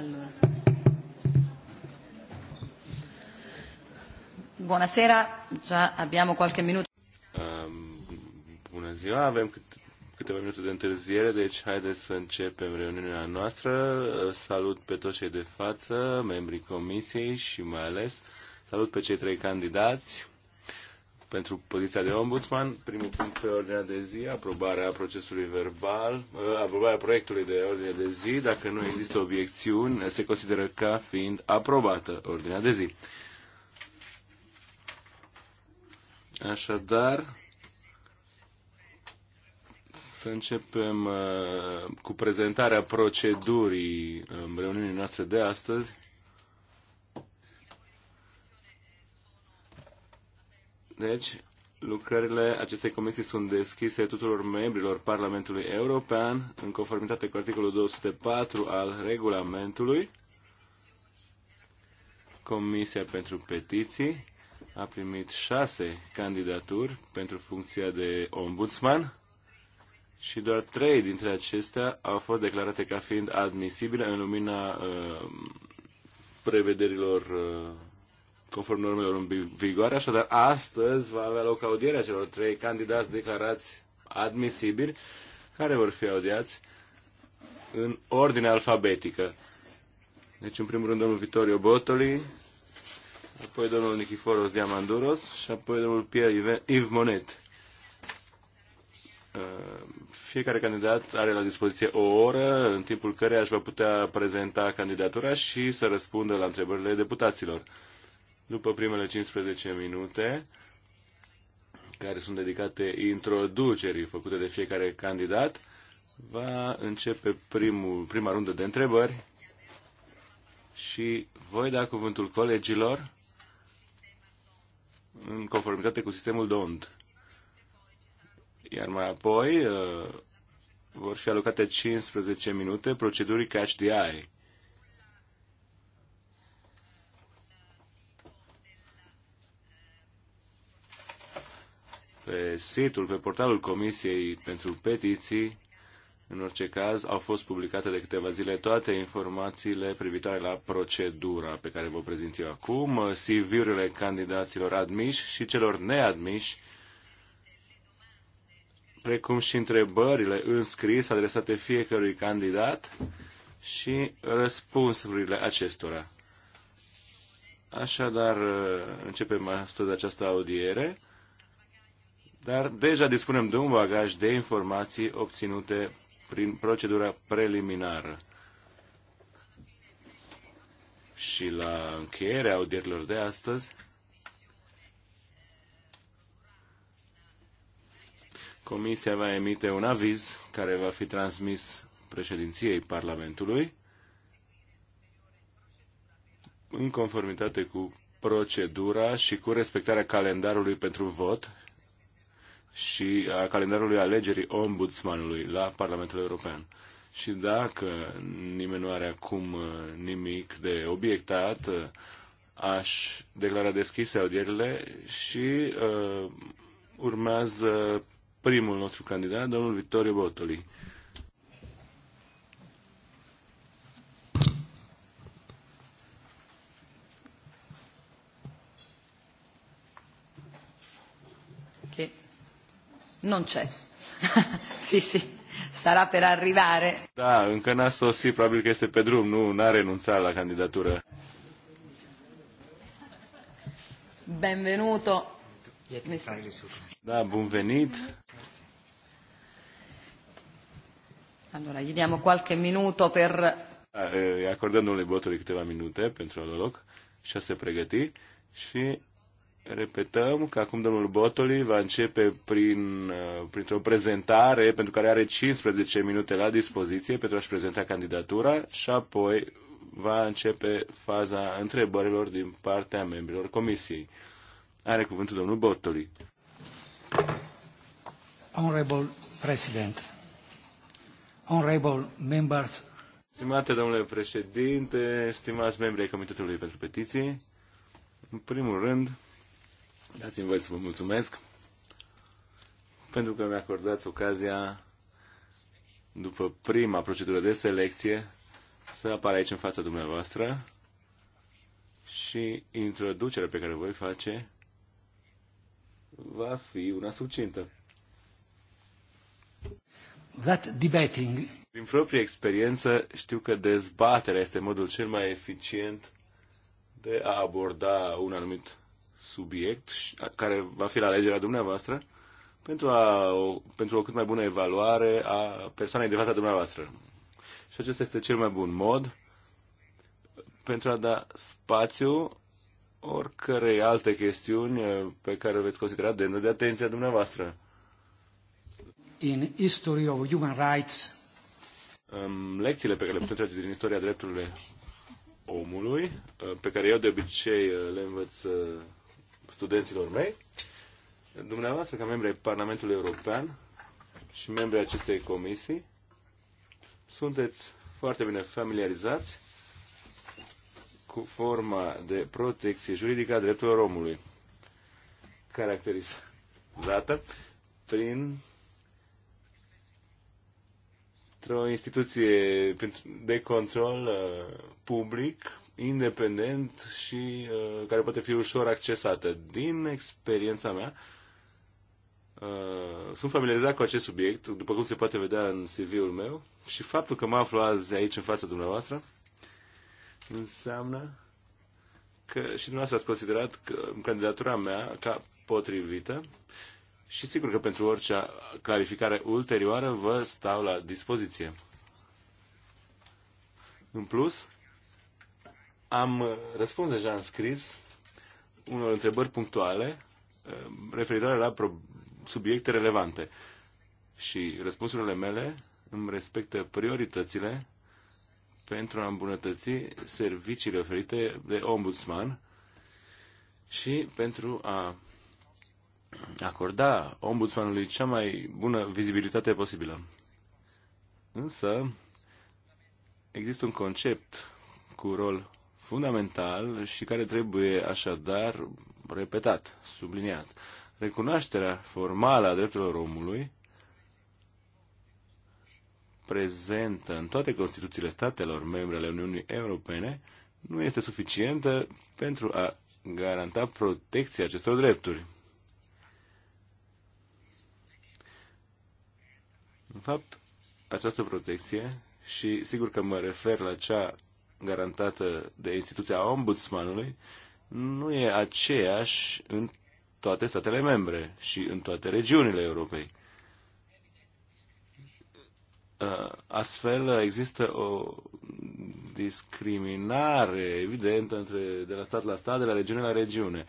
Allora. Buonasera, già abbiamo qualche minuto. Um, bună ziua, avem câteva minute de întârziere, deci haideți să începem reuniunea noastră. Salut pe toți cei de față, membrii comisiei și mai ales salut pe cei trei candidați pentru poziția de ombudsman. Primul punct pe ordinea de zi, aprobarea procesului verbal, uh, aprobarea proiectului de ordine de zi. Dacă nu există obiecțiuni, se consideră ca fiind aprobată ordinea de zi. Așadar, să începem uh, cu prezentarea procedurii în uh, reuniunii noastre de astăzi. Deci, lucrările acestei comisii sunt deschise tuturor membrilor Parlamentului European, în conformitate cu articolul 204 al regulamentului. Comisia pentru Petiții a primit șase candidaturi pentru funcția de ombudsman și doar trei dintre acestea au fost declarate ca fiind admisibile în lumina uh, prevederilor uh, conform normelor în vigoare, așadar astăzi va avea loc audierea celor trei candidați declarați admisibili, care vor fi audiați în ordine alfabetică. Deci, în primul rând, domnul Vittorio Botoli, apoi domnul Nichiforos Diamanduros și apoi domnul Pierre Yves Monet. Uh, fiecare candidat are la dispoziție o oră, în timpul căreia își va putea prezenta candidatura și să răspundă la întrebările deputaților după primele 15 minute, care sunt dedicate introducerii făcute de fiecare candidat, va începe primul, prima rundă de întrebări și voi da cuvântul colegilor în conformitate cu sistemul Dond. Iar mai apoi uh, vor fi alocate 15 minute procedurii catch the eye pe site-ul, pe portalul Comisiei pentru Petiții, în orice caz, au fost publicate de câteva zile toate informațiile privitoare la procedura pe care vă prezint eu acum, CV-urile candidaților admiși și celor neadmiși, precum și întrebările scris adresate fiecărui candidat și răspunsurile acestora. Așadar, începem astăzi această audiere dar deja dispunem de un bagaj de informații obținute prin procedura preliminară. Și la încheierea audierilor de astăzi, Comisia va emite un aviz care va fi transmis președinției Parlamentului în conformitate cu procedura și cu respectarea calendarului pentru vot și a calendarului alegerii ombudsmanului la Parlamentul European. Și dacă nimeni nu are acum uh, nimic de obiectat, uh, aș declara deschise audierile și uh, urmează primul nostru candidat, domnul Vittorio Botoli. Non c'è. sì, sì. Sarà per arrivare. Da, încă n-a sosit, probabil că este pe drum, nu n-a renunțat la candidatură. Benvenuto. Da, bun venit. Allora, gli diamo qualche minuto per... Da, eh, acordându-le votului câteva minute pentru a loc și a se pregăti și Repetăm că acum domnul Botoli va începe prin, uh, printr-o prezentare pentru care are 15 minute la dispoziție pentru a-și prezenta candidatura și apoi va începe faza întrebărilor din partea membrilor comisiei. Are cuvântul domnul Botoli. Honorable President, Honorable Members, Stimate domnule președinte, stimați membri ai Comitetului pentru Petiții, în primul rând, Dați-mi voi să vă mulțumesc pentru că mi-a acordat ocazia, după prima procedură de selecție, să apar aici în fața dumneavoastră și introducerea pe care o voi face va fi una succintă. That debating. Din proprie experiență știu că dezbaterea este modul cel mai eficient de a aborda un anumit subiect care va fi la alegerea dumneavoastră pentru, a, pentru o cât mai bună evaluare a persoanei de fața dumneavoastră. Și acesta este cel mai bun mod pentru a da spațiu oricărei alte chestiuni eh, pe care o veți considera demne de atenția dumneavoastră. In history of human rights. Lecțiile pe care le putem trage din istoria drepturilor omului, eh, pe care eu de obicei eh, le învăț studenților mei. Dumneavoastră, ca membri ai Parlamentului European și membri acestei comisii, sunteți foarte bine familiarizați cu forma de protecție juridică a drepturilor omului, caracterizată prin o instituție de control uh, public independent și uh, care poate fi ușor accesată. Din experiența mea, uh, sunt familiarizat cu acest subiect, după cum se poate vedea în CV-ul meu, și faptul că mă aflu azi aici în fața dumneavoastră înseamnă că și dumneavoastră ați considerat că candidatura mea ca potrivită și sigur că pentru orice clarificare ulterioară vă stau la dispoziție. În plus, am uh, răspuns deja în scris unor întrebări punctuale uh, referitoare la subiecte relevante. Și răspunsurile mele îmi respectă prioritățile pentru a îmbunătăți serviciile oferite de ombudsman și pentru a acorda ombudsmanului cea mai bună vizibilitate posibilă. Însă, există un concept cu rol fundamental și care trebuie așadar repetat, subliniat. Recunoașterea formală a drepturilor omului prezentă în toate Constituțiile statelor membre ale Uniunii Europene nu este suficientă pentru a garanta protecția acestor drepturi. În fapt, această protecție, și sigur că mă refer la cea garantată de instituția ombudsmanului nu e aceeași în toate statele membre și în toate regiunile Europei. Astfel există o discriminare evidentă între, de la stat la stat, de la regiune la regiune.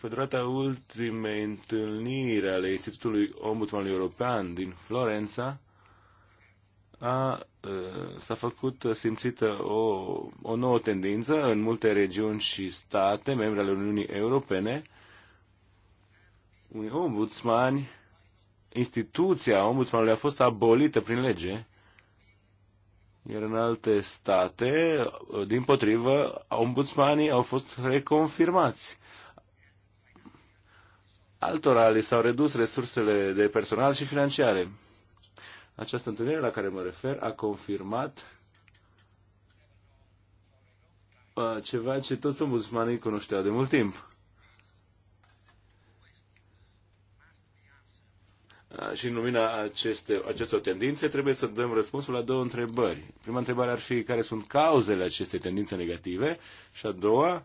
Pe durata ultimei întâlniri ale Institutului Ombudsmanului European din Florența, a, s-a făcut simțită o, o nouă tendință în multe regiuni și state, membre ale Uniunii Europene, unii ombudsmani, instituția ombudsmanului a fost abolită prin lege, iar în alte state, din potrivă, ombudsmanii au fost reconfirmați. Altora li s-au redus resursele de personal și financiare. Această întâlnire la care mă refer a confirmat uh, ceva ce toți ombudsmanii cunoșteau de mult timp. Uh, și în lumina aceste, acestor tendințe trebuie să dăm răspunsul la două întrebări. Prima întrebare ar fi care sunt cauzele acestei tendințe negative și a doua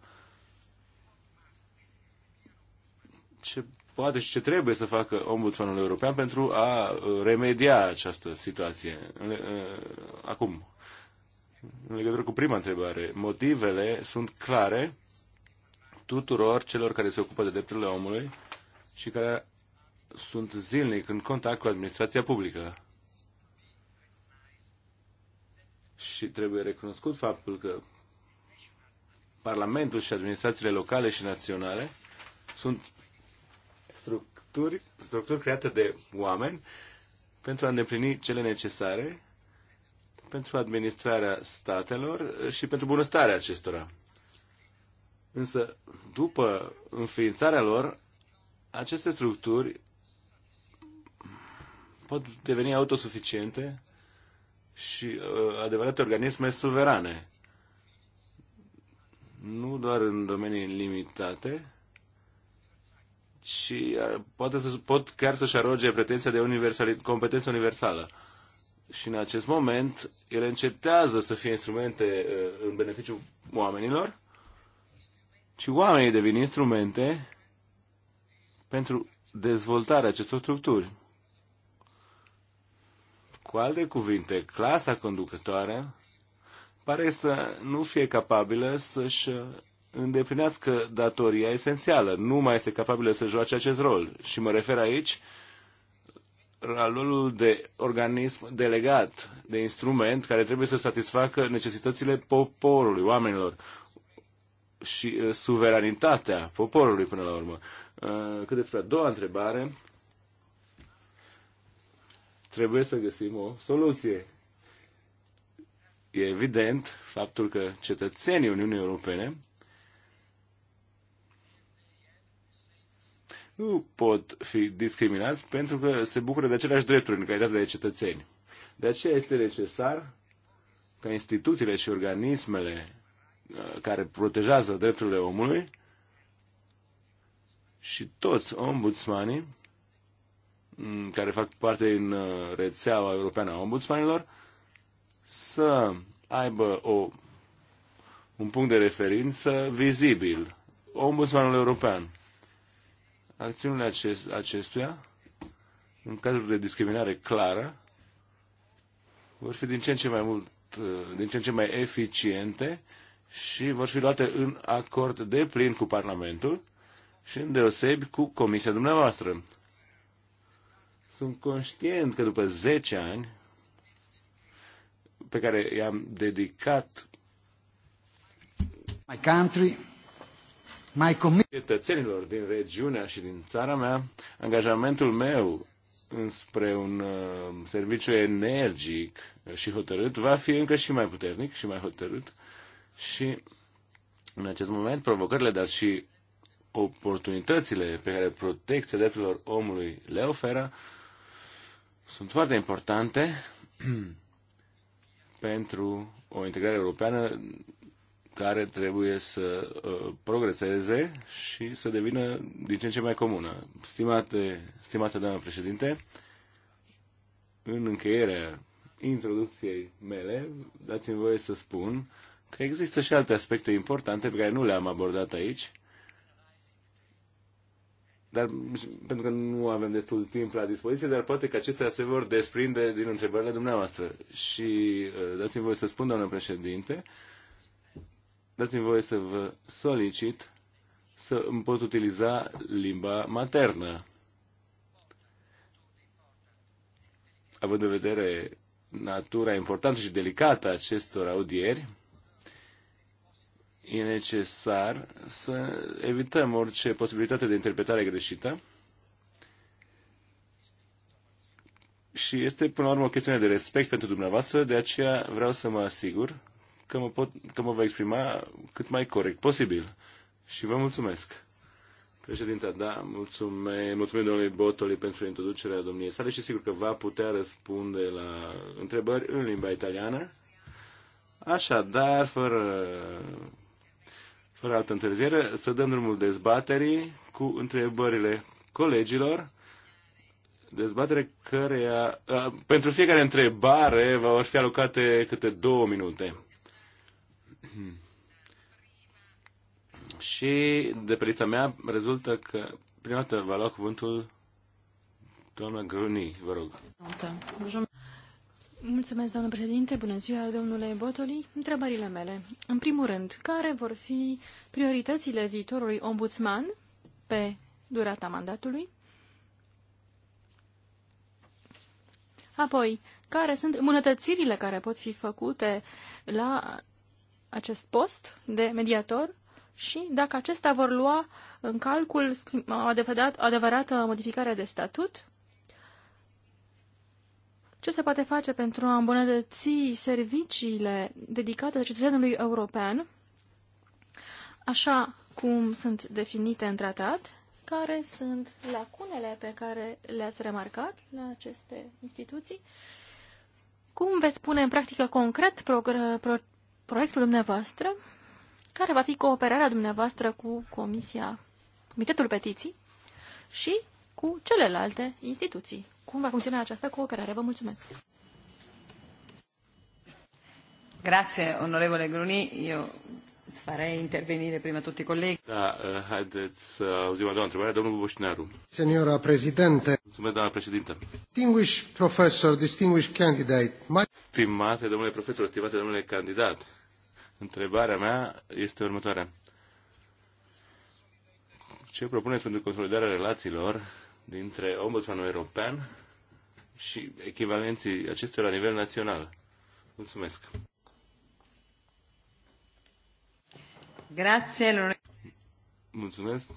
ce poate și ce trebuie să facă Ombudsmanul European pentru a uh, remedia această situație. Uh, acum, în legătură cu prima întrebare, motivele sunt clare tuturor celor care se ocupă de drepturile omului și care sunt zilnic în contact cu administrația publică. Și trebuie recunoscut faptul că Parlamentul și administrațiile locale și naționale sunt structuri, structuri create de oameni pentru a îndeplini cele necesare pentru administrarea statelor și pentru bunăstarea acestora. Însă, după înființarea lor, aceste structuri pot deveni autosuficiente și uh, adevărate organisme suverane. Nu doar în domenii limitate, și uh, poate să, pot chiar să-și aroge pretenția de universal, competență universală. Și în acest moment, ele încetează să fie instrumente uh, în beneficiul oamenilor, și oamenii devin instrumente pentru dezvoltarea acestor structuri. Cu alte cuvinte, clasa conducătoare pare să nu fie capabilă să-și uh, îndeplinească datoria esențială. Nu mai este capabilă să joace acest rol. Și mă refer aici la rolul de organism delegat, de instrument care trebuie să satisfacă necesitățile poporului, oamenilor și uh, suveranitatea poporului până la urmă. Uh, cât despre a doua întrebare, trebuie să găsim o soluție. E evident faptul că cetățenii Uniunii Europene nu pot fi discriminați pentru că se bucură de aceleași drepturi în calitate de cetățeni. De aceea este necesar ca instituțiile și organismele uh, care protejează drepturile omului și toți ombudsmanii mm, care fac parte din uh, rețeaua europeană a ombudsmanilor să aibă o, un punct de referință vizibil, ombudsmanul european acțiunile acest, acestuia, în cazuri de discriminare clară, vor fi din ce în ce mai mult, uh, din ce în ce mai eficiente și vor fi luate în acord de plin cu Parlamentul și în deosebi cu Comisia dumneavoastră. Sunt conștient că după 10 ani pe care i-am dedicat My country cetățenilor din regiunea și din țara mea, angajamentul meu înspre un uh, serviciu energic și hotărât va fi încă și mai puternic și mai hotărât și în acest moment provocările, dar și oportunitățile pe care protecția drepturilor omului le oferă sunt foarte importante pentru o integrare europeană care trebuie să uh, progreseze și să devină din ce în ce mai comună. Stimate, stimate doamnă președinte, în încheierea introducției mele, dați-mi voie să spun că există și alte aspecte importante pe care nu le-am abordat aici, dar pentru că nu avem destul de timp la dispoziție, dar poate că acestea se vor desprinde din întrebările dumneavoastră. Și uh, dați-mi voie să spun, doamnă președinte, uh, dați-mi voie să vă solicit să îmi pot utiliza limba maternă. Având în vedere natura importantă și delicată a acestor audieri, e necesar să evităm orice posibilitate de interpretare greșită. Și este, până la urmă, o chestiune de respect pentru dumneavoastră, de aceea vreau să mă asigur că mă, pot, că mă voi exprima cât mai corect posibil. Și vă mulțumesc. Președinte, da, mulțumesc, mulțumesc domnului Botoli pentru introducerea domniei sale și sigur că va putea răspunde la întrebări în limba italiană. Așadar, fără, fără altă întârziere, să dăm drumul dezbaterii cu întrebările colegilor. Dezbatere care pentru fiecare întrebare vor fi alocate câte două minute. Și de pe lista mea rezultă că prima dată va lua cuvântul doamna Gruni, vă rog. Mulțumesc, domnule președinte. Bună ziua, domnule Botoli. Întrebările mele. În primul rând, care vor fi prioritățile viitorului ombudsman pe durata mandatului? Apoi, care sunt îmbunătățirile care pot fi făcute la acest post de mediator și dacă acestea vor lua în calcul o adevărat, adevărată modificare de statut, ce se poate face pentru a îmbunătăți serviciile dedicate cetățenului european, așa cum sunt definite în tratat, care sunt lacunele pe care le-ați remarcat la aceste instituții, cum veți pune în practică concret pro proiectul dumneavoastră, care va fi cooperarea dumneavoastră cu Comisia, Comitetul Petiții și cu celelalte instituții. Cum va funcționa această cooperare? Vă mulțumesc! Grazie, onorevole Gruni. Eu Farei intervenire prima tutti i colleghi. Da, eh, haideți să auzim a doua întrebare. Domnul Boșinaru. Senora președinte. Mulțumesc, doamna președintă. Distinguished professor, distinguished candidate. My... Stimate domnule profesor, stimate domnule candidat, întrebarea mea este următoarea. Ce propuneți pentru consolidarea relațiilor dintre ombudsmanul european și echivalenții acestora la nivel național? Mulțumesc. Grazie. Mulțumesc.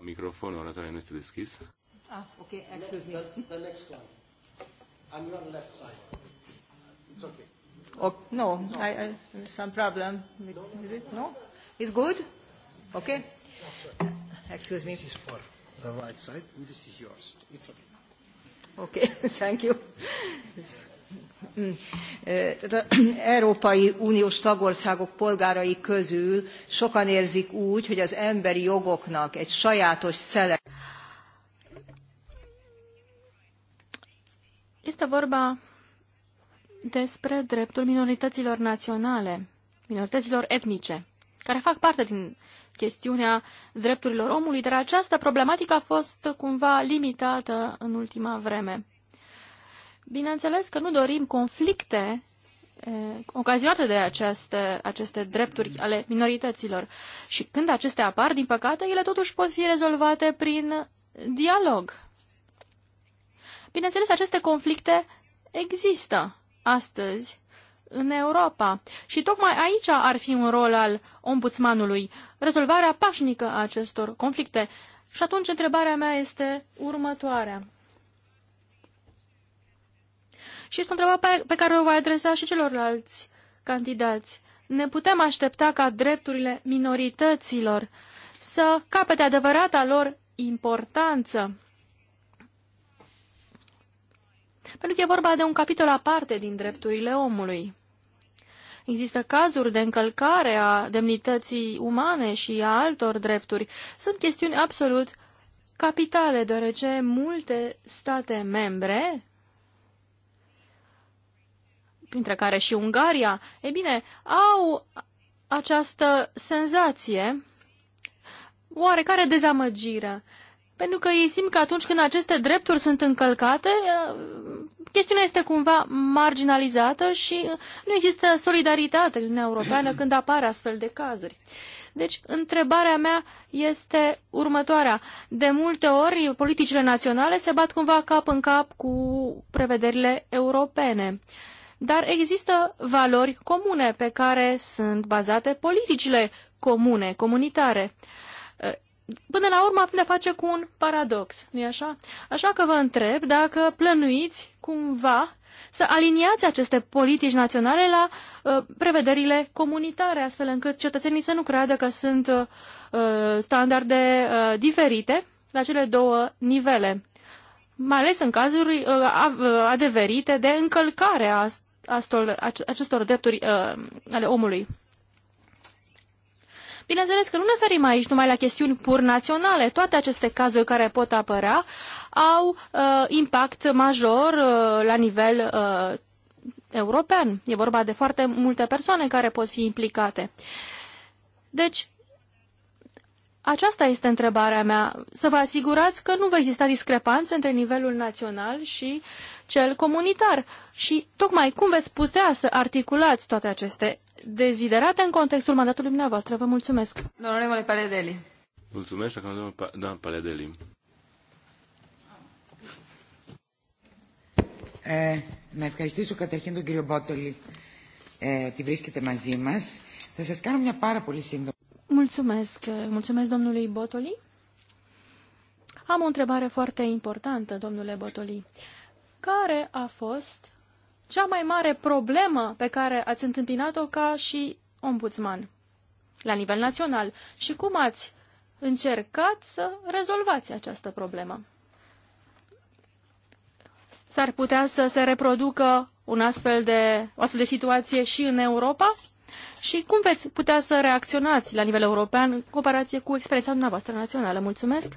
Microfonul oratoare nu este deschis. Ah, ok, excuse me. The, the next one. On your left side. It's Oh, no, I, I, some problem. Is it? No? It's good? Ok. Excuse me. This is the right side, and this is yours. It's okay. Okay, thank you. Mm. Uh, Európai Uniós tagországok polgárai közül sokan érzik úgy, hogy az emberi jogoknak egy sajátos szele. Este vorba despre dreptul minorităților naționale, minorităților etnice care fac parte din chestiunea drepturilor omului, dar această problematică a fost cumva limitată în ultima vreme. Bineînțeles că nu dorim conflicte ocazionate de aceste, aceste drepturi ale minorităților. Și când acestea apar, din păcate, ele totuși pot fi rezolvate prin dialog. Bineînțeles, aceste conflicte există astăzi în Europa. Și tocmai aici ar fi un rol al ombudsmanului, rezolvarea pașnică a acestor conflicte. Și atunci întrebarea mea este următoarea. Și este o întrebare pe care o voi adresa și celorlalți candidați. Ne putem aștepta ca drepturile minorităților să capete adevărata lor importanță? Pentru că e vorba de un capitol aparte din drepturile omului. Există cazuri de încălcare a demnității umane și a altor drepturi. Sunt chestiuni absolut capitale, deoarece multe state membre, printre care și Ungaria, e bine, au această senzație, oarecare dezamăgire pentru că ei simt că atunci când aceste drepturi sunt încălcate, ă, chestiunea este cumva marginalizată și nu există solidaritate în Uniunea Europeană când apare astfel de cazuri. Deci, întrebarea mea este următoarea. De multe ori, politicile naționale se bat cumva cap în cap cu prevederile europene. Dar există valori comune pe care sunt bazate politicile comune, comunitare până la urmă ne face cu un paradox, nu-i așa? Așa că vă întreb dacă plănuiți cumva să aliniați aceste politici naționale la uh, prevederile comunitare, astfel încât cetățenii să nu creadă că sunt uh, uh standarde uh, diferite la cele două nivele, mai ales în cazuri uh, uh adeverite de încălcare a, acestor drepturi uh, ale omului. Bineînțeles că nu ne ferim aici numai la chestiuni pur naționale. Toate aceste cazuri care pot apărea au uh, impact major uh, la nivel uh, european. E vorba de foarte multe persoane care pot fi implicate. Deci, aceasta este întrebarea mea. Să vă asigurați că nu va exista discrepanțe între nivelul național și cel comunitar. Și tocmai cum veți putea să articulați toate aceste deziderate în contextul mandatului dumneavoastră. Vă mulțumesc. Domnule Paledeli. Mulțumesc, acum Paledeli. Ε, eh, να ευχαριστήσω καταρχήν τον κύριο Μπότολη ε, ότι βρίσκεται μαζί μας. Θα σας κάνω μια πάρα πολύ σύντομη. Mulțumesc, mulțumesc domnului Botoli. Am o întrebare foarte importantă, domnule Botoli. Care a fost cea mai mare problemă pe care ați întâmpinat-o ca și ombudsman la nivel național și cum ați încercat să rezolvați această problemă. S-ar putea să se reproducă un astfel de, o astfel de situație și în Europa? Și cum veți putea să reacționați la nivel european în comparație cu experiența dumneavoastră națională? Mulțumesc!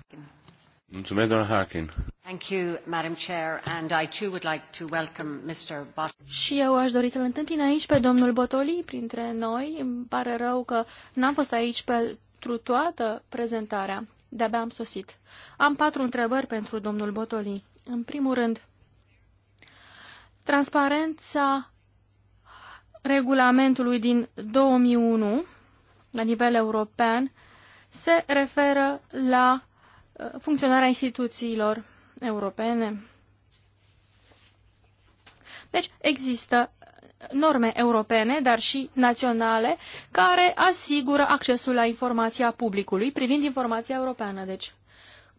și eu aș dori să-l întâmpin aici pe domnul Botoli printre noi. Îmi pare rău că n-am fost aici pentru toată prezentarea. De-abia am sosit. Am patru întrebări pentru domnul Botoli. În primul rând, transparența regulamentului din 2001 la nivel european se referă la funcționarea instituțiilor europene. Deci există norme europene, dar și naționale, care asigură accesul la informația publicului privind informația europeană. Deci,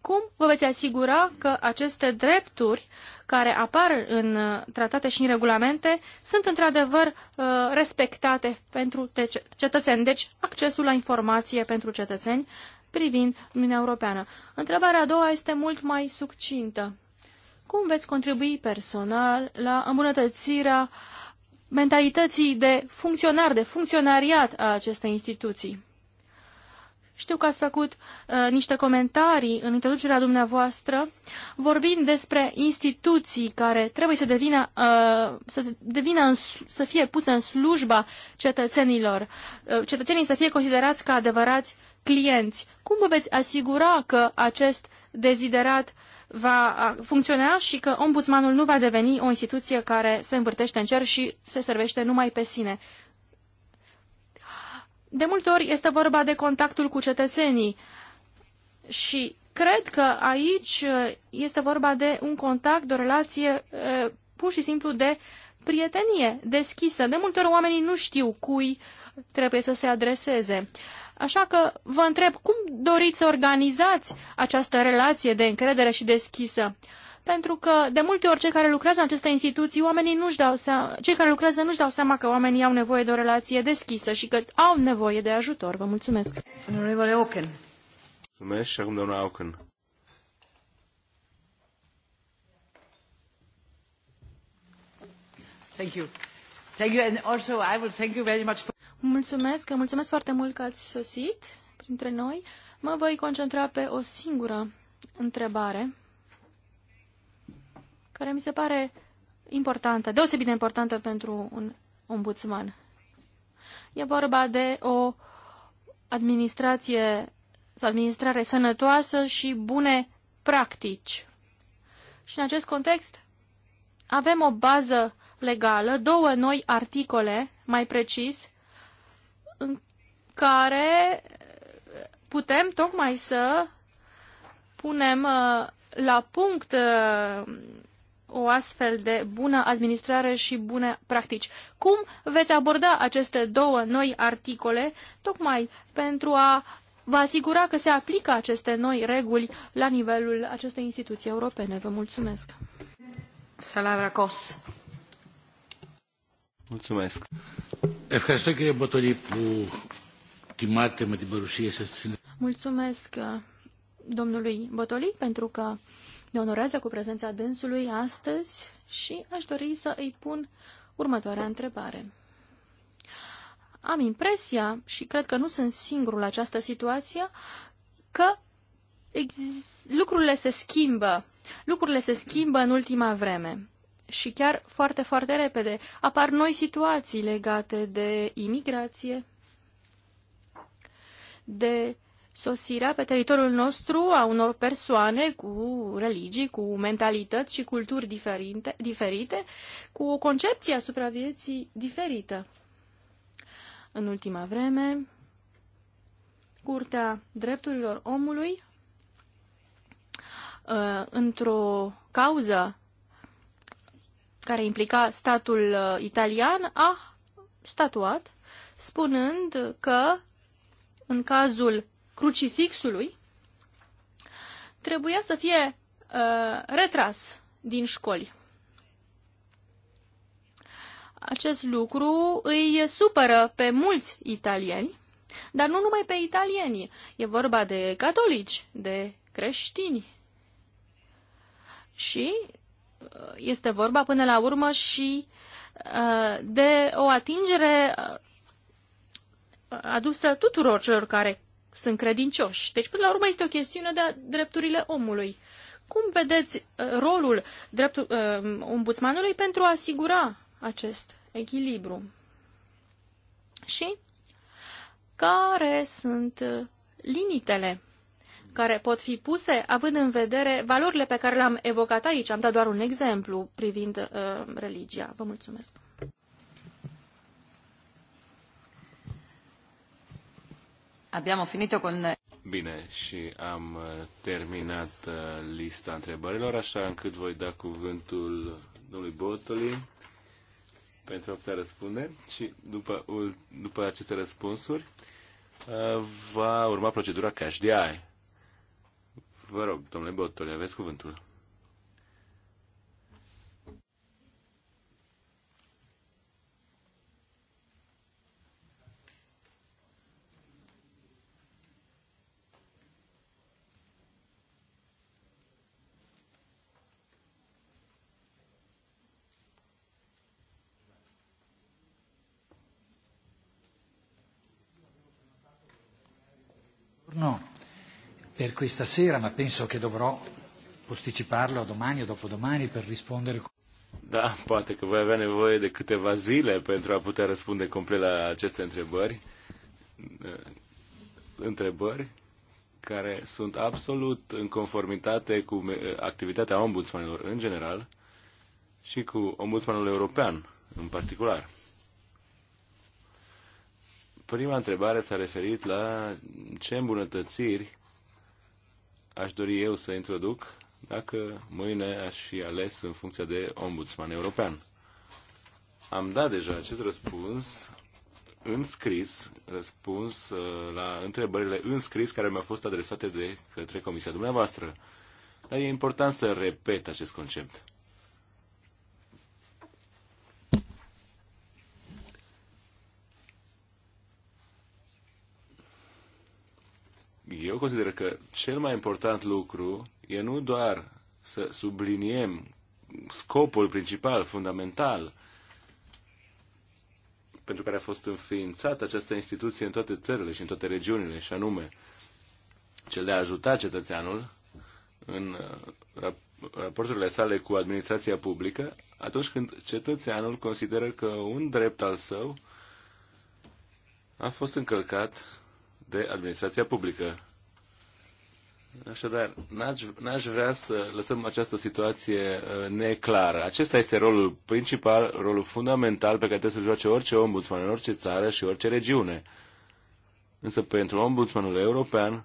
cum vă veți asigura că aceste drepturi care apar în tratate și în regulamente sunt într-adevăr uh, respectate pentru cetățeni? Deci, accesul la informație pentru cetățeni privind Uniunea Europeană. Întrebarea a doua este mult mai succintă. Cum veți contribui personal la îmbunătățirea mentalității de funcționar, de funcționariat a acestei instituții? Știu că ați făcut uh, niște comentarii în introducerea dumneavoastră, vorbind despre instituții care trebuie să devină, uh, să, devină în, să fie puse în slujba cetățenilor, uh, cetățenii să fie considerați ca adevărați clienți. Cum vă veți asigura că acest deziderat va funcționa și că ombudsmanul nu va deveni o instituție care se învârtește în cer și se servește numai pe sine? De multe ori este vorba de contactul cu cetățenii și cred că aici uh, este vorba de un contact, de o relație uh, pur și simplu de prietenie deschisă. De multe ori oamenii nu știu cui trebuie să se adreseze. Așa că vă întreb, cum doriți să organizați această relație de încredere și deschisă? pentru că de multe ori cei care lucrează în aceste instituții, oamenii nu-și dau seama, cei care lucrează nu-și dau seama că oamenii au nevoie de o relație deschisă și că au nevoie de ajutor. Vă mulțumesc. Mulțumesc și acum doamna Thank you. Thank you and also I will thank you very much for... Mulțumesc, mulțumesc foarte mult că ați sosit printre noi. Mă voi concentra pe o singură întrebare care mi se pare importantă, deosebit de importantă pentru un ombudsman. E vorba de o administrație sau administrare sănătoasă și bune practici. Și în acest context avem o bază legală, două noi articole, mai precis, în care putem tocmai să punem uh, la punct uh, o astfel de bună administrare și bune practici. Cum veți aborda aceste două noi articole, tocmai pentru a vă asigura că se aplică aceste noi reguli la nivelul acestei instituții europene? Vă mulțumesc! Salavracos. Mulțumesc! Mulțumesc domnului Botoli pentru că ne onorează cu prezența dânsului astăzi și aș dori să îi pun următoarea întrebare. Am impresia, și cred că nu sunt singurul la această situație, că lucrurile se schimbă. Lucrurile se schimbă în ultima vreme și chiar foarte, foarte repede. Apar noi situații legate de imigrație, de sosirea pe teritoriul nostru a unor persoane cu religii, cu mentalități și culturi diferite, diferite cu o concepție asupra vieții diferită. În ultima vreme, Curtea Drepturilor Omului, uh, într-o cauză care implica statul uh, italian, a statuat spunând că în cazul crucifixului trebuia să fie uh, retras din școli. Acest lucru îi supără pe mulți italieni, dar nu numai pe italieni. E vorba de catolici, de creștini. Și uh, este vorba până la urmă și uh, de o atingere uh, adusă tuturor celor care sunt credincioși. Deci, până la urmă, este o chestiune de drepturile omului. Cum vedeți uh, rolul dreptul, uh, ombudsmanului pentru a asigura acest echilibru? Și care sunt uh, limitele care pot fi puse, având în vedere valorile pe care le-am evocat aici? Am dat doar un exemplu privind uh, religia. Vă mulțumesc! Abbiamo finito con... Bine, și am uh, terminat uh, lista întrebărilor, așa încât voi da cuvântul domnului Botoli pentru a putea răspunde și după, după aceste răspunsuri uh, va urma procedura cash de ai. Vă rog, domnule Botoli, aveți cuvântul. per questa sera, ma penso che dovrò posticiparlo a domani o dopodomani per rispondere. Da, poate că voi avete nevoie di câteva zile pentru a putea răspunde complet la aceste întrebări. Eh, întrebări care sunt absolut în conformitate cu eh, activitatea ombudsmanilor în general și cu ombudsmanul european în particular. Prima întrebare s-a referit la ce îmbunătățiri aș dori eu să introduc dacă mâine aș fi ales în funcția de ombudsman european. Am dat deja acest răspuns în scris, răspuns uh, la întrebările în scris care mi-au fost adresate de către Comisia dumneavoastră. Dar e important să repet acest concept. eu consider că cel mai important lucru e nu doar să subliniem scopul principal, fundamental, pentru care a fost înființată această instituție în toate țările și în toate regiunile, și anume cel de a ajuta cetățeanul în uh, raporturile sale cu administrația publică, atunci când cetățeanul consideră că un drept al său a fost încălcat de administrația publică. Așadar, n-aș, vrea să lăsăm această situație uh, neclară. Acesta este rolul principal, rolul fundamental pe care trebuie să joace orice ombudsman în orice țară și orice regiune. Însă pentru ombudsmanul european,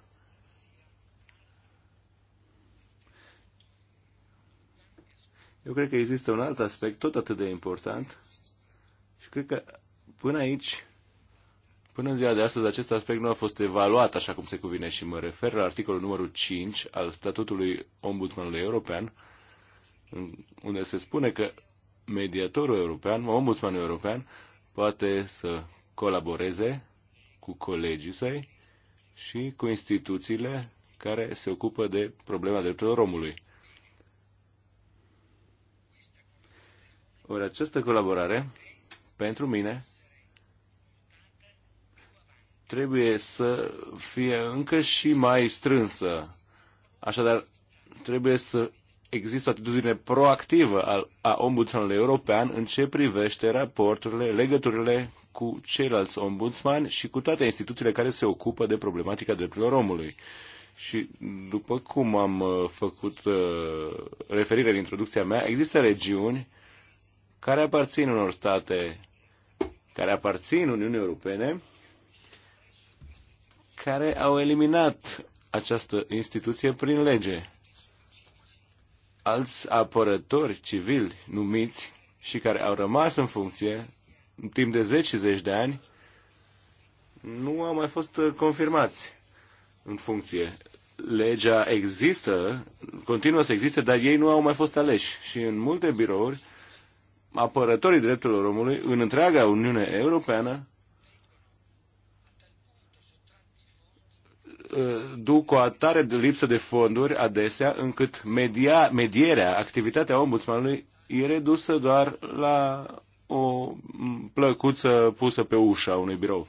eu cred că există un alt aspect tot atât de important și cred că până aici Până în ziua de astăzi, acest aspect nu a fost evaluat așa cum se cuvine și mă refer la articolul numărul 5 al statutului Ombudsmanului European, unde se spune că mediatorul european, ombudsmanul european, poate să colaboreze cu colegii săi și cu instituțiile care se ocupă de problema drepturilor omului. Ori această colaborare, pentru mine, trebuie să fie încă și mai strânsă. Așadar, trebuie să există o atitudine proactivă a ombudsmanului european în ce privește raporturile, legăturile cu ceilalți ombudsmani și cu toate instituțiile care se ocupă de problematica drepturilor omului. Și după cum am uh, făcut uh, referire în introducția mea, există regiuni care aparțin unor state care aparțin Uniunii Europene care au eliminat această instituție prin lege. Alți apărători civili numiți și care au rămas în funcție în timp de 10 zeci de ani nu au mai fost uh, confirmați în funcție. Legea există, continuă să existe, dar ei nu au mai fost aleși. Și în multe birouri, apărătorii drepturilor omului în întreaga Uniune Europeană Uh, duc o atare de lipsă de fonduri adesea, încât media, medierea, activitatea ombudsmanului e redusă doar la o plăcuță pusă pe ușa unui birou.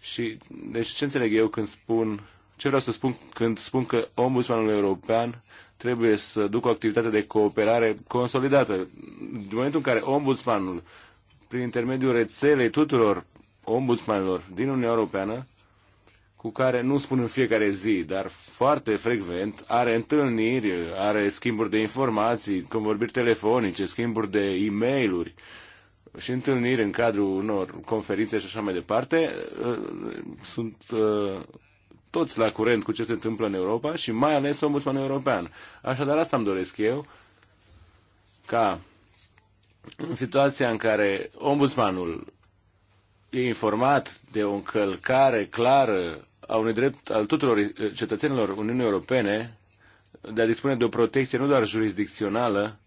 Și, deci, ce înțeleg eu când spun, ce vreau să spun când spun că ombudsmanul european trebuie să ducă o activitate de cooperare consolidată. Din momentul în care ombudsmanul, prin intermediul rețelei tuturor ombudsmanilor din Uniunea Europeană, cu care nu spun în fiecare zi, dar foarte frecvent are întâlniri, are schimburi de informații, convorbiri telefonice, schimburi de e mail și întâlniri în cadrul unor conferințe și așa mai departe. Uh, sunt uh, toți la curent cu ce se întâmplă în Europa și mai ales ombudsmanul european. Așadar, asta îmi doresc eu, ca în situația în care ombudsmanul e informat de o încălcare clară a unui drept al tuturor eh, cetățenilor Uniunii Europene de a dispune de o protecție nu doar jurisdicțională,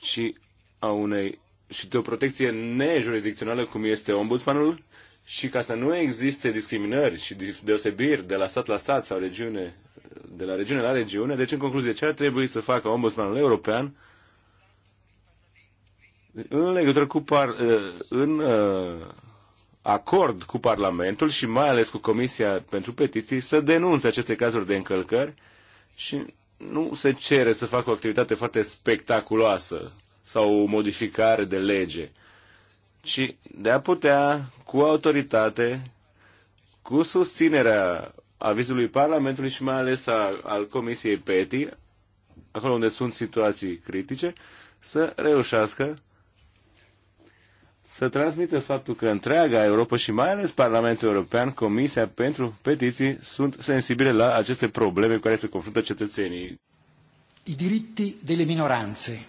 ci a unei și de o protecție nejurisdicțională cum este ombudsmanul și ca să nu existe discriminări și deosebiri de la stat la stat sau regiune, de la regiune la regiune, deci în concluzie ce ar trebui să facă ombudsmanul european în legătură cu par, uh, în uh, acord cu Parlamentul și mai ales cu Comisia pentru Petiții să denunțe aceste cazuri de încălcări și nu se cere să facă o activitate foarte spectaculoasă sau o modificare de lege, ci de a putea cu autoritate, cu susținerea avizului Parlamentului și mai ales a, al Comisiei PETI, acolo unde sunt situații critice, să reușească să transmită faptul că întreaga Europa și mai ales Parlamentul European, Comisia pentru Petiții, sunt sensibile la aceste probleme cu care se confruntă cetățenii. I diritti delle minoranze.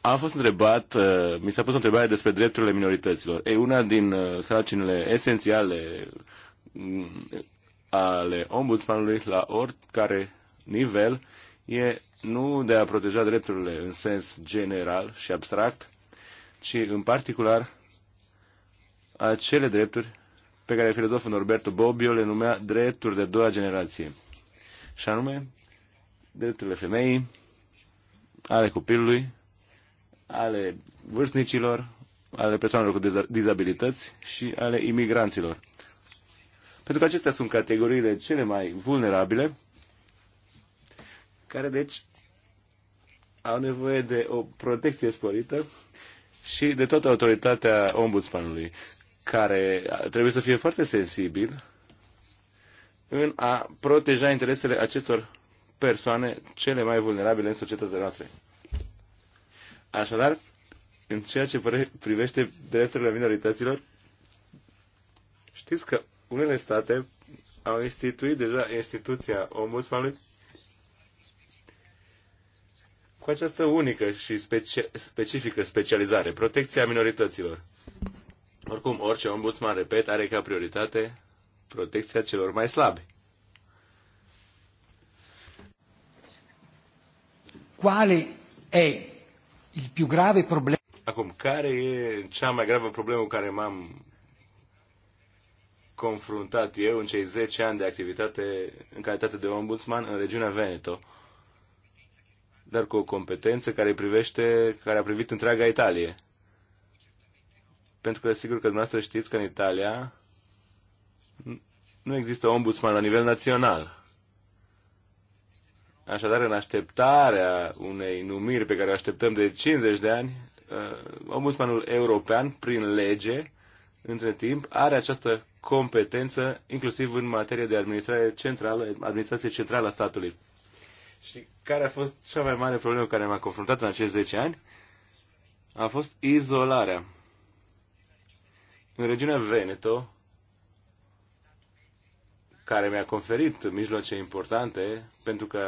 Am fost întrebat, uh, mi s-a pus o întrebare despre drepturile minorităților. E una din uh, sarcinile esențiale mm, ale ombudsmanului la oricare nivel e nu de a proteja drepturile în sens general și abstract, ci în particular acele drepturi pe care filozoful Norberto Bobbio le numea drepturi de doua generație, și anume drepturile femeii, ale copilului, ale vârstnicilor, ale persoanelor cu dizabilități și ale imigranților. Pentru că acestea sunt categoriile cele mai vulnerabile, care deci au nevoie de o protecție sporită și de toată autoritatea ombudsmanului, care trebuie să fie foarte sensibil în a proteja interesele acestor persoane cele mai vulnerabile în societatea noastră. Așadar, în ceea ce privește drepturile minorităților, știți că unele state au instituit deja instituția ombudsmanului cu această unică și speci- specifică specializare, protecția minorităților. Oricum, orice ombudsman, repet, are ca prioritate protecția celor mai slabi. Quale e il più grave problema? Acum, care e cea mai gravă problemă cu care m-am confruntat eu în cei 10 ani de activitate în calitate de ombudsman în regiunea Veneto? dar cu o competență care privește, care a privit întreaga Italie. Pentru că sigur că dumneavoastră știți că în Italia nu există ombudsman la nivel național. Așadar, în așteptarea unei numiri pe care o așteptăm de 50 de ani, uh, ombudsmanul european, prin lege, între timp, are această competență, inclusiv în materie de administrare centrală, administrație centrală a statului. Și care a fost cea mai mare problemă care m-a confruntat în acești 10 ani? A fost izolarea. În regiunea Veneto, care mi-a conferit mijloace importante pentru că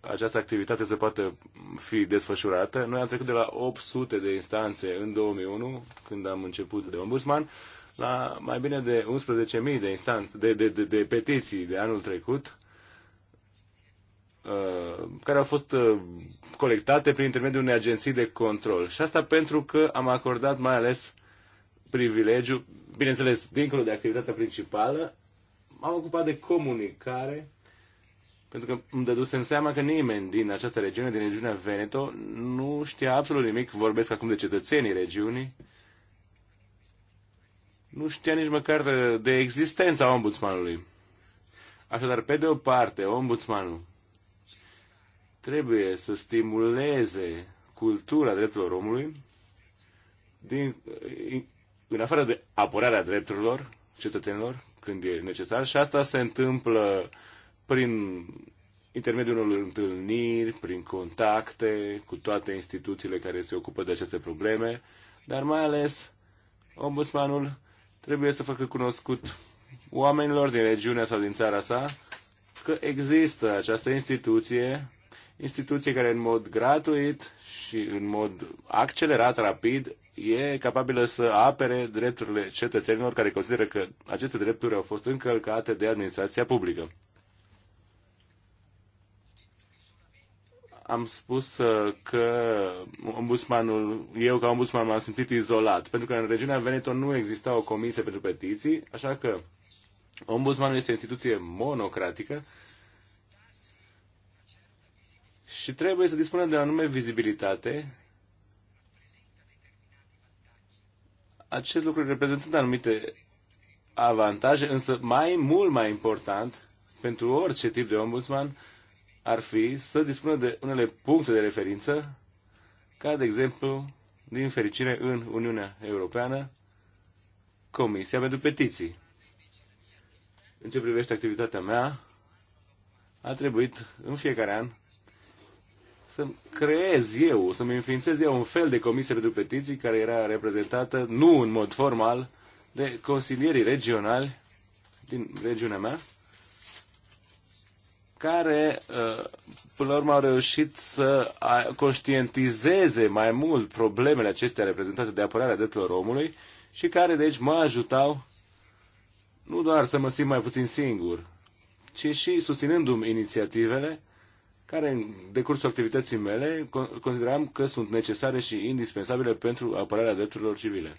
această activitate se poate fi desfășurată. Noi am trecut de la 800 de instanțe în 2001, când am început de ombudsman, la mai bine de 11.000 de, instanțe, de, de, de, de petiții de anul trecut Uh, care au fost uh, colectate prin intermediul unei agenții de control. Și asta pentru că am acordat mai ales privilegiu, bineînțeles, dincolo de activitatea principală, am ocupat de comunicare, pentru că îmi dădusem seama că nimeni din această regiune, din regiunea Veneto, nu știa absolut nimic, vorbesc acum de cetățenii regiunii, nu știa nici măcar de existența ombudsmanului. Așadar, pe de o parte, ombudsmanul trebuie să stimuleze cultura drepturilor omului, din, în afară de apărarea drepturilor cetățenilor, când e necesar, și asta se întâmplă prin intermediul unor întâlniri, prin contacte cu toate instituțiile care se ocupă de aceste probleme, dar mai ales ombudsmanul trebuie să facă cunoscut oamenilor din regiunea sau din țara sa că există această instituție instituție care în mod gratuit și în mod accelerat, rapid, e capabilă să apere drepturile cetățenilor care consideră că aceste drepturi au fost încălcate de administrația publică. Am spus uh, că ombudsmanul, eu ca ombudsman m-am simțit izolat, pentru că în regiunea Veneto nu exista o comisie pentru petiții, așa că ombudsmanul este o instituție monocratică și trebuie să dispună de anume vizibilitate. Acest lucru reprezintă anumite avantaje, însă mai mult mai important pentru orice tip de ombudsman ar fi să dispună de unele puncte de referință, ca de exemplu, din fericire, în Uniunea Europeană, Comisia pentru Petiții. În ce privește activitatea mea, a trebuit în fiecare an să creez eu, să-mi înființez eu un fel de comisie pentru petiții care era reprezentată, nu în mod formal, de consilierii regionali din regiunea mea, care, uh, până la urmă, au reușit să conștientizeze mai mult problemele acestea reprezentate de apărarea drepturilor omului și care, deci, mă ajutau nu doar să mă simt mai puțin singur, ci și susținându-mi inițiativele, care în decursul activității mele consideram că sunt necesare și indispensabile pentru apărarea drepturilor civile.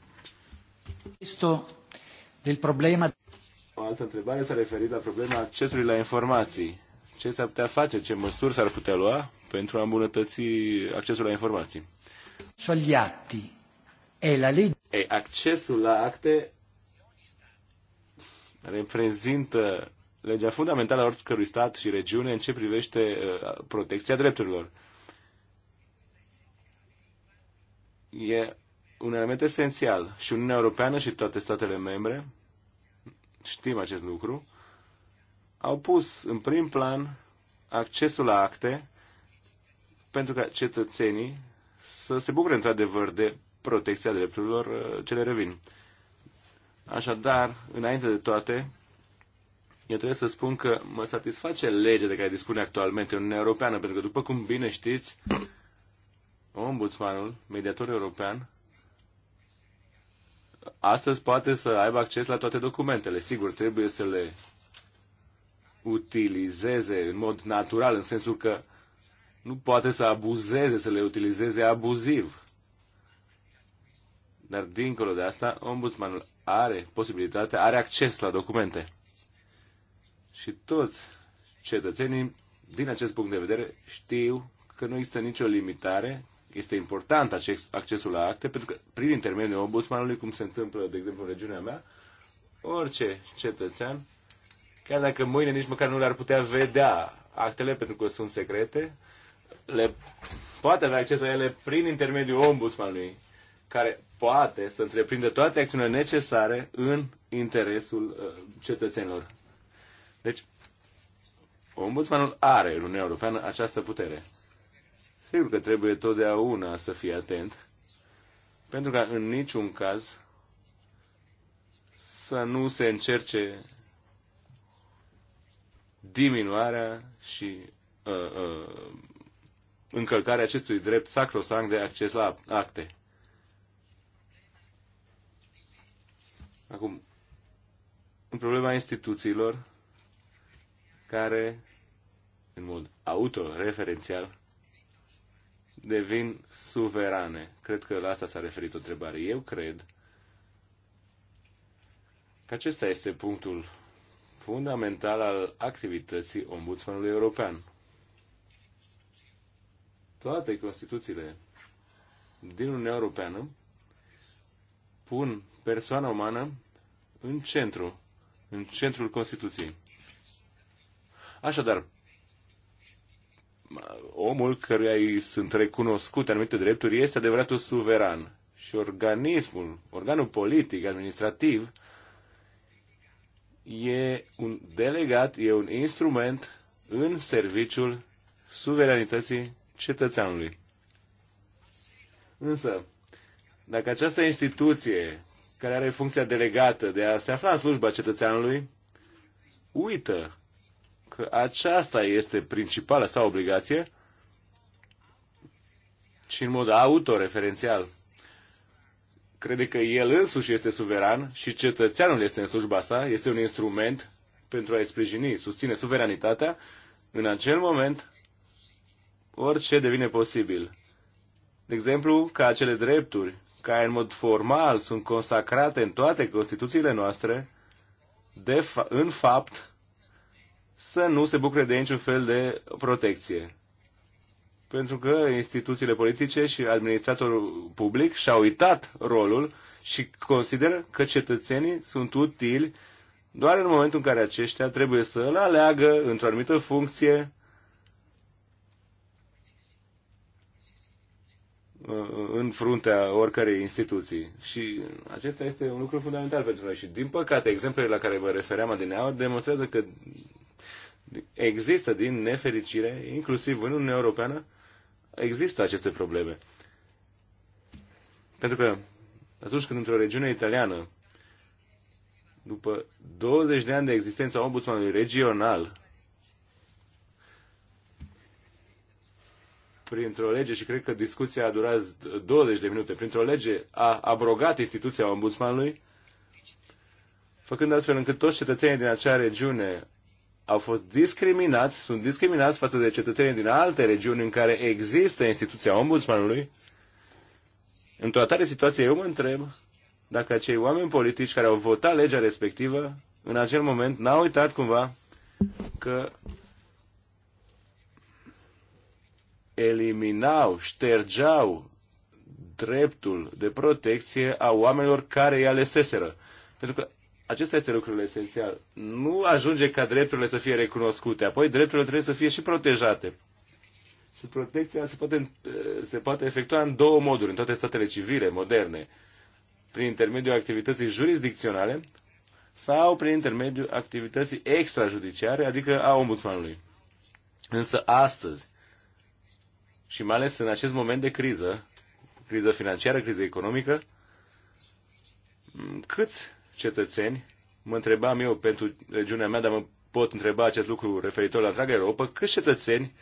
O altă întrebare s-a referit la problema accesului la informații. Ce s-ar putea face, ce măsuri s-ar putea lua pentru a îmbunătăți accesul la informații? Sogliatti. E la lege. Ei, accesul la acte reprezintă legea fundamentală a oricărui stat și regiune în ce privește uh, protecția drepturilor. E un element esențial și Uniunea Europeană și toate statele membre, știm acest lucru, au pus în prim plan accesul la acte pentru ca cetățenii să se bucure într-adevăr de protecția drepturilor uh, ce le revin. Așadar, înainte de toate, eu trebuie să spun că mă satisface legea de care dispune actualmente Uniunea Europeană, pentru că, după cum bine știți, ombudsmanul, mediatorul european, astăzi poate să aibă acces la toate documentele. Sigur, trebuie să le utilizeze în mod natural, în sensul că nu poate să abuzeze, să le utilizeze abuziv. Dar dincolo de asta, ombudsmanul are posibilitatea, are acces la documente. Și toți cetățenii, din acest punct de vedere, știu că nu există nicio limitare. Este important accesul la acte, pentru că prin intermediul ombudsmanului, cum se întâmplă, de exemplu, în regiunea mea, orice cetățean, chiar dacă mâine nici măcar nu le-ar putea vedea actele, pentru că sunt secrete, le poate avea acces la ele prin intermediul ombudsmanului, care poate să întreprinde toate acțiunile necesare în interesul uh, cetățenilor. Deci, ombudsmanul are în Uniunea Europeană această putere. Sigur că trebuie totdeauna să fie atent, pentru că în niciun caz să nu se încerce diminuarea și uh, uh, încălcarea acestui drept sacrosanct de acces la acte. Acum, în problema instituțiilor, care, în mod autoreferențial, devin suverane. Cred că la asta s-a referit o întrebare. Eu cred că acesta este punctul fundamental al activității Ombudsmanului European. Toate Constituțiile din Uniunea Europeană pun persoana umană în centru, în centrul Constituției. Așadar, omul căruia îi sunt recunoscute anumite drepturi este adevăratul suveran. Și organismul, organul politic, administrativ, e un delegat, e un instrument în serviciul suveranității cetățeanului. Însă, dacă această instituție, care are funcția delegată de a se afla în slujba cetățeanului, uită că aceasta este principala sa obligație și în mod autoreferențial. Crede că el însuși este suveran și cetățeanul este în slujba sa, este un instrument pentru a-i sprijini, susține suveranitatea, în acel moment orice devine posibil. De exemplu, ca acele drepturi, care în mod formal sunt consacrate în toate Constituțiile noastre, de fa- în fapt să nu se bucure de niciun fel de protecție. Pentru că instituțiile politice și administratorul public și-au uitat rolul și consideră că cetățenii sunt utili doar în momentul în care aceștia trebuie să îl aleagă într-o anumită funcție în fruntea oricărei instituții. Și acesta este un lucru fundamental pentru noi. Și, din păcate, exemplele la care vă refeream adineaori demonstrează că Există, din nefericire, inclusiv în Uniunea Europeană, există aceste probleme. Pentru că atunci când într-o regiune italiană, după 20 de ani de existență a ombudsmanului regional, printr-o lege, și cred că discuția a durat 20 de minute, printr-o lege a abrogat instituția ombudsmanului, făcând astfel încât toți cetățenii din acea regiune au fost discriminați, sunt discriminați față de cetățenii din alte regiuni în care există instituția ombudsmanului. Într-o atare situație eu mă întreb dacă acei oameni politici care au votat legea respectivă în acel moment n-au uitat cumva că eliminau, ștergeau dreptul de protecție a oamenilor care îi aleseseră. Pentru că acesta este lucrul esențial. Nu ajunge ca drepturile să fie recunoscute, apoi drepturile trebuie să fie și protejate. Și protecția se poate, se poate efectua în două moduri, în toate statele civile, moderne, prin intermediul activității jurisdicționale sau prin intermediul activității extrajudiciare, adică a ombudsmanului. Însă astăzi, și mai ales în acest moment de criză, criză financiară, criză economică, câți cetățeni, mă întrebam eu pentru regiunea mea, dar mă pot întreba acest lucru referitor la întreaga Europa, câți cetățeni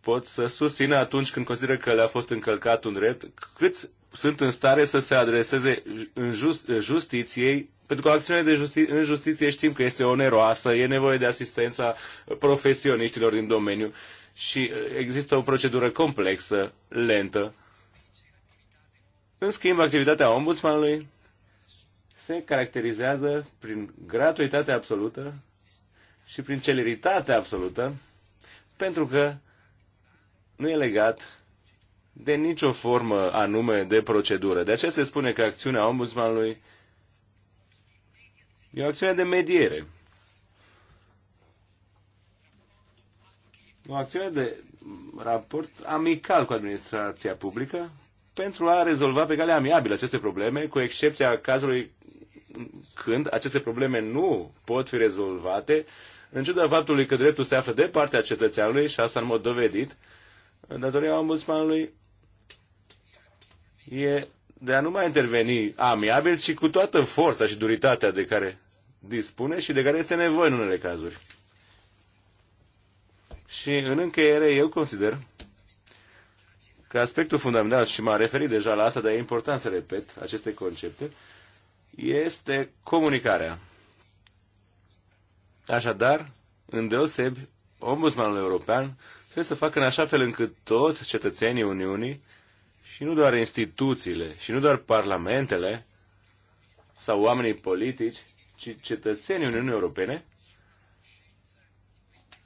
pot să susțină atunci când consideră că le-a fost încălcat un drept, câți sunt în stare să se adreseze în just, justiției, pentru că acțiunea de justi- în justiție știm că este oneroasă, e nevoie de asistența profesioniștilor din domeniu și există o procedură complexă, lentă. În schimb, activitatea ombudsmanului se caracterizează prin gratuitatea absolută și prin celeritatea absolută, pentru că nu e legat de nicio formă anume de procedură. De aceea se spune că acțiunea ombudsmanului e o acțiune de mediere. O acțiune de raport amical cu administrația publică pentru a rezolva pe calea amiabilă aceste probleme, cu excepția cazului când aceste probleme nu pot fi rezolvate, în ciuda faptului că dreptul se află de partea cetățeanului și asta în mod dovedit, datoria ombudsmanului e de a nu mai interveni amiabil, ci cu toată forța și duritatea de care dispune și de care este nevoie în unele cazuri. Și în încheiere eu consider că aspectul fundamental, și m-am referit deja la asta, dar e important să repet aceste concepte, este comunicarea. Așadar, îndeosebi, ombudsmanul european trebuie să facă în așa fel încât toți cetățenii Uniunii și nu doar instituțiile, și nu doar parlamentele sau oamenii politici, ci cetățenii Uniunii Europene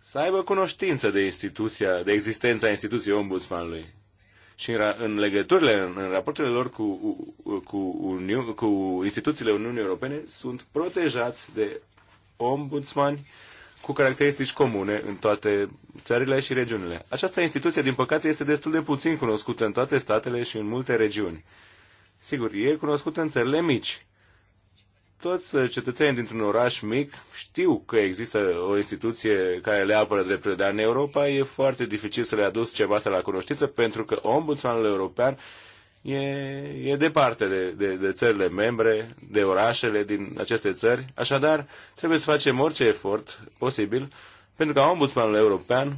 să aibă cunoștință de instituția, de existența instituției ombudsmanului și în, în legăturile, în, în raporturile lor cu, cu, Uni, cu instituțiile Uniunii Europene, sunt protejați de ombudsmani cu caracteristici comune în toate țările și regiunile. Această instituție, din păcate, este destul de puțin cunoscută în toate statele și în multe regiuni. Sigur, e cunoscută în țările mici, toți uh, cetățenii dintr-un oraș mic știu că există o instituție care le apără drepturile, dar în Europa e foarte dificil să le aduci ceva asta la cunoștință, pentru că ombudsmanul european e, e departe de, de, de țările membre, de orașele din aceste țări, așadar trebuie să facem orice efort posibil pentru ca ombudsmanul european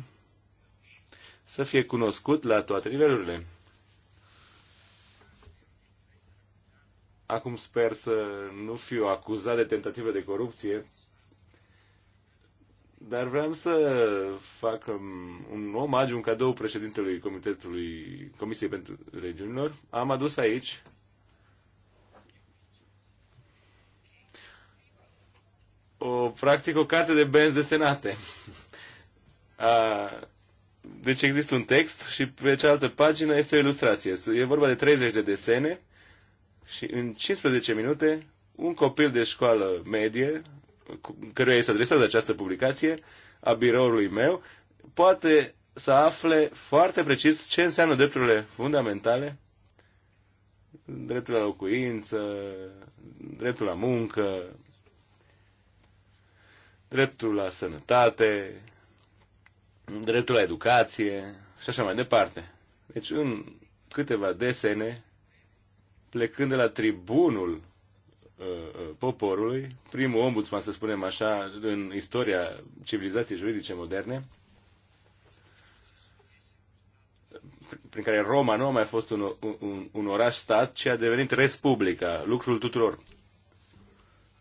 să fie cunoscut la toate nivelurile. Acum sper să nu fiu acuzat de tentative de corupție, dar vreau să fac um, un omagiu, un cadou președintelui Comitetului Comisiei pentru Regiunilor. Am adus aici o, practic o carte de benzi desenate. A, deci există un text și pe cealaltă pagină este o ilustrație. E vorba de 30 de desene și în 15 minute un copil de școală medie, căruia îi se adresează această publicație, a biroului meu, poate să afle foarte precis ce înseamnă drepturile fundamentale, dreptul la locuință, dreptul la muncă, dreptul la sănătate, dreptul la educație și așa mai departe. Deci în câteva desene plecând de la tribunul uh, uh, poporului, primul ombudsman, să spunem așa, în istoria civilizației juridice moderne, prin care Roma nu a mai fost un, un, un oraș-stat, ci a devenit republica, lucrul tuturor.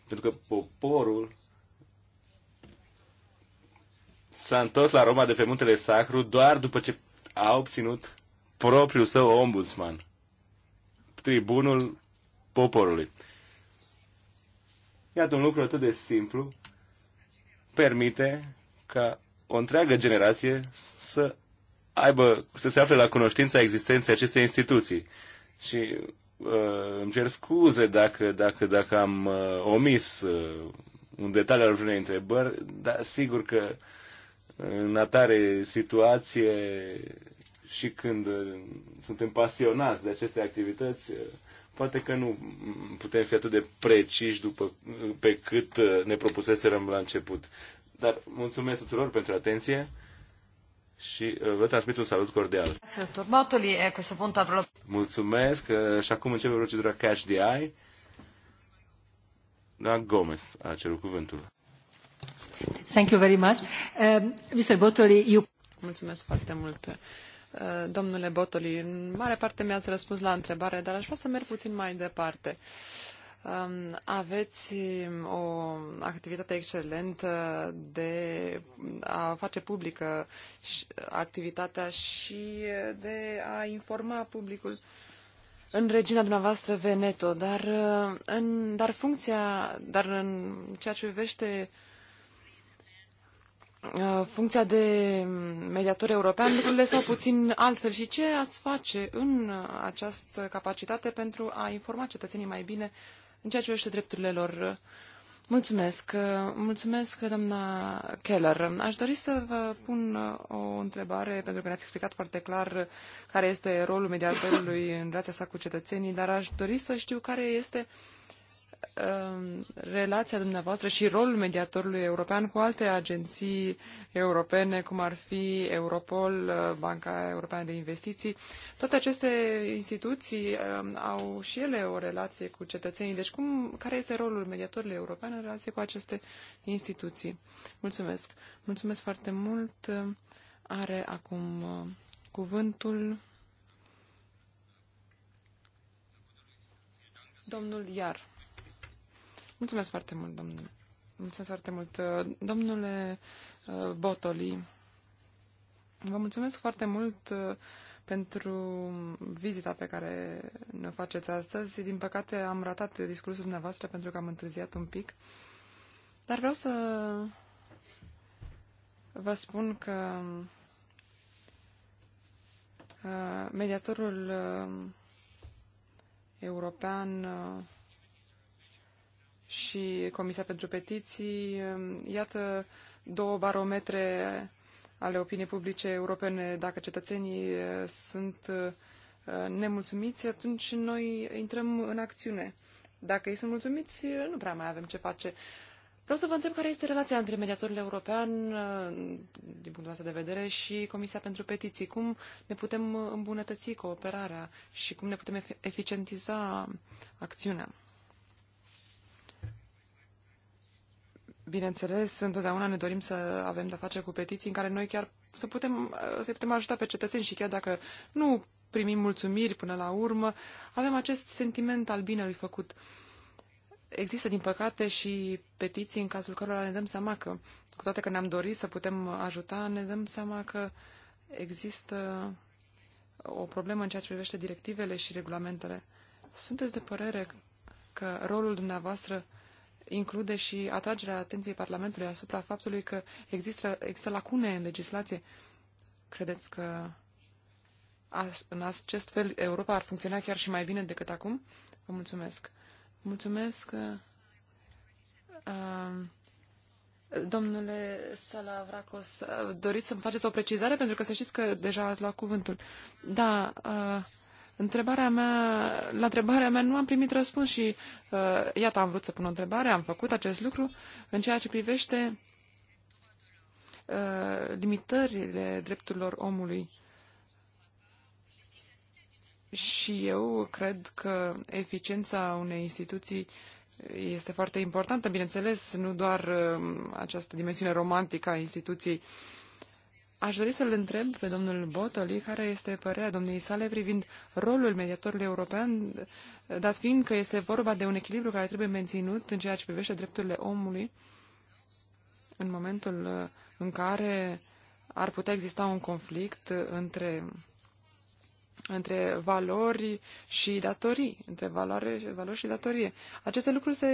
Pentru că poporul s-a întors la Roma de pe Muntele Sacru doar după ce a obținut propriul său ombudsman tribunul poporului. Iată, un lucru atât de simplu permite ca o întreagă generație să aibă, să se afle la cunoștința existenței acestei instituții. Și uh, îmi cer scuze dacă, dacă, dacă am uh, omis uh, un detaliu al unei întrebări, dar sigur că în atare situație și când uh, suntem pasionați de aceste activități, uh, poate că nu putem fi atât de preciși după, uh, pe cât ne propuseserăm la început. Dar mulțumesc tuturor pentru atenție și vă transmit un salut cordial. Mulțumesc și acum începe procedura Cash the Eye. Doamna Gomez a cerut cuvântul. Thank you very much. Uh, um, Mr. Botoli, you... Mulțumesc foarte mult. Uh, Eh, domnule Botoli, în mare parte mi-ați răspuns la întrebare, dar aș vrea să merg puțin mai departe. Aveți mm, o activitate excelentă de a face publică activitatea și de a informa publicul în regiunea dumneavoastră Veneto, dar, eh, în, dar funcția, dar în ceea ce privește uh, Uh, funcția de mediator european, lucrurile s puțin altfel. Și ce ați face în această capacitate pentru a informa cetățenii mai bine în ceea ce privește drepturile lor? Mulțumesc. Uh, mulțumesc, doamna Keller. Aș dori să vă pun uh, o întrebare, pentru că ne-ați explicat foarte clar care este rolul mediatorului în relația sa cu cetățenii, dar aș dori să știu care este uh, Um, relația dumneavoastră și rolul mediatorului european cu alte agenții europene, cum ar fi Europol, uh, Banca Europeană de Investiții. Toate aceste instituții um, au și ele o relație cu cetățenii. Deci cum, care este rolul mediatorului european în relație cu aceste instituții? Mulțumesc. Mulțumesc foarte mult. Are acum uh, cuvântul domnul Iar. Mulțumesc foarte mult, domnule. Mulțumesc uh, foarte mult. Domnule Botoli, vă mulțumesc foarte mult uh, pentru vizita pe care ne faceți astăzi. Din păcate am ratat discursul dumneavoastră pentru că am întârziat un pic. Dar vreau să vă spun că uh, mediatorul european și Comisia pentru Petiții, iată două barometre ale opiniei publice europene. Dacă cetățenii sunt uh, nemulțumiți, atunci noi intrăm în acțiune. Dacă ei sunt mulțumiți, nu prea mai avem ce face. Vreau să vă întreb care este relația între mediatorul european, uh, din punctul nostru de vedere, și Comisia pentru Petiții. Cum ne putem îmbunătăți cooperarea și cum ne putem eficientiza acțiunea? Bineînțeles, întotdeauna ne dorim să avem de-a face cu petiții în care noi chiar să putem, să putem ajuta pe cetățeni și chiar dacă nu primim mulțumiri până la urmă, avem acest sentiment al binelui făcut. Există, din păcate, și petiții în cazul cărora ne dăm seama că, cu toate că ne-am dorit să putem ajuta, ne dăm seama că există o problemă în ceea ce privește directivele și regulamentele. Sunteți de părere că rolul dumneavoastră include și atragerea atenției Parlamentului asupra faptului că există, există lacune în legislație. Credeți că as, în acest fel Europa ar funcționa chiar și mai bine decât acum? Vă mulțumesc. Mulțumesc. Uh, uh domnule Salavracos, uh, doriți să-mi faceți o precizare? Pentru că să știți că deja ați luat cuvântul. Da, uh, Întrebarea mea, la întrebarea mea nu am primit răspuns și uh, iată, am vrut să pun o întrebare, am făcut acest lucru în ceea ce privește uh, limitările drepturilor omului. Și eu cred că eficiența unei instituții este foarte importantă, bineînțeles, nu doar uh, această dimensiune romantică a instituției uh, Aș dori să-l întreb pe domnul Botoli care este părerea domniei sale privind rolul mediatorului european, dat fiind că este vorba de un echilibru care trebuie menținut în ceea ce privește drepturile omului în momentul uh, în care ar putea exista un conflict între între valori și datorii, între valoare, valori și datorie. Aceste lucruri se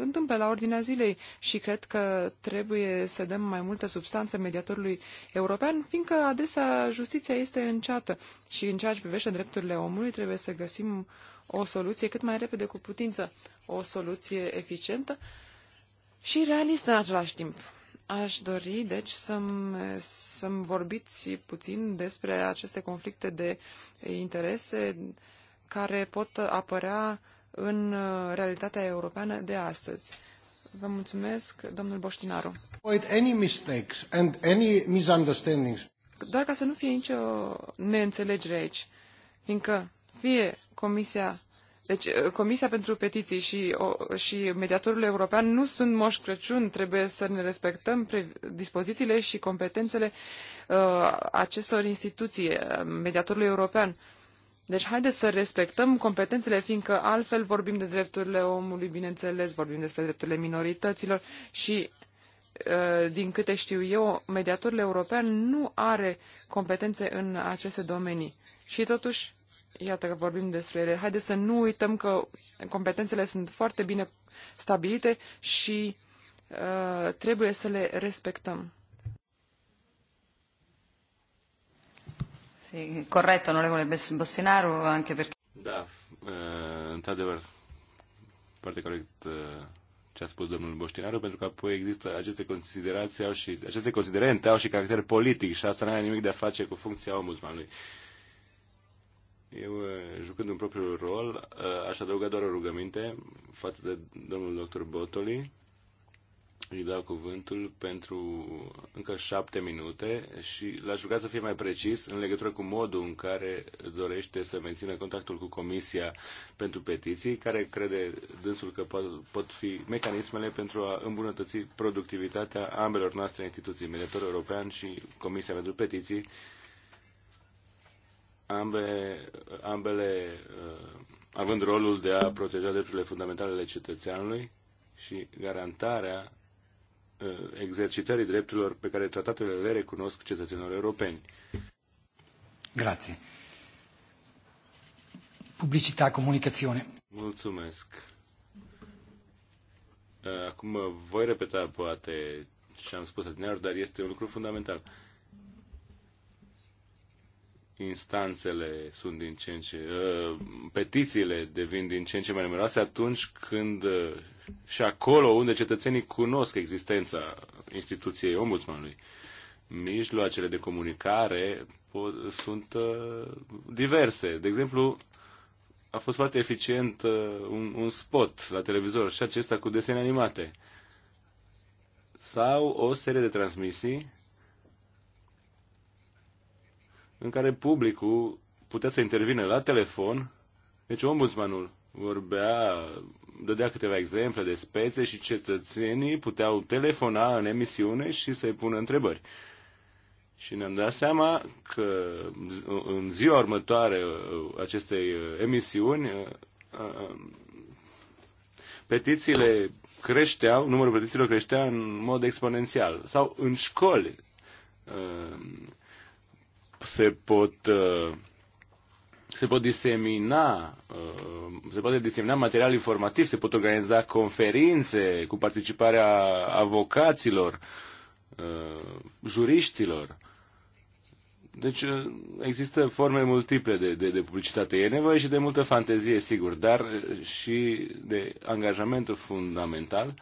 întâmplă la ordinea zilei și cred că trebuie să dăm mai multă substanță mediatorului european, fiindcă adesea justiția este înceată și în ceea ce privește drepturile omului trebuie să găsim o soluție cât mai repede cu putință, o soluție eficientă și realistă în același timp. Aș dori, deci, să-mi, să-mi vorbiți puțin despre aceste conflicte de interese care pot apărea în realitatea europeană de astăzi. Vă mulțumesc, domnul Boștinaru. Any mistakes and any misunderstandings. Doar ca să nu fie nicio neînțelegere aici, fiindcă fie Comisia deci, uh, Comisia pentru Petiții și, o, și mediatorul european nu sunt moș Crăciun, trebuie să ne respectăm pre, dispozițiile și competențele uh, acestor instituții, uh, mediatorul european. Deci, haideți să respectăm competențele, fiindcă altfel vorbim de drepturile omului, bineînțeles, vorbim despre drepturile minorităților și uh, din câte știu eu, mediatorul european nu are competențe în aceste domenii. Și totuși, iată că vorbim despre ele, haideți să nu uităm că competențele sunt foarte bine stabilite și uh, trebuie să le respectăm. Corect, onorevole Bostinaru, anche perché... Da, eh, într-adevăr, foarte corect eh, ce a spus domnul Boștinaru, pentru că apoi există aceste considerații au și, aceste considerente au și caracter politic și asta nu are nimic de a face cu funcția ombudsmanului. Uh, eu, eh, jucând un propriu rol, eh, aș adăuga doar o rugăminte față de domnul doctor Botoli. Îi dau cuvântul pentru încă șapte minute și l-aș ruga să fie mai precis în legătură cu modul în care dorește să mențină contactul cu Comisia pentru Petiții, care crede dânsul că pot, pot fi mecanismele pentru a îmbunătăți productivitatea ambelor noastre instituții, Mediatorul European și Comisia pentru Petiții, ambe, ambele uh, având rolul de a proteja drepturile fundamentale ale cetățeanului și garantarea uh, exercitării drepturilor pe care tratatele le recunosc cetățenilor europeni. Grazie. Publicitate, comunicațiune. Mulțumesc. Uh, acum voi repeta poate ce am spus adineaori, dar este un lucru fundamental instanțele sunt din ce în ce, uh, petițiile devin din ce în ce mai numeroase atunci când uh, și acolo unde cetățenii cunosc existența instituției ombudsmanului. Mijloacele de comunicare pot, sunt uh, diverse. De exemplu, a fost foarte eficient uh, un, un spot la televizor și acesta cu desene animate sau o serie de transmisii în care publicul putea să intervine la telefon. Deci ombudsmanul vorbea, dădea câteva exemple de spețe și cetățenii puteau telefona în emisiune și să-i pună întrebări. Și ne-am dat seama că în ziua următoare uh, acestei uh, emisiuni uh, petițiile creșteau, numărul petițiilor creștea în mod exponențial. Sau în școli se pot uh, se pot disemina, uh, se poate disemina material informativ, se pot organiza conferințe cu participarea avocaților, uh, juriștilor. Deci există forme multiple de, de, de publicitate. E nevoie și de multă fantezie, sigur, dar și de angajamentul fundamental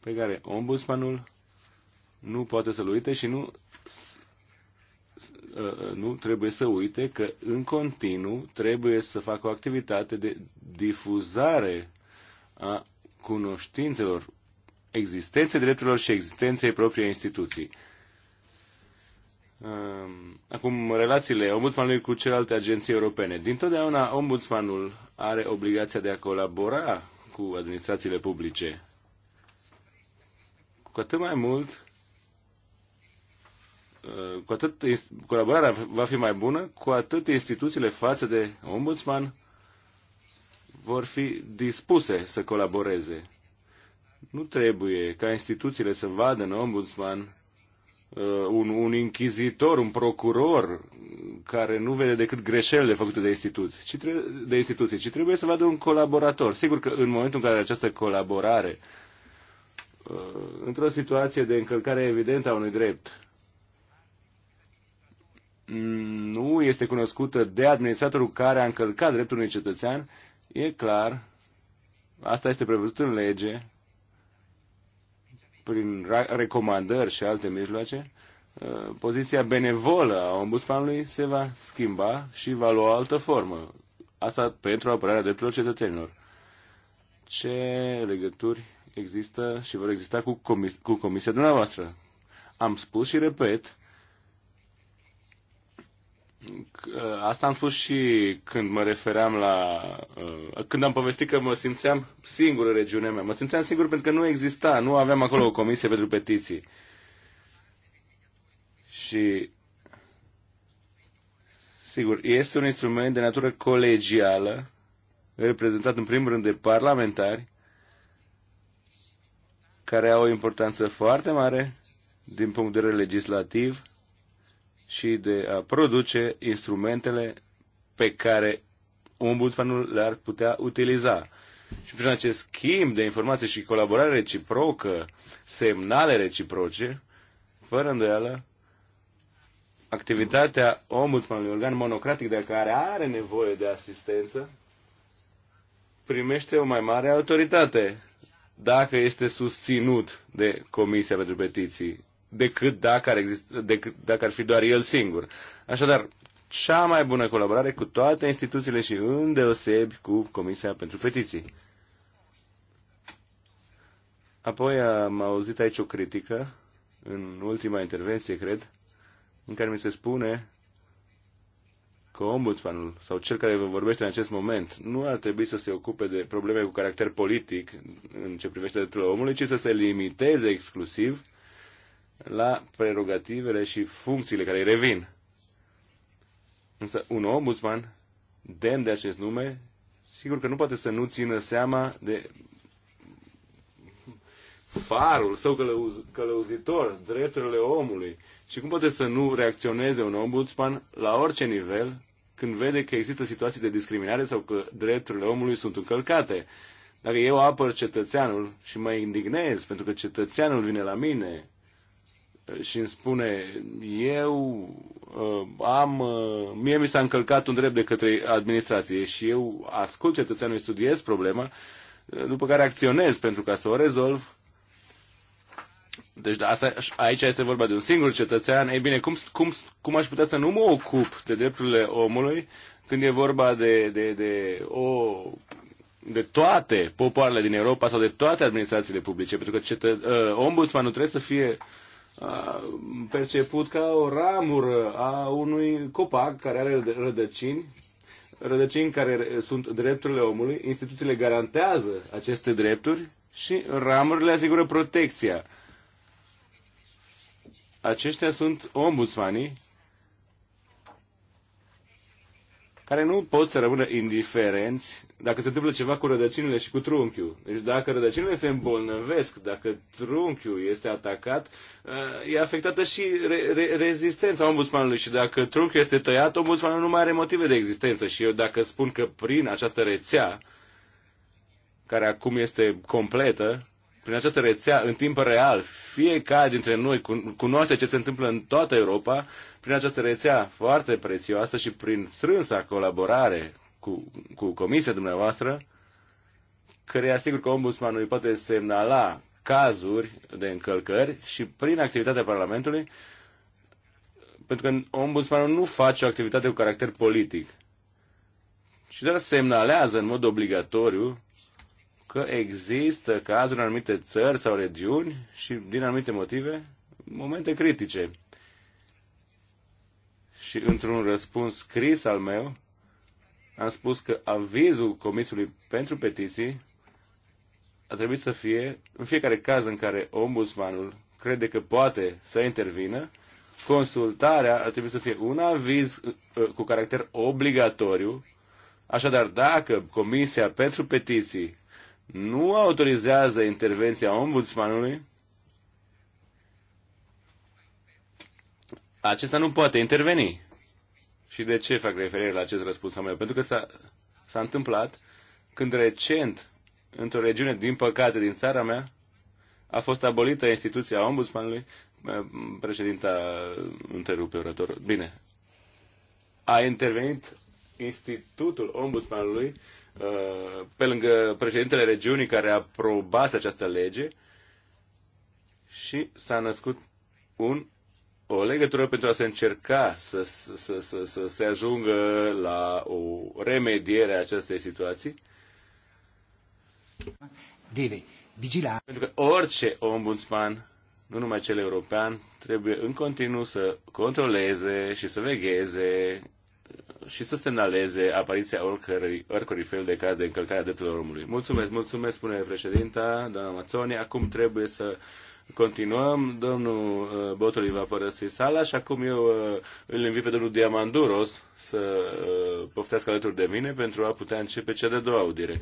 pe care ombudsmanul nu poate să-l uite și nu Uh, nu trebuie să uite că în continuu trebuie să facă o activitate de difuzare a cunoștințelor existenței drepturilor și existenței propriei instituții. Um, acum, relațiile ombudsmanului cu celelalte agenții europene. Din totdeauna, ombudsmanul are obligația de a colabora cu administrațiile publice. Cu atât mai mult Uh, cu atât colaborarea va fi mai bună, cu atât instituțiile față de ombudsman vor fi dispuse să colaboreze. Nu trebuie ca instituțiile să vadă în ombudsman uh, un, un inchizitor, un procuror care nu vede decât greșelile făcute de instituții, ci trebuie, de instituții, ci trebuie să vadă un colaborator. Sigur că în momentul în care această colaborare, uh, într-o situație de încălcare evidentă a unui drept, nu este cunoscută de administratorul care a încălcat dreptul unui cetățean, e clar, asta este prevăzut în lege, prin recomandări și alte mijloace, uh, poziția benevolă a ombudsmanului se va schimba și va lua altă formă. Asta pentru apărarea drepturilor cetățenilor. Ce legături există și vor exista cu, comis- cu comisia dumneavoastră? Am spus și repet Asta am spus și când mă refeream la... Uh, când am povestit că mă simțeam singur în regiunea mea. Mă simțeam singur pentru că nu exista, nu aveam acolo o comisie pentru petiții. Și... Sigur, este un instrument de natură colegială, reprezentat în primul rând de parlamentari, care au o importanță foarte mare din punct de vedere legislativ, și de a produce instrumentele pe care ombudsmanul le-ar putea utiliza. Și prin acest schimb de informații și colaborare reciprocă, semnale reciproce, fără îndoială, activitatea ombudsmanului, organ monocratic de care are nevoie de asistență, primește o mai mare autoritate dacă este susținut de Comisia pentru Petiții decât dacă ar, exist, decât dacă ar fi doar el singur. Așadar, cea mai bună colaborare cu toate instituțiile și îndeosebi cu Comisia pentru Petiții. Apoi am auzit aici o critică, în ultima intervenție, cred, în care mi se spune că ombudsmanul sau cel care vă vorbește în acest moment nu ar trebui să se ocupe de probleme cu caracter politic în ce privește drepturile omului, ci să se limiteze exclusiv la prerogativele și funcțiile care îi revin. Însă un ombudsman demn de acest nume, sigur că nu poate să nu țină seama de farul său călăuz, călăuzitor, drepturile omului. Și cum poate să nu reacționeze un ombudsman la orice nivel când vede că există situații de discriminare sau că drepturile omului sunt încălcate? Dacă eu apăr cetățeanul și mă indignez pentru că cetățeanul vine la mine și îmi spune eu uh, am, uh, mie mi s-a încălcat un drept de către administrație și eu ascult cetățeanul, studiez problema, uh, după care acționez pentru ca să o rezolv, deci da, asta, aici este vorba de un singur cetățean. Ei bine, cum, cum, cum aș putea să nu mă ocup de drepturile omului când e vorba de, de, de, o, de toate popoarele din Europa sau de toate administrațiile publice? Pentru că cetă, uh, ombudsmanul trebuie să fie perceput ca o ramură a unui copac care are rădăcini, rădăcini care sunt drepturile omului, instituțiile garantează aceste drepturi și ramurile asigură protecția. Aceștia sunt ombudsmanii care nu pot să rămână indiferenți dacă se întâmplă ceva cu rădăcinile și cu trunchiul. Deci dacă rădăcinile se îmbolnăvesc, dacă trunchiul este atacat, uh, e afectată și re- re- rezistența ombudsmanului și dacă trunchiul este tăiat, ombudsmanul nu mai are motive de existență. Și eu dacă spun că prin această rețea, care acum este completă, prin această rețea în timp real. Fiecare dintre noi cunoaște ce se întâmplă în toată Europa prin această rețea foarte prețioasă și prin strânsa colaborare cu, cu comisia dumneavoastră, care asigur că ombudsmanul îi poate semnala cazuri de încălcări și prin activitatea Parlamentului, pentru că ombudsmanul nu face o activitate cu caracter politic, și doar semnalează în mod obligatoriu că există cazuri în anumite țări sau regiuni și din anumite motive, momente critice. Și într-un răspuns scris al meu, am spus că avizul Comisului pentru Petiții a trebuit să fie, în fiecare caz în care ombudsmanul crede că poate să intervină, consultarea ar trebui să fie un aviz uh, cu caracter obligatoriu. Așadar, dacă Comisia pentru Petiții nu autorizează intervenția ombudsmanului, acesta nu poate interveni. Și de ce fac referire la acest răspuns al meu? Pentru că s-a, s-a întâmplat când recent, într-o regiune, din păcate, din țara mea, a fost abolită instituția ombudsmanului. Președinta întrerupe orător. Bine. A intervenit institutul ombudsmanului Uh, pe lângă președintele regiunii care aprobase această lege și s-a născut un, o legătură pentru a se încerca să, să, să, să, să se ajungă la o remediere a acestei situații. Deve vigila. Pentru că orice ombudsman, nu numai cel european, trebuie în continuu să controleze și să vegheze și să semnaleze apariția oricărui, oricărui fel de caz de încălcare a drepturilor omului. Mulțumesc, mulțumesc, spune președinta, doamna Mazzoni. Acum trebuie să continuăm. Domnul uh, Botoli va părăsi sala și acum eu uh, îl invit pe domnul Diamanduros să uh, poftească alături de mine pentru a putea începe cea de-a doua audiere.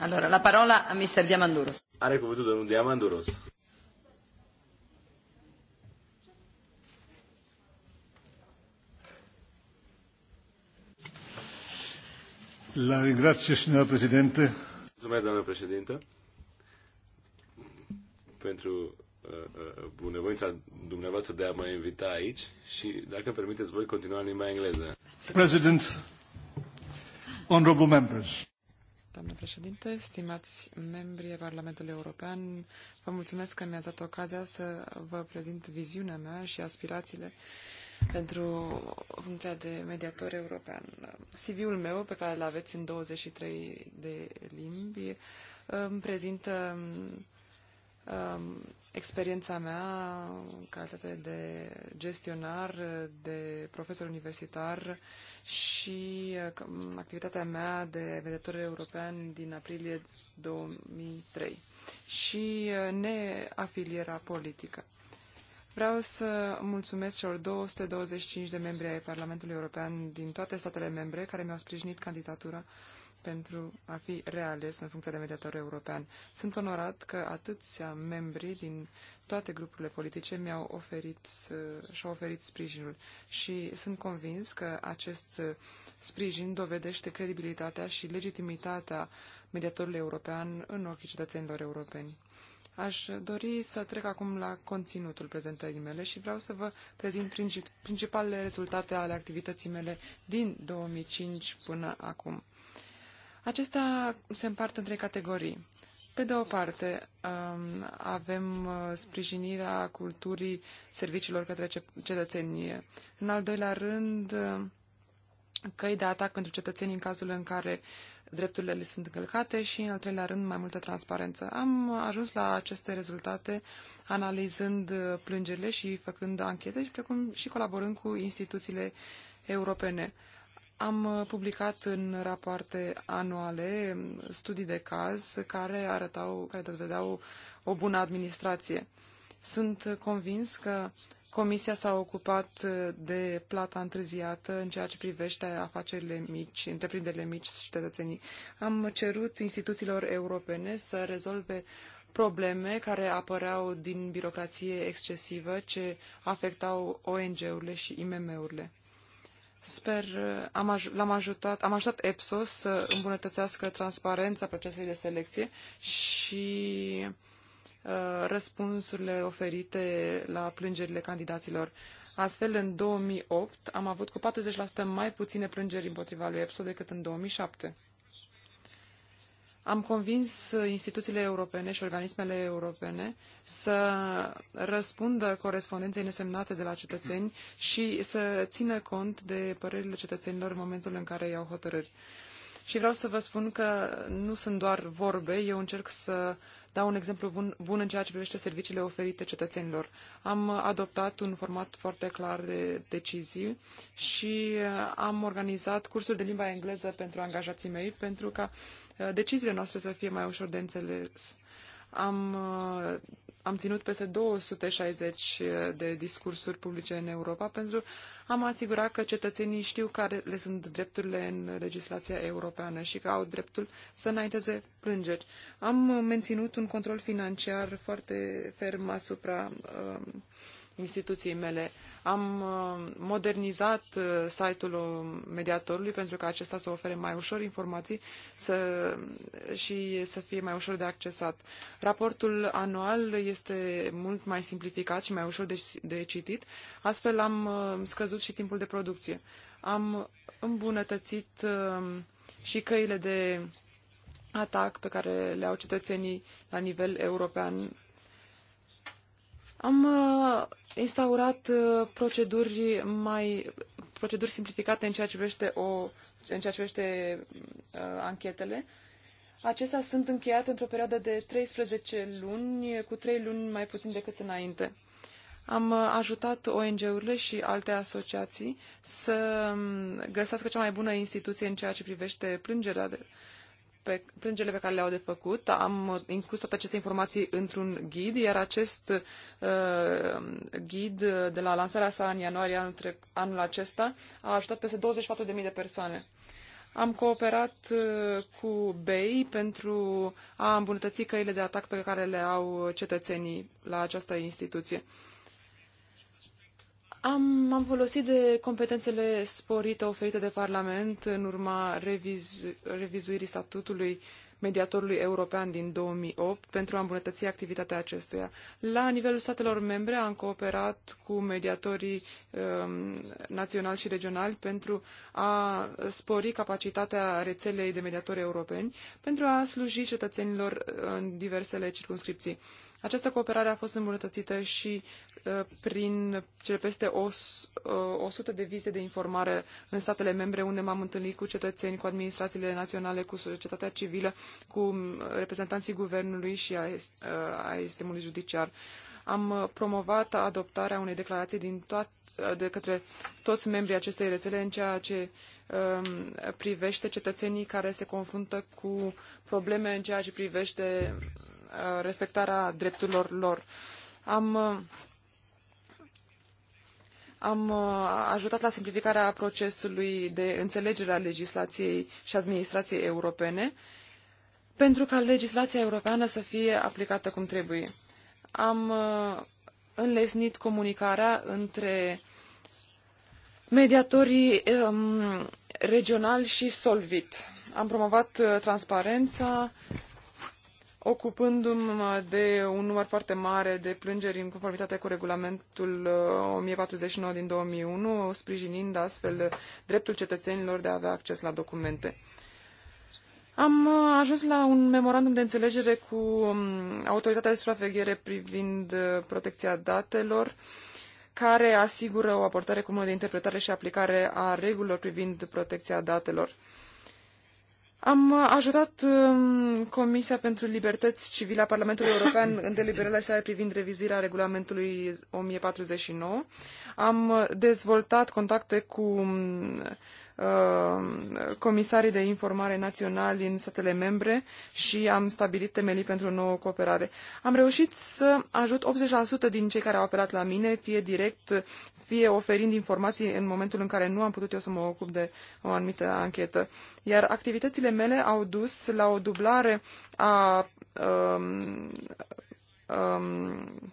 Allora, la parola a Mr. Diamanduros. Are cuvântul domnul Diamanduros. La ringrazio, signora Presidente. Mulțumesc, doamnă președintă, pentru uh, uh, bunăvoința dumneavoastră de a mă invita aici și, dacă permiteți voi, continua în limba engleză. President, honorable members doamnă președinte, stimați membrii Parlamentului European, vă mulțumesc că mi-ați dat ocazia să vă prezint viziunea mea și aspirațiile pentru funcția de mediator european. CV-ul meu, pe care îl aveți în 23 de limbi, îmi prezintă um, experiența mea în calitate de gestionar, de profesor universitar și uh, activitatea mea de vedetor european din aprilie 2003 și uh, neafiliera politică. Vreau să mulțumesc celor 225 de membri ai Parlamentului European din toate statele membre care mi-au sprijinit candidatura pentru a fi reales în funcția de mediator european. Sunt onorat că atâția membri din toate grupurile politice mi-au oferit și-au oferit sprijinul și sunt convins că acest sprijin dovedește credibilitatea și legitimitatea mediatorului european în ochii cetățenilor europeni. Aș dori să trec acum la conținutul prezentării mele și vreau să vă prezint principalele rezultate ale activității mele din 2005 până acum. Acesta se împarte în trei categorii. Pe de o parte, um, avem uh, sprijinirea culturii serviciilor către cetățenie. În al doilea rând, uh, căi de atac pentru cetățenii în cazul în care drepturile le sunt încălcate și, în al treilea rând, mai multă transparență. Am ajuns la aceste rezultate analizând uh, plângerile și făcând anchete, și precum și colaborând cu instituțiile europene. Am uh, publicat în rapoarte anuale um, studii de caz care arătau, care dovedeau o bună administrație. Sunt uh, convins că Comisia s-a ocupat uh, de plata întârziată în ceea ce privește afacerile mici, întreprinderile mici și cetățenii. Am cerut instituțiilor europene să rezolve probleme care apăreau din birocrație excesivă ce afectau ONG-urile și IMM-urile. Sper, uh, am aj- l-am ajutat, am ajutat EPSO să îmbunătățească transparența procesului de selecție și uh, răspunsurile oferite la plângerile candidaților. Astfel, în 2008 am avut cu 40% mai puține plângeri împotriva lui EPSO decât în 2007 am convins instituțiile europene și organismele europene să răspundă corespondenței nesemnate de la cetățeni și să țină cont de părerile cetățenilor în momentul în care iau hotărâri. Și vreau să vă spun că nu sunt doar vorbe, eu încerc să dau un exemplu bun, bun în ceea ce privește serviciile oferite cetățenilor. Am adoptat un format foarte clar de decizii și am organizat cursuri de limba engleză pentru angajații mei pentru ca Eh, deciziile noastre să fie mai ușor de înțeles. Am, eh, am ținut peste 260 eh, de discursuri publice în Europa pentru a mă asigura că cetățenii știu care le sunt drepturile în legislația europeană și că au dreptul să înainteze plângeri. Am menținut un control financiar foarte ferm asupra instituției mele. Am uh, modernizat uh, site-ul uh, mediatorului pentru ca acesta să ofere mai ușor informații să, și să fie mai ușor de accesat. Raportul anual este mult mai simplificat și mai ușor de, de citit, astfel am scăzut și timpul de producție. Am îmbunătățit și căile de atac pe care le au cetățenii la nivel european am uh, instaurat uh, proceduri mai proceduri simplificate în ceea ce privește o în ceea ce privește uh, anchetele. Acestea sunt încheiate într-o perioadă de 13 luni, cu 3 luni mai puțin decât înainte. Am uh, ajutat ONG-urile și alte asociații să um, găsească cea mai bună instituție în ceea ce privește plângerea de, pe plângele pe care le-au de făcut. Am inclus toate aceste informații într-un ghid, iar acest uh, ghid de la lansarea sa în ianuarie anul, tre- anul acesta a ajutat peste 24.000 de persoane. Am cooperat uh, cu BEI pentru a îmbunătăți căile de atac pe care le au cetățenii la această instituție. Uh, am, am folosit de competențele sporite oferite de Parlament în urma revizuirii statutului mediatorului european din 2008 pentru a îmbunătăți activitatea acestuia. La nivelul statelor membre am cooperat cu mediatorii um, naționali și regionali pentru a spori capacitatea rețelei de mediatori europeni pentru a sluji cetățenilor în diversele circunscripții. Această cooperare a fost îmbunătățită și uh, prin cele peste os, 100 uh, de vize de informare în statele membre, unde m-am întâlnit cu cetățeni, cu administrațiile naționale, cu societatea civilă, cu uh, reprezentanții guvernului și a, sistemului judiciar. Am promovat adoptarea unei declarații din toat, de către toți membrii acestei rețele în ceea ce um, privește cetățenii care se confruntă cu probleme în ceea ce privește Uh, respectarea drepturilor lor. Am, uh, am uh, ajutat la simplificarea procesului de înțelegere a legislației și administrației europene pentru ca legislația europeană să fie aplicată cum trebuie. Am înlesnit comunicarea între mediatorii um, regionali și Solvit. Am promovat transparența, ocupându-mă de un număr foarte mare de plângeri în conformitate cu regulamentul 1049 uh, din 2001, sprijinind astfel dreptul cetățenilor de a avea acces la documente. Am uh, ajuns la un memorandum de înțelegere cu um, Autoritatea de Supraveghere privind uh, protecția datelor, care asigură o aportare comună de interpretare și aplicare a regulilor privind protecția datelor. Am uh, ajutat um, Comisia pentru Libertăți Civile a Parlamentului European în deliberările sale privind revizuirea regulamentului 1049. Am uh, dezvoltat contacte cu um, Uh, comisarii de informare naționali în statele membre și am stabilit temelii pentru o nouă cooperare. Am reușit să ajut 80% din cei care au apelat la mine, fie direct, fie oferind informații în momentul în care nu am putut eu să mă ocup de o anumită anchetă. Iar activitățile mele au dus la o dublare a um, um,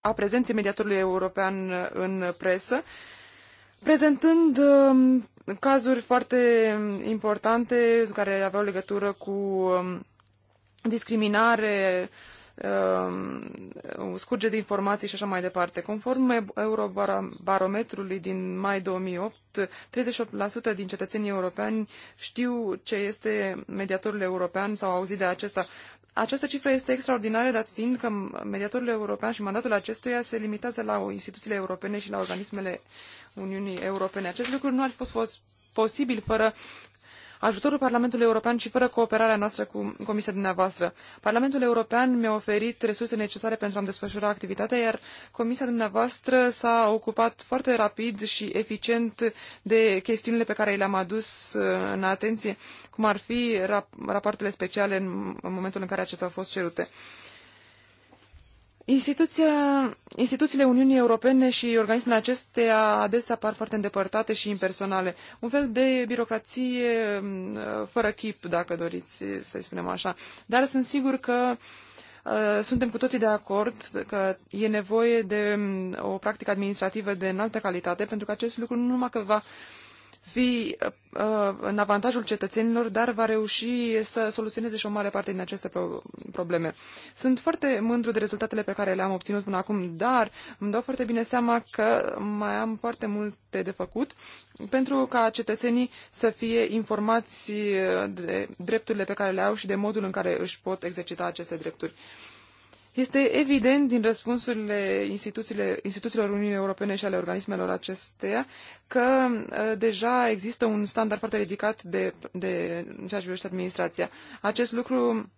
a prezenței mediatorului european în presă, prezentând um, cazuri foarte importante care aveau legătură cu um, discriminare, um, scurge de informații și așa mai departe. Conform Eurobarometrului din mai 2008, 38% din cetățenii europeni știu ce este mediatorul european sau au auzit de acesta. Această cifră este extraordinară, dat fiind că mediatorul european și mandatul acestuia se limitează la instituțiile europene și la organismele Uniunii Europene. Acest lucru nu ar fi fost posibil fără ajutorul Parlamentului European și fără cooperarea noastră cu Comisia dumneavoastră. Parlamentul European mi-a oferit resurse necesare pentru a-mi desfășura activitatea, iar Comisia dumneavoastră s-a ocupat foarte rapid și eficient de chestiunile pe care le-am adus uh, în atenție, cum ar fi rapoartele speciale în momentul în care acestea au fost cerute. Instituția, instituțiile Uniunii Europene și organismele acesteia adesea par foarte îndepărtate și impersonale. Un fel de birocrație mm, fără chip, dacă doriți să-i spunem așa. Dar sunt sigur că uh, suntem cu toții de acord că e nevoie de mm, o practică administrativă de înaltă calitate, pentru că acest lucru nu numai că va fi uh, în avantajul cetățenilor, dar va reuși să soluționeze și o mare parte din aceste probleme. Sunt foarte mândru de rezultatele pe care le-am obținut până acum, dar îmi dau foarte bine seama că mai am foarte multe de făcut pentru ca cetățenii să fie informați de drepturile pe care le au și de modul în care își pot exercita aceste drepturi. Este evident din răspunsurile instituțiilor Uniunii Europene și ale organismelor acesteia că uh, deja există un standard foarte ridicat de, de în ceea ce privește administrația. Acest lucru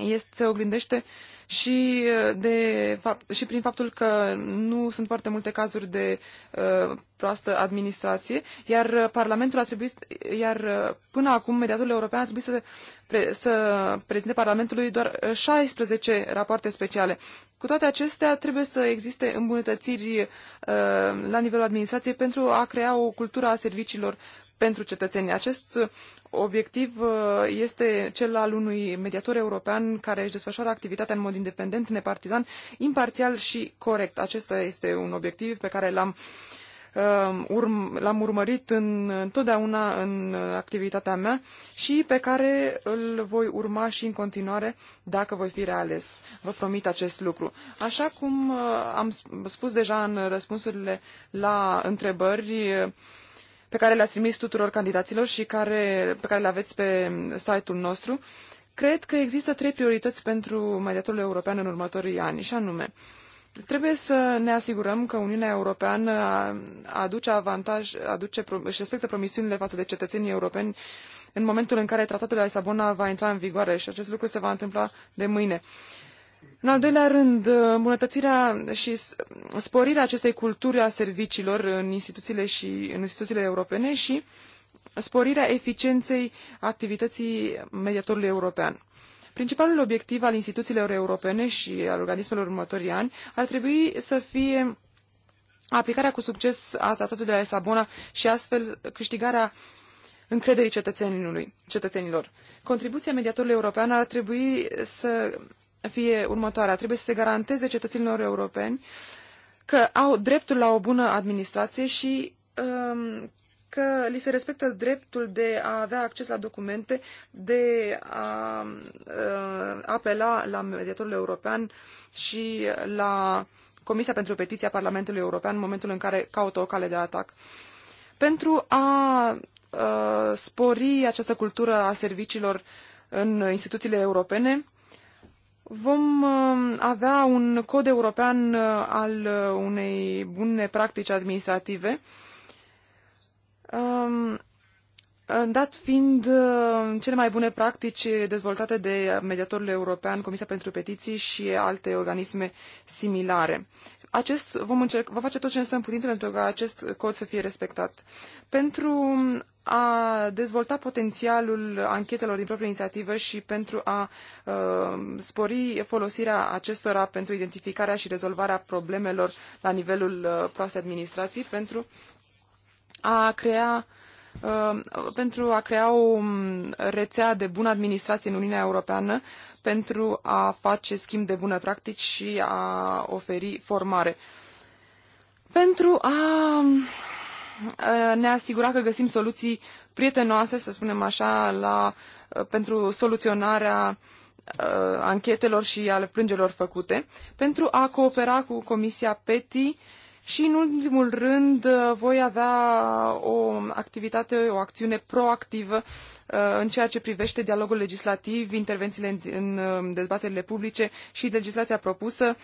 este, se oglindește și, uh, de fapt, și prin faptul că nu sunt foarte multe cazuri de uh, proastă administrație, iar uh, Parlamentul a trebuit, iar uh, până acum mediatorul european a trebuit să, pre, să prezinte Parlamentului doar 16 rapoarte speciale. Cu toate acestea, trebuie să existe îmbunătățiri uh, la nivelul administrației pentru a crea o cultură a serviciilor pentru cetățeni. Acest uh, obiectiv uh, este cel al unui mediator european care își desfășoară activitatea în mod independent, nepartizan, imparțial și corect. Acesta este un obiectiv pe care l-am uh, l-am urmărit în, întotdeauna în activitatea mea și pe care îl voi urma și în continuare dacă voi fi reales. Vă promit acest lucru. Așa cum am spus deja în răspunsurile la întrebări, pe care le-ați trimis tuturor candidaților și care, pe care le aveți pe site-ul nostru, cred că există trei priorități pentru mediatorul european în următorii ani, și anume, Trebuie să ne asigurăm că Uniunea Europeană aduce avantaj, aduce, își respectă promisiunile față de cetățenii europeni în momentul în care tratatul de la Lisabona va intra în vigoare și acest lucru se va întâmpla de mâine. Uh, în al doilea rând, îmbunătățirea și sporirea acestei culturi a serviciilor în instituțiile, și, în instituțiile europene și sporirea eficienței activității mediatorului european. Principalul obiectiv al instituțiilor europene și al organismelor următorii ani ar trebui să fie aplicarea cu succes a tratatului de la Lisabona și astfel câștigarea încrederii cetățenilor. Contribuția mediatorului european ar trebui să fie următoarea. Trebuie să se garanteze cetățenilor europeni că au dreptul la o bună administrație și um, că li se respectă dreptul de a avea acces la documente, de a uh, apela la mediatorul european și la Comisia pentru Petiția Parlamentului European în momentul în care caută o cale de atac. Pentru a uh, spori această cultură a serviciilor în instituțiile europene, Vom uh, avea un cod european uh, al uh, unei bune practici administrative, um, dat fiind cele mai bune practici dezvoltate de mediatorul european, Comisia pentru Petiții și alte organisme similare acest, vom, încerc, face tot ce ne stă în putință pentru ca acest cod să fie respectat. Pentru a dezvolta potențialul anchetelor din proprie inițiativă și pentru a uh, spori folosirea acestora pentru identificarea și rezolvarea problemelor la nivelul uh, proastei administrații, pentru a crea uh, pentru a crea o um, rețea de bună administrație în Uniunea Europeană, pentru a face schimb de bună practici și a oferi formare. Pentru a ne asigura că găsim soluții prietenoase, să spunem așa, la, pentru soluționarea anchetelor și ale plângerilor făcute, pentru a coopera cu Comisia PETI și în ultimul rând uh, voi avea o activitate, o acțiune proactivă uh, în ceea ce privește dialogul legislativ, intervențiile în uh, dezbaterile publice și legislația propusă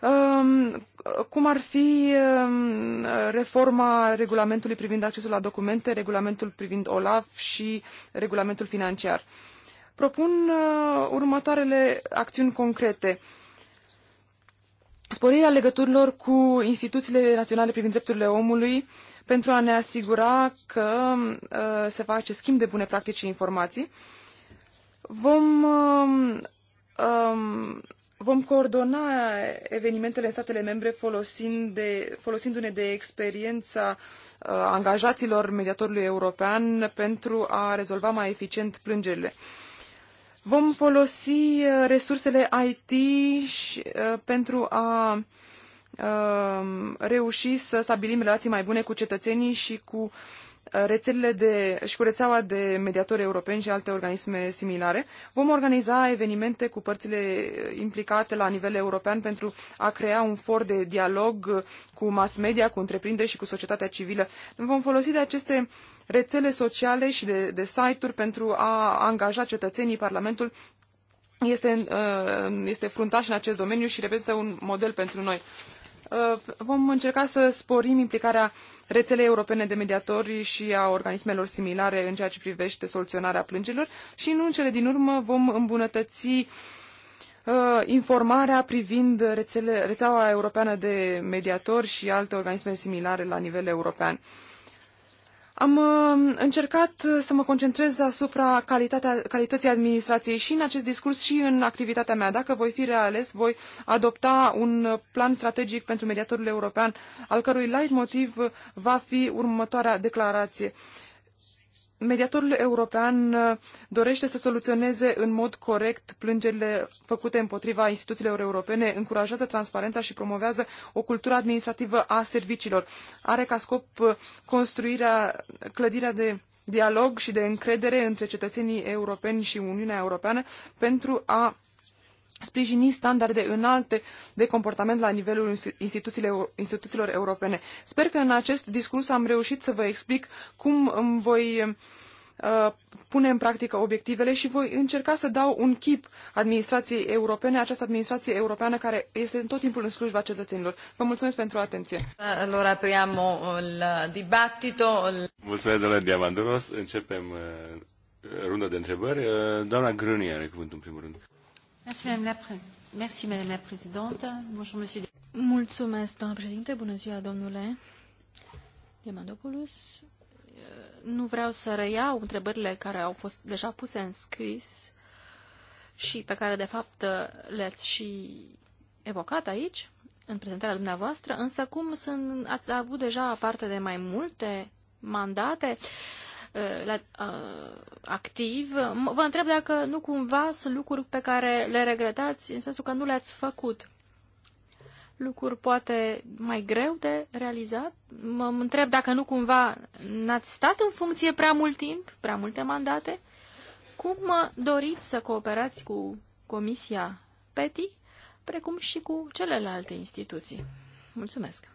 um, cum ar fi um, reforma regulamentului privind accesul la documente, regulamentul privind OLAF și regulamentul financiar. Propun următoarele acțiuni concrete sporirea legăturilor cu instituțiile naționale privind drepturile omului pentru a ne asigura că uh, se face schimb de bune practici și informații. Vom, uh, um, vom coordona evenimentele în statele membre folosind de, folosindu-ne de experiența uh, angajaților mediatorului european pentru a rezolva mai eficient plângerile. Uh, Vom folosi uh, resursele IT și, uh, pentru a uh, reuși să stabilim relații mai bune cu cetățenii și cu rețelele de, și cu rețeaua de mediatori europeni și alte organisme similare. Vom organiza evenimente cu părțile implicate la nivel european pentru a crea un for de dialog cu mass media, cu întreprinderi și cu societatea civilă. Vom folosi de aceste uh, rețele sociale și de, de site-uri pentru a angaja cetățenii Parlamentul este, uh, este fruntaș în acest domeniu și reprezintă un model pentru noi. Uh, vom încerca să sporim implicarea rețelei europene de mediatori și a organismelor similare în ceea ce privește soluționarea plângerilor și, în cele din urmă, vom îmbunătăți uh, informarea privind rețele, rețeaua europeană de mediatori și alte organisme similare la nivel european. Am uh, încercat să mă concentrez asupra calitatea, calității administrației și în acest discurs și în activitatea mea. Dacă voi fi reales, voi adopta un plan strategic pentru mediatorul european, al cărui leitmotiv motiv va fi următoarea declarație. Uh, Mediatorul european uh, dorește să soluționeze în mod corect plângerile făcute împotriva instituțiilor europene, încurajează transparența și promovează o cultură administrativă a serviciilor. Are ca scop uh, construirea, clădirea de dialog și de încredere între cetățenii europeni și Uniunea Europeană pentru a sprijini standarde înalte de comportament la nivelul instituțiilor europene. Sper că în acest discurs am reușit să vă explic cum îmi voi uh, pune în practică obiectivele și voi încerca să dau un chip administrației europene, această administrație europeană care este tot timpul în slujba cetățenilor. Vă mulțumesc pentru atenție. Allora apriamo il dibattito. Mulțumesc, domnule Diamanduros. Începem uh, runda de întrebări. Uh, doamna Grânia are cuvântul în primul rând. Mulțumesc, președinte. Bună ziua, uh, Nu vreau să reiau întrebările care au fost deja puse în scris și pe care, de fapt, uh, le-ați și evocat aici, în prezentarea dumneavoastră, însă cum sunt, ați avut deja parte de mai multe mandate, uh, Uh, la, uh, activ. Vă întreb dacă nu cumva sunt lucruri pe care le regretați în sensul că nu le-ați făcut. Lucruri poate mai greu de realizat. Mă întreb dacă nu cumva n-ați stat în funcție prea mult timp, prea multe mandate. Cum uh, doriți să cooperați cu Comisia PETI, precum și cu celelalte instituții? Mulțumesc!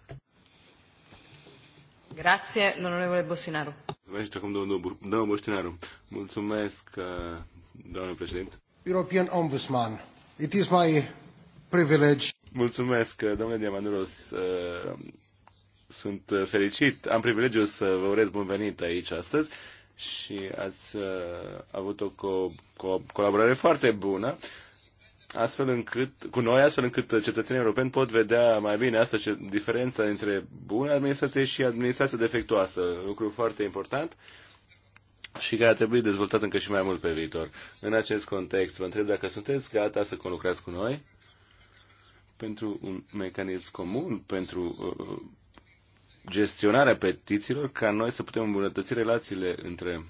Grazie, l'onorevole Bostinaru. Mulțumesc domnul, Bostinaru. Mulțumesc, uh, domnule președinte. European Ombudsman. It is my privilege. Mulțumesc, uh, domnule Diamanduros. Uh, sunt fericit. Am privilegiul să vă urez bun venit aici astăzi și ați avut o co- co- colaborare foarte bună astfel încât, cu noi, astfel încât cetățenii europeni pot vedea mai bine asta ce diferența între bună administrație și administrație defectuoasă, lucru foarte important și care a trebuit dezvoltat încă și mai mult pe viitor. În acest context, vă întreb dacă sunteți gata să conlucrați cu noi pentru un mecanism comun, pentru uh, gestionarea petițiilor, ca noi să putem îmbunătăți relațiile între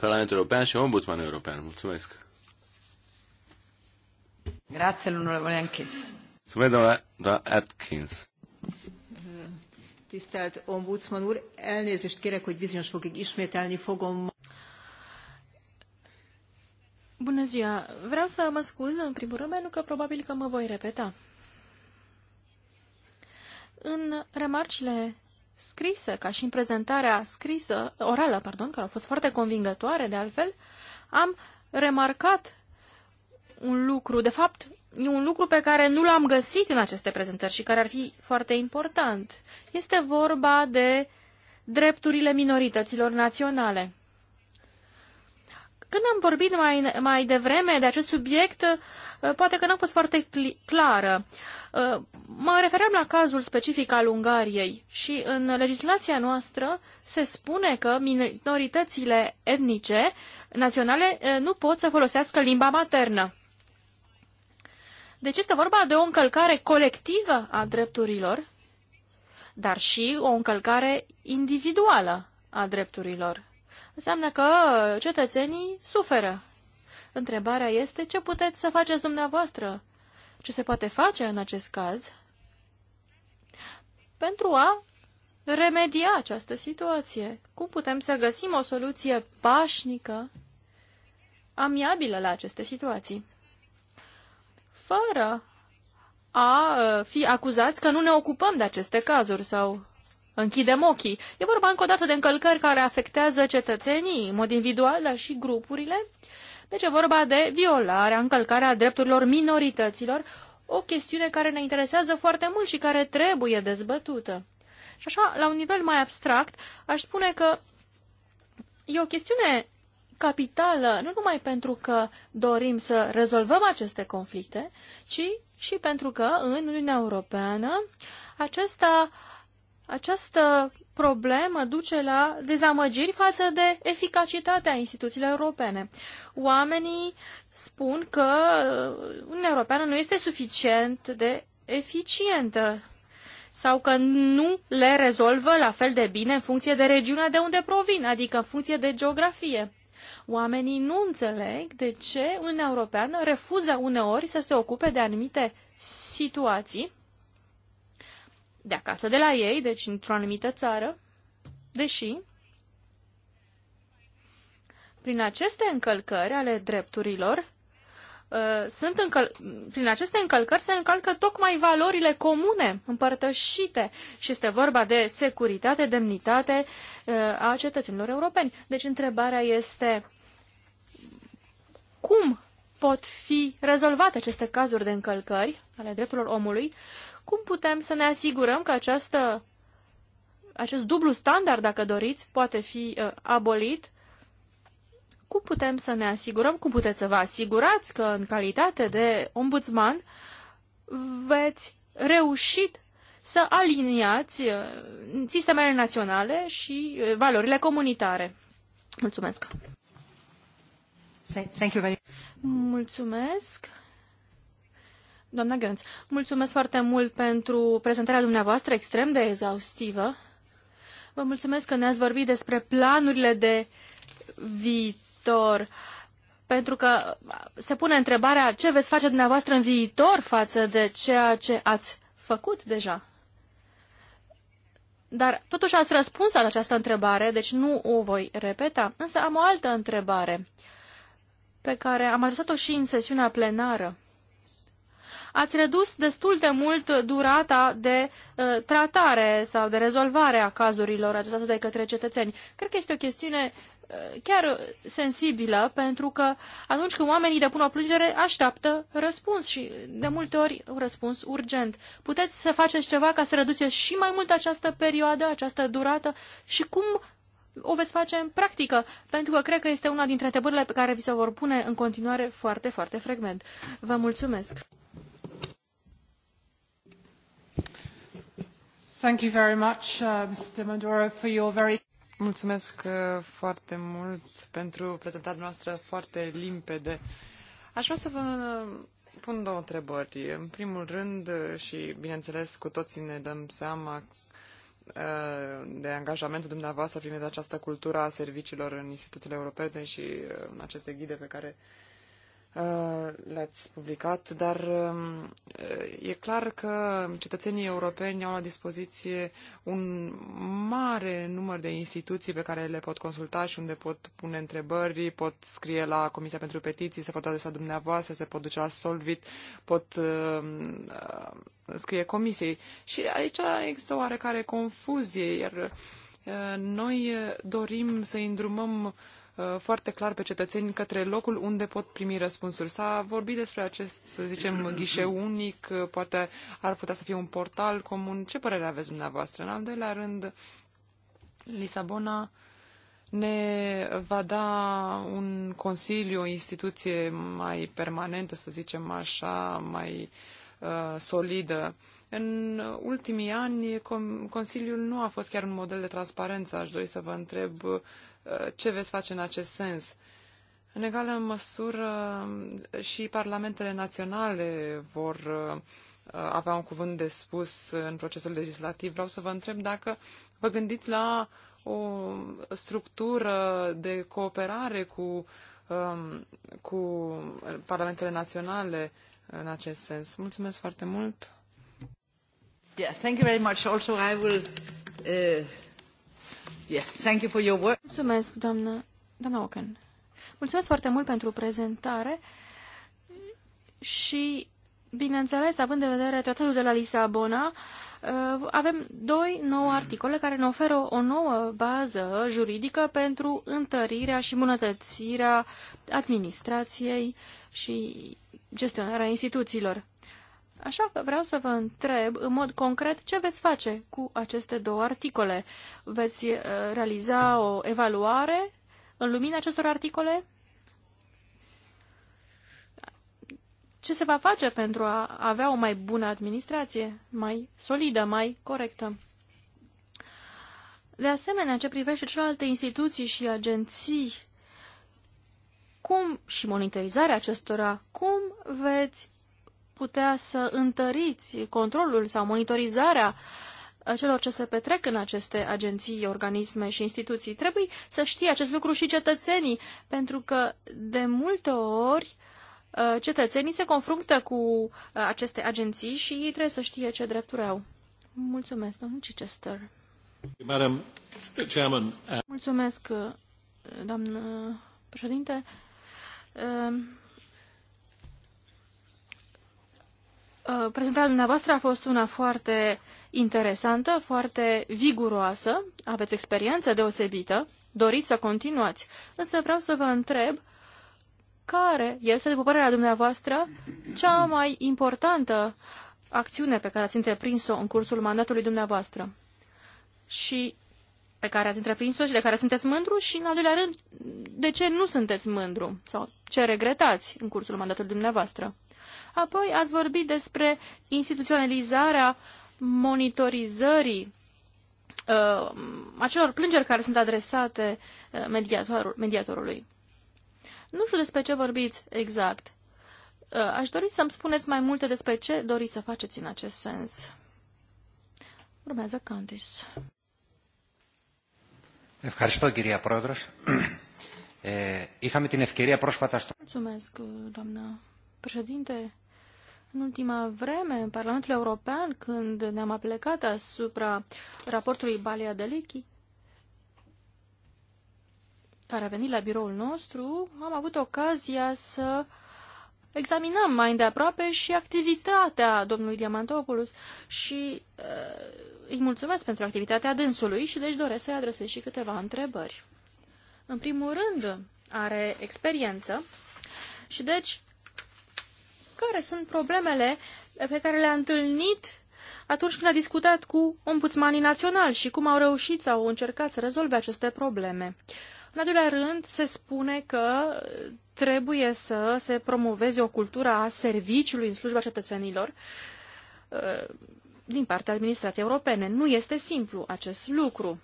Parlamentul European și Ombudsmanul European. Mulțumesc! Grazie, l'onorevole Anchis. Mulțumesc, doamna Atkins. Tisztelt Ombudsman úr, elnézést kérek, hogy bizonyos fokig ismételni fogom. Bună ziua! Vreau să mă scuz în primul rând pentru că probabil că mă voi repeta. În remarcile scrise, ca și în prezentarea scrisă, orală, pardon, care a fost foarte convingătoare de altfel, am remarcat un lucru, de fapt, e un lucru pe care nu l-am găsit în aceste prezentări și care ar fi foarte important. Este vorba de drepturile minorităților naționale. Când am vorbit mai, mai devreme de acest subiect, uh, poate că n-am fost foarte clară. Uh, mă refeream la cazul specific al Ungariei și în legislația noastră se spune că minoritățile etnice naționale uh, nu pot să folosească limba maternă. Deci este vorba de o încălcare colectivă a drepturilor, dar și o încălcare individuală a drepturilor. Înseamnă că cetățenii suferă. Întrebarea este ce puteți să faceți dumneavoastră? Ce se poate face în acest caz? Pentru a remedia această situație. Cum putem să găsim o soluție pașnică, amiabilă la aceste situații? fără a uh, fi acuzați că nu ne ocupăm de aceste cazuri sau închidem ochii. E vorba încă o dată de încălcări care afectează cetățenii, în mod individual, dar și grupurile. Deci e vorba de violarea, încălcarea drepturilor minorităților, o chestiune care ne interesează foarte mult și care trebuie dezbătută. Și așa, la un nivel mai abstract, aș spune că e o chestiune capitală nu numai pentru că dorim să rezolvăm aceste conflicte, ci și pentru că în Uniunea Europeană acesta, această problemă duce la dezamăgiri față de eficacitatea instituțiilor europene. Oamenii spun că Uniunea Europeană nu este suficient de eficientă sau că nu le rezolvă la fel de bine în funcție de regiunea de unde provin, adică în funcție de geografie. Oamenii nu înțeleg de ce Uniunea Europeană refuză uneori să se ocupe de anumite situații de acasă de la ei, deci într-o anumită țară, deși prin aceste încălcări ale drepturilor uh, sunt încăl- prin aceste încălcări se încalcă tocmai valorile comune împărtășite și este vorba de securitate, demnitate Uh, a cetățenilor europeni. Deci întrebarea este cum pot fi rezolvate aceste cazuri de încălcări ale drepturilor omului, cum putem să ne asigurăm că această, acest dublu standard, dacă doriți, poate fi uh, abolit, cum putem să ne asigurăm, cum puteți să vă asigurați că în calitate de ombudsman veți reușit să aliniați uh, sistemele naționale și uh, valorile comunitare. Mulțumesc! Thank you very Mulțumesc! Doamna Gönț, mulțumesc foarte mult pentru prezentarea dumneavoastră extrem de exhaustivă. Vă mulțumesc că ne-ați vorbit despre planurile de viitor pentru că se pune întrebarea ce veți face dumneavoastră în viitor față de ceea ce ați făcut deja. Dar totuși ați răspuns la această întrebare, deci nu o voi repeta, însă am o altă întrebare pe care am adresat-o și în sesiunea plenară. Ați redus destul de mult durata de uh, tratare sau de rezolvare a cazurilor adresate de către cetățeni. Cred că este o chestiune chiar sensibilă, pentru că atunci când oamenii depun o plângere, așteaptă răspuns și de multe ori un răspuns urgent. Puteți să faceți ceva ca să reduceți și mai mult această perioadă, această durată și cum o veți face în practică, pentru că cred că este una dintre întrebările pe care vi se vor pune în continuare foarte, foarte frecvent. Vă mulțumesc! Thank you very much, uh, Mr. Mandoro, for your very Mulțumesc uh, foarte mult pentru prezentarea noastră foarte limpede. Aș vrea să vă uh, pun două întrebări. În primul rând, uh, și bineînțeles cu toții ne dăm seama de angajamentul dumneavoastră primit de această cultură a serviciilor în instituțiile europene și în aceste ghide pe care uh, Uh, le-ați publicat, dar um, uh, e clar că cetățenii europeni au la dispoziție un mare număr de instituții pe care le pot consulta și unde pot pune întrebări, pot scrie la Comisia pentru Petiții, se pot adresa dumneavoastră, se pot duce la Solvit, pot um, uh, scrie comisiei. Și aici există oarecare confuzie, iar noi dorim să îndrumăm Uh, foarte clar pe cetățeni către locul unde pot primi răspunsuri. S-a vorbit despre acest, să zicem, ghișeu unic, uh, poate ar putea să fie un portal comun. Ce părere aveți dumneavoastră? În al doilea rând, Lisabona ne va da un consiliu, o instituție mai permanentă, să zicem așa, mai uh, solidă. În ultimii ani, Consiliul nu a fost chiar un model de transparență. Aș dori să vă întreb ce veți face în acest sens? În egală măsură și parlamentele naționale vor uh, avea un cuvânt de spus în procesul legislativ. Vreau să vă întreb dacă vă gândiți la o structură de cooperare cu, um, cu parlamentele naționale în acest sens. Mulțumesc foarte mult! Yeah, thank you very much. Also, I will uh, Yes, thank you for your work. Mulțumesc, doamnă, doamna Oken. Mulțumesc foarte mult pentru prezentare și, bineînțeles, având în vedere tratatul de la Lisabona, uh, avem doi nouă articole care ne oferă o nouă bază juridică pentru întărirea și îmbunătățirea administrației și gestionarea instituțiilor. Așa că vreau să vă întreb în mod concret ce veți face cu aceste două articole. Veți uh, realiza o evaluare în lumina acestor articole? Ce se va face pentru a avea o mai bună administrație, mai solidă, mai corectă? De asemenea, ce privește celelalte instituții și agenții, cum și monitorizarea acestora, cum veți putea să întăriți controlul sau monitorizarea uh, celor ce se petrec în aceste agenții, organisme și instituții. Trebuie să știe acest lucru și cetățenii, pentru că de multe ori uh, cetățenii se confruntă cu uh, aceste agenții și ei trebuie să știe ce drepturi au. Mulțumesc, domnul Chichester. Madam Chairman. Mulțumesc, doamnă președinte. Uh, prezentarea dumneavoastră a fost una foarte interesantă, foarte viguroasă, aveți experiență deosebită, doriți să continuați, însă vreau să vă întreb care este, după părerea dumneavoastră, cea mai importantă acțiune pe care ați întreprins-o în cursul mandatului dumneavoastră și pe care ați întreprins-o și de care sunteți mândru și, în al doilea rând, de ce nu sunteți mândru sau ce regretați în cursul mandatului dumneavoastră? Apoi ați vorbit despre instituționalizarea monitorizării uh, acelor plângeri care sunt adresate uh, mediatorul, mediatorului. Nu știu despre ce vorbiți exact. Uh, aș dori să-mi spuneți mai multe despre ce doriți să faceți în acest sens. Urmează Candice. Ευχαριστώ κυρία Πρόεδρος. Ε, είχαμε την ευκαιρία πρόσφατα στο... Mulțumesc, doamna președinte, în ultima vreme, în Parlamentul European, când ne-am aplecat asupra raportului Balea Delechi, care a venit la biroul nostru, am avut ocazia să examinăm mai îndeaproape și activitatea domnului Diamantopoulos și uh, îi mulțumesc pentru activitatea dânsului și deci doresc să-i adresez și câteva întrebări. În primul rând, are experiență și deci care sunt problemele pe care le-a întâlnit atunci când a discutat cu ombudsmanii naționali și cum au reușit sau au încercat să rezolve aceste probleme. În al doilea rând, se spune că trebuie să se promoveze o cultură a serviciului în slujba cetățenilor uh, din partea administrației europene. Nu este simplu acest lucru.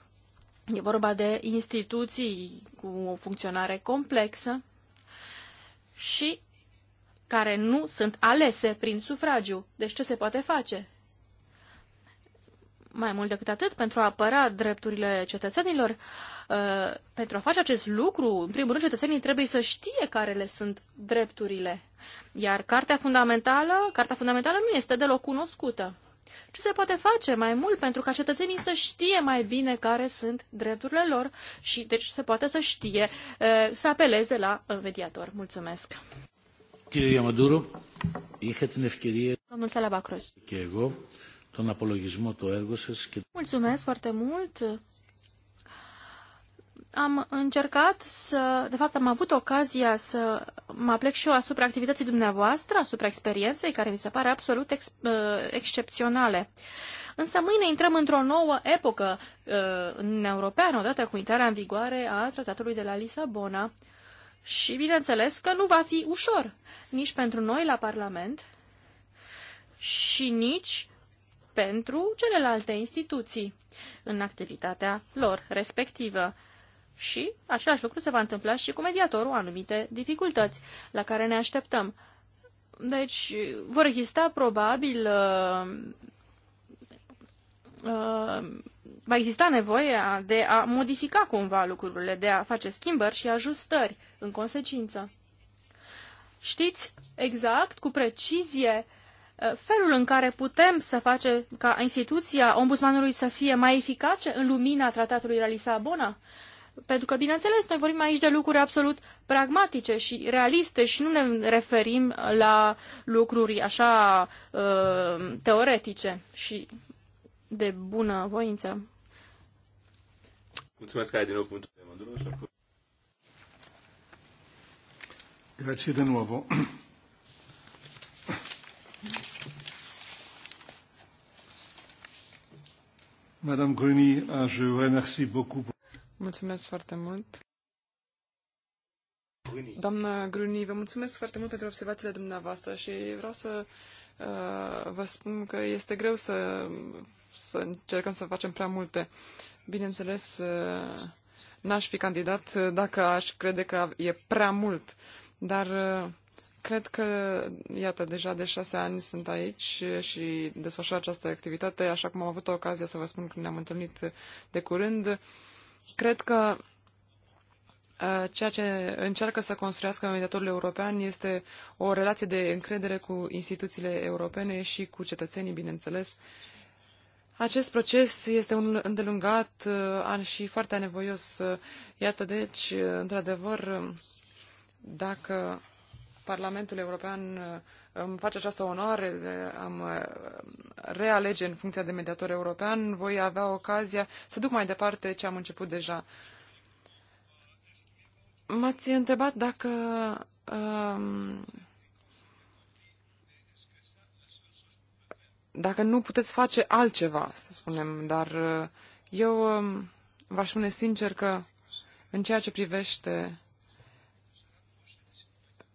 E vorba de instituții cu o funcționare complexă și care nu sunt alese prin sufragiu. Deci ce se poate face? Mai mult decât atât, pentru a apăra drepturile cetățenilor, uh, pentru a face acest lucru, în primul rând, cetățenii trebuie să știe care le sunt drepturile. Iar Cartea Fundamentală, Cartea Fundamentală nu este deloc cunoscută. Ce se poate face mai mult pentru ca cetățenii să știe mai bine care sunt drepturile lor și deci se poate să știe, uh, să apeleze la mediator. Mulțumesc! Κύριε Διαμαντούρο, είχα την ευκαιρία Domnul Salabacros. και εγώ τον απολογισμό σας. Και... Mulțumesc foarte mult. Am încercat să, de fapt am avut ocazia să mă aplec și eu asupra activității dumneavoastră, asupra experienței care mi se pare absolut ex, uh, excepționale. Însă mâine intrăm într-o nouă epocă uh, în Europeană, odată cu intrarea în vigoare a tratatului de la Lisabona. Și bineînțeles că nu va fi ușor, nici pentru noi la Parlament și nici pentru celelalte instituții în activitatea lor respectivă. Și același lucru se va întâmpla și cu mediatorul anumite dificultăți la care ne așteptăm. Deci vor exista probabil uh, uh, va exista nevoie de a modifica cumva lucrurile, de a face schimbări și ajustări în consecință. Știți exact, cu precizie, uh, felul în care putem să facem ca instituția ombudsmanului să fie mai eficace în lumina tratatului la Lisabona? Pentru că, bineînțeles, noi vorbim aici de lucruri absolut pragmatice și realiste și nu ne referim la lucruri așa uh, teoretice și de bună voință. Mulțumesc că ai din nou punctul de mândură și mândru. Grazie de nuovo. Madame Gruny, ah, je vous remercie beaucoup. Mulțumesc foarte mult. Doamna Gruni, vă mulțumesc foarte mult pentru observațiile dumneavoastră și vreau să uh, vă spun că este greu să, să încercăm să facem prea multe. Bineînțeles, uh, n-aș fi candidat uh, dacă aș crede că e prea mult, dar uh, cred că, iată, deja de șase ani sunt aici și desfășor această activitate, așa cum am avut ocazia să vă spun când ne-am întâlnit de curând. Cred că ceea ce încearcă să construiască mediatorul european este o relație de încredere cu instituțiile europene și cu cetățenii, bineînțeles, uh, acest proces este un îndelungat uh, și foarte anevoios. Iată, deci, uh, într-adevăr, uh, dacă Parlamentul European îmi face această onoare de a mă realege în funcția de mediator european, voi avea ocazia să duc mai departe ce am început deja. M-ați întrebat dacă um, dacă nu puteți face altceva, să spunem, dar uh, eu um, v-aș spune sincer că în ceea ce privește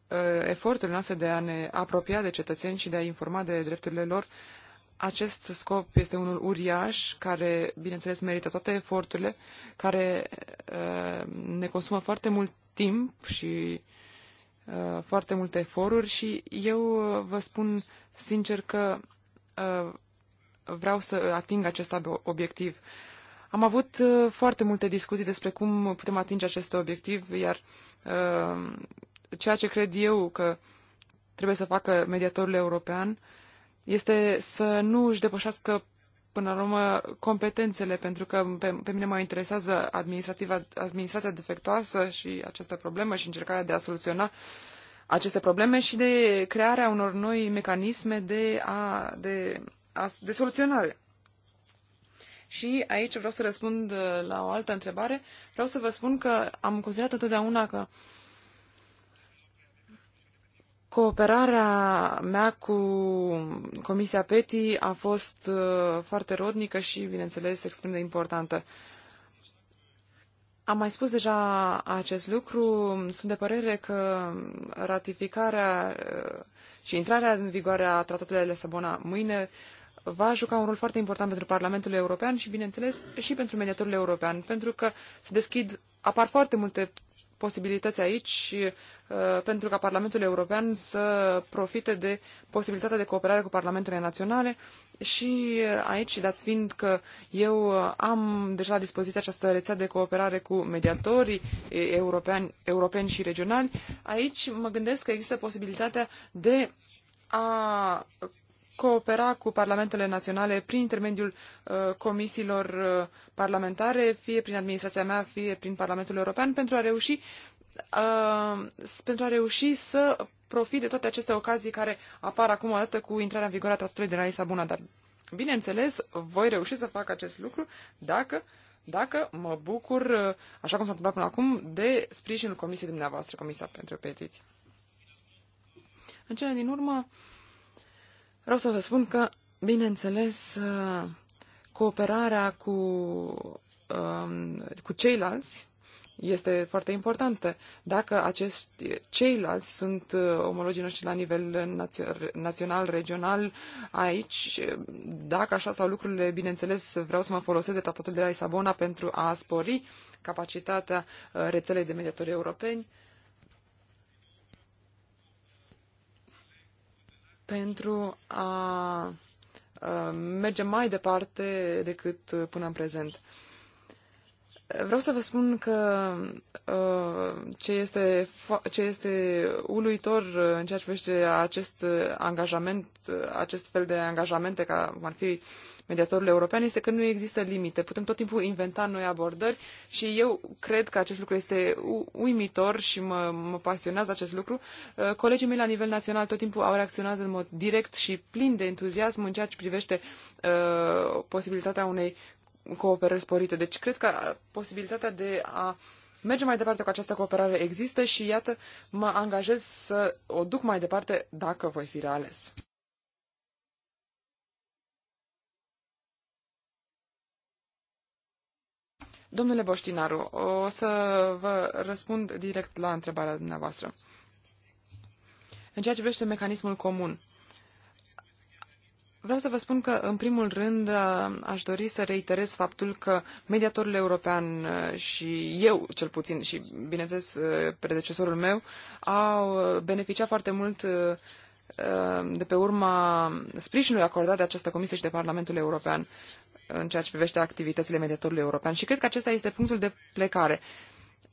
uh, efortul noastre de a ne apropia de cetățeni și de a informa de drepturile lor, acest scop este unul uriaș, care, bineînțeles, merită toate eforturile, care uh, ne consumă foarte mult timp și foarte multe eforuri și eu vă spun sincer că Uh, vreau să ating acest obiectiv. Am avut uh, foarte multe discuții despre cum putem atinge acest obiectiv, iar uh, ceea ce cred eu că trebuie să facă mediatorul european este să nu își depășească până la urmă competențele, pentru că pe, pe mine mă interesează administrativa, administrația defectoasă și această problemă și încercarea de a soluționa uh, aceste probleme și de crearea unor noi mecanisme de, a, de, a, de soluționare. Și aici vreau să răspund uh, la o altă întrebare. Vreau să vă spun că am considerat întotdeauna că cooperarea mea cu Comisia PETI a fost uh, foarte rodnică și, bineînțeles, extrem de importantă. Am mai spus deja acest lucru. Sunt de părere că ratificarea uh, și intrarea în vigoare a tratatului de Lisabona mâine va juca un rol foarte important pentru Parlamentul European și, bineînțeles, și pentru mediatorul european, pentru că se deschid, apar foarte multe posibilități aici uh, pentru ca Parlamentul European să profite de posibilitatea de cooperare cu parlamentele naționale și uh, aici, dat fiind că eu uh, am deja la dispoziție această rețea de cooperare cu mediatorii europeani, europeni și regionali, aici mă gândesc că există posibilitatea de a coopera cu parlamentele naționale prin intermediul uh, comisiilor uh, parlamentare, fie prin administrația mea, fie prin Parlamentul European, pentru a reuși uh, pentru a reuși să profit de toate aceste ocazii care apar acum odată cu intrarea în vigoare a tratatului de la Lisabona. Dar, bineînțeles, voi reuși să fac acest lucru dacă dacă mă bucur, uh, așa cum s-a întâmplat până acum, de sprijinul Comisiei dumneavoastră, Comisia pentru Petiții. În cele din urmă, uh, Vreau să vă spun că, bineînțeles, uh, cooperarea cu, um, cu ceilalți este foarte importantă. Dacă acești ceilalți sunt uh, omologii noștri la nivel național, regional, aici, dacă așa sau lucrurile, bineînțeles, vreau să mă folosesc de tratatul de la Lisabona pentru a spori capacitatea uh, rețelei de mediatori europeni, pentru a merge mai departe decât până în prezent. Vreau să vă spun că ce este, ce este uluitor în ceea ce privește acest angajament, acest fel de angajamente, ca ar fi mediatorul european este că nu există limite. Putem tot timpul inventa noi abordări și eu cred că acest lucru este uimitor și mă, mă pasionează acest lucru. Uh, colegii mei la nivel național tot timpul au reacționat în mod direct și plin de entuziasm în ceea ce privește uh, posibilitatea unei cooperări sporite. Deci cred că posibilitatea de a merge mai departe cu această cooperare există și iată, mă angajez să o duc mai departe dacă voi fi reales. Domnule Boștinaru, o să vă răspund direct la întrebarea dumneavoastră. În ceea ce privește mecanismul comun, vreau să vă spun că, în primul rând, aș dori să reiterez faptul că mediatorul european uh, și eu, cel puțin, și, bineînțeles, uh, predecesorul meu, au beneficiat foarte mult uh, de pe urma sprijinului acordat de această comisie și de Parlamentul European în ceea ce privește activitățile mediatorului european. Și cred că acesta este punctul de plecare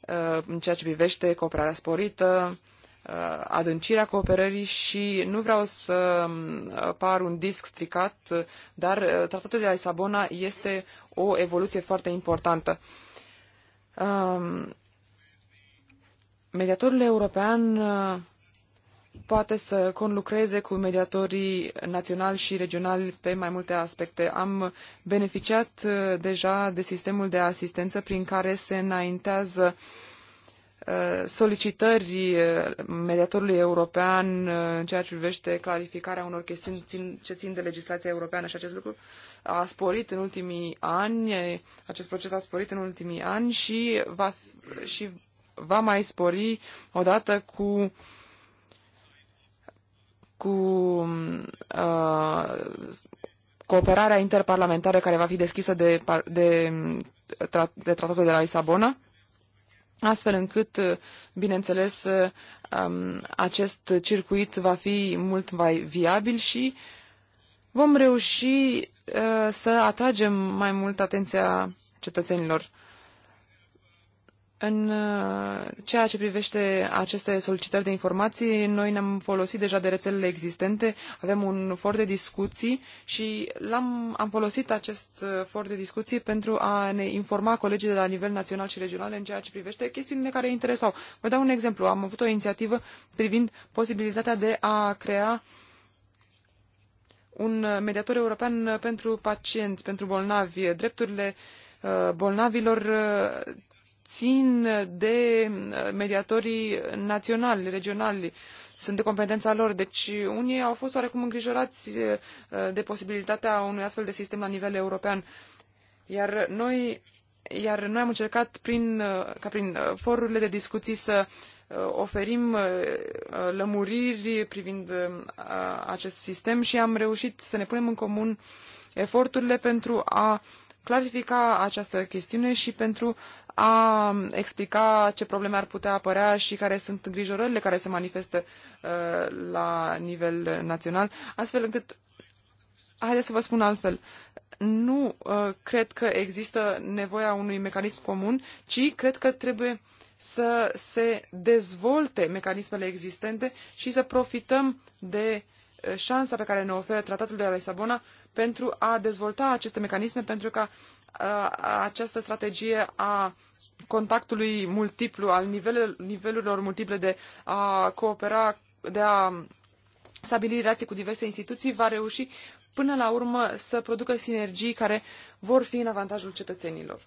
uh, în ceea ce privește cooperarea sporită, uh, adâncirea cooperării și nu vreau să um, par un disc stricat, dar uh, tratatul de la Lisabona este o evoluție foarte importantă. Um, mediatorul european poate să conlucreze cu mediatorii naționali și regionali pe mai multe aspecte. Am beneficiat uh, deja de sistemul de asistență prin care se înaintează uh, solicitări uh, mediatorului european în ceea ce privește clarificarea unor chestiuni ce țin de legislația europeană și acest lucru a sporit în ultimii ani, acest proces a sporit în ultimii ani și va, și va mai spori odată cu cu uh, cooperarea interparlamentară care va fi deschisă de, de, de tratatul de la Lisabona, astfel încât, uh, bineînțeles, uh, um, acest circuit va fi mult mai viabil și vom reuși uh, să atragem mai mult atenția cetățenilor. În uh, ceea ce privește aceste solicitări de informații, noi ne-am folosit deja de rețelele existente, avem un for de discuții și l-am, am folosit acest uh, for de discuții pentru a ne informa colegii de la nivel național și regional în ceea ce privește chestiunile care îi interesau. Vă dau un exemplu. Am avut o inițiativă privind posibilitatea de a crea un uh, mediator european pentru pacienți, pentru bolnavi, drepturile bolnavilor țin de uh, mediatorii naționali, regionali, sunt de competența lor. Deci unii au fost oarecum îngrijorați uh, de posibilitatea unui astfel de sistem la nivel european. Iar noi, iar noi am încercat prin, uh, ca prin forurile de discuții să oferim lămuriri privind acest sistem și am reușit să ne punem în comun eforturile pentru a clarifica această chestiune și pentru a explica ce probleme ar putea apărea și care sunt îngrijorările care se manifestă uh, la nivel național, astfel încât, haideți să vă spun altfel, nu uh, cred că există nevoia unui mecanism comun, ci cred că trebuie să se dezvolte mecanismele existente și să profităm de uh, șansa pe care ne oferă Tratatul de la Lisabona pentru a dezvolta aceste mecanisme, pentru ca această strategie a contactului multiplu, al nivelurilor multiple de a coopera, de a stabili relații cu diverse instituții, va reuși până la urmă să producă sinergii care vor fi în avantajul cetățenilor.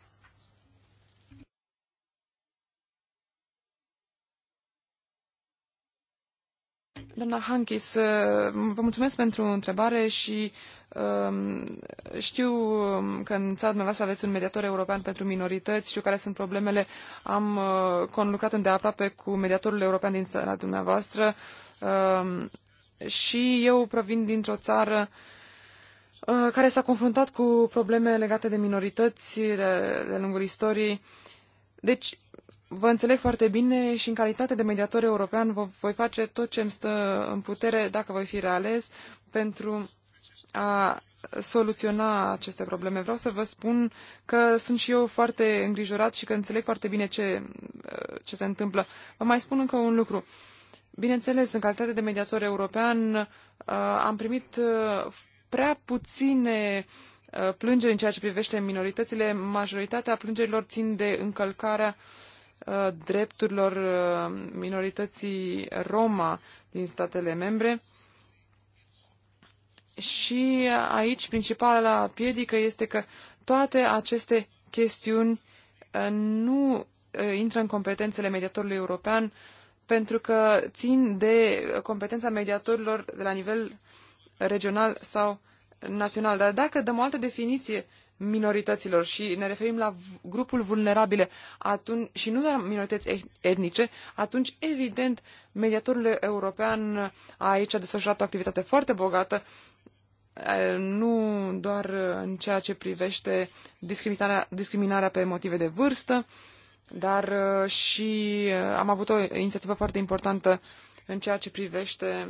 Doamna Hankis, uh, vă mulțumesc pentru întrebare și um, știu um, că în țara dumneavoastră aveți un mediator european pentru minorități, știu care sunt problemele. Am uh, conlucrat îndeaproape cu mediatorul european din țara dumneavoastră um, și eu provin dintr-o țară uh, care s-a confruntat cu probleme legate de minorități de-a lungul istoriei. Deci, Vă înțeleg foarte bine și în calitate de mediator european vă voi face tot ce îmi stă în putere, dacă voi fi reales, pentru a soluționa aceste probleme. Vreau să vă spun că sunt și eu foarte îngrijorat și că înțeleg foarte bine ce, ce se întâmplă. Vă mai spun încă un lucru. Bineînțeles, în calitate de mediator european uh, am primit uh, prea puține uh, plângeri în ceea ce privește minoritățile. Majoritatea plângerilor țin de încălcarea uh, Uh, drepturilor uh, minorității Roma din statele membre. Și aici principala piedică este că toate aceste chestiuni uh, nu intră în competențele mediatorului european pentru că țin de competența mediatorilor de la nivel regional sau național. Dar dacă dăm o altă definiție minorităților și ne referim la grupul vulnerabile atunci, și nu la minorități eh, etnice, atunci, evident, mediatorul european a aici a desfășurat o activitate foarte bogată, eh, nu doar în ceea ce privește discriminarea, discriminarea pe motive de vârstă, dar eh, și am avut o inițiativă foarte importantă în ceea ce privește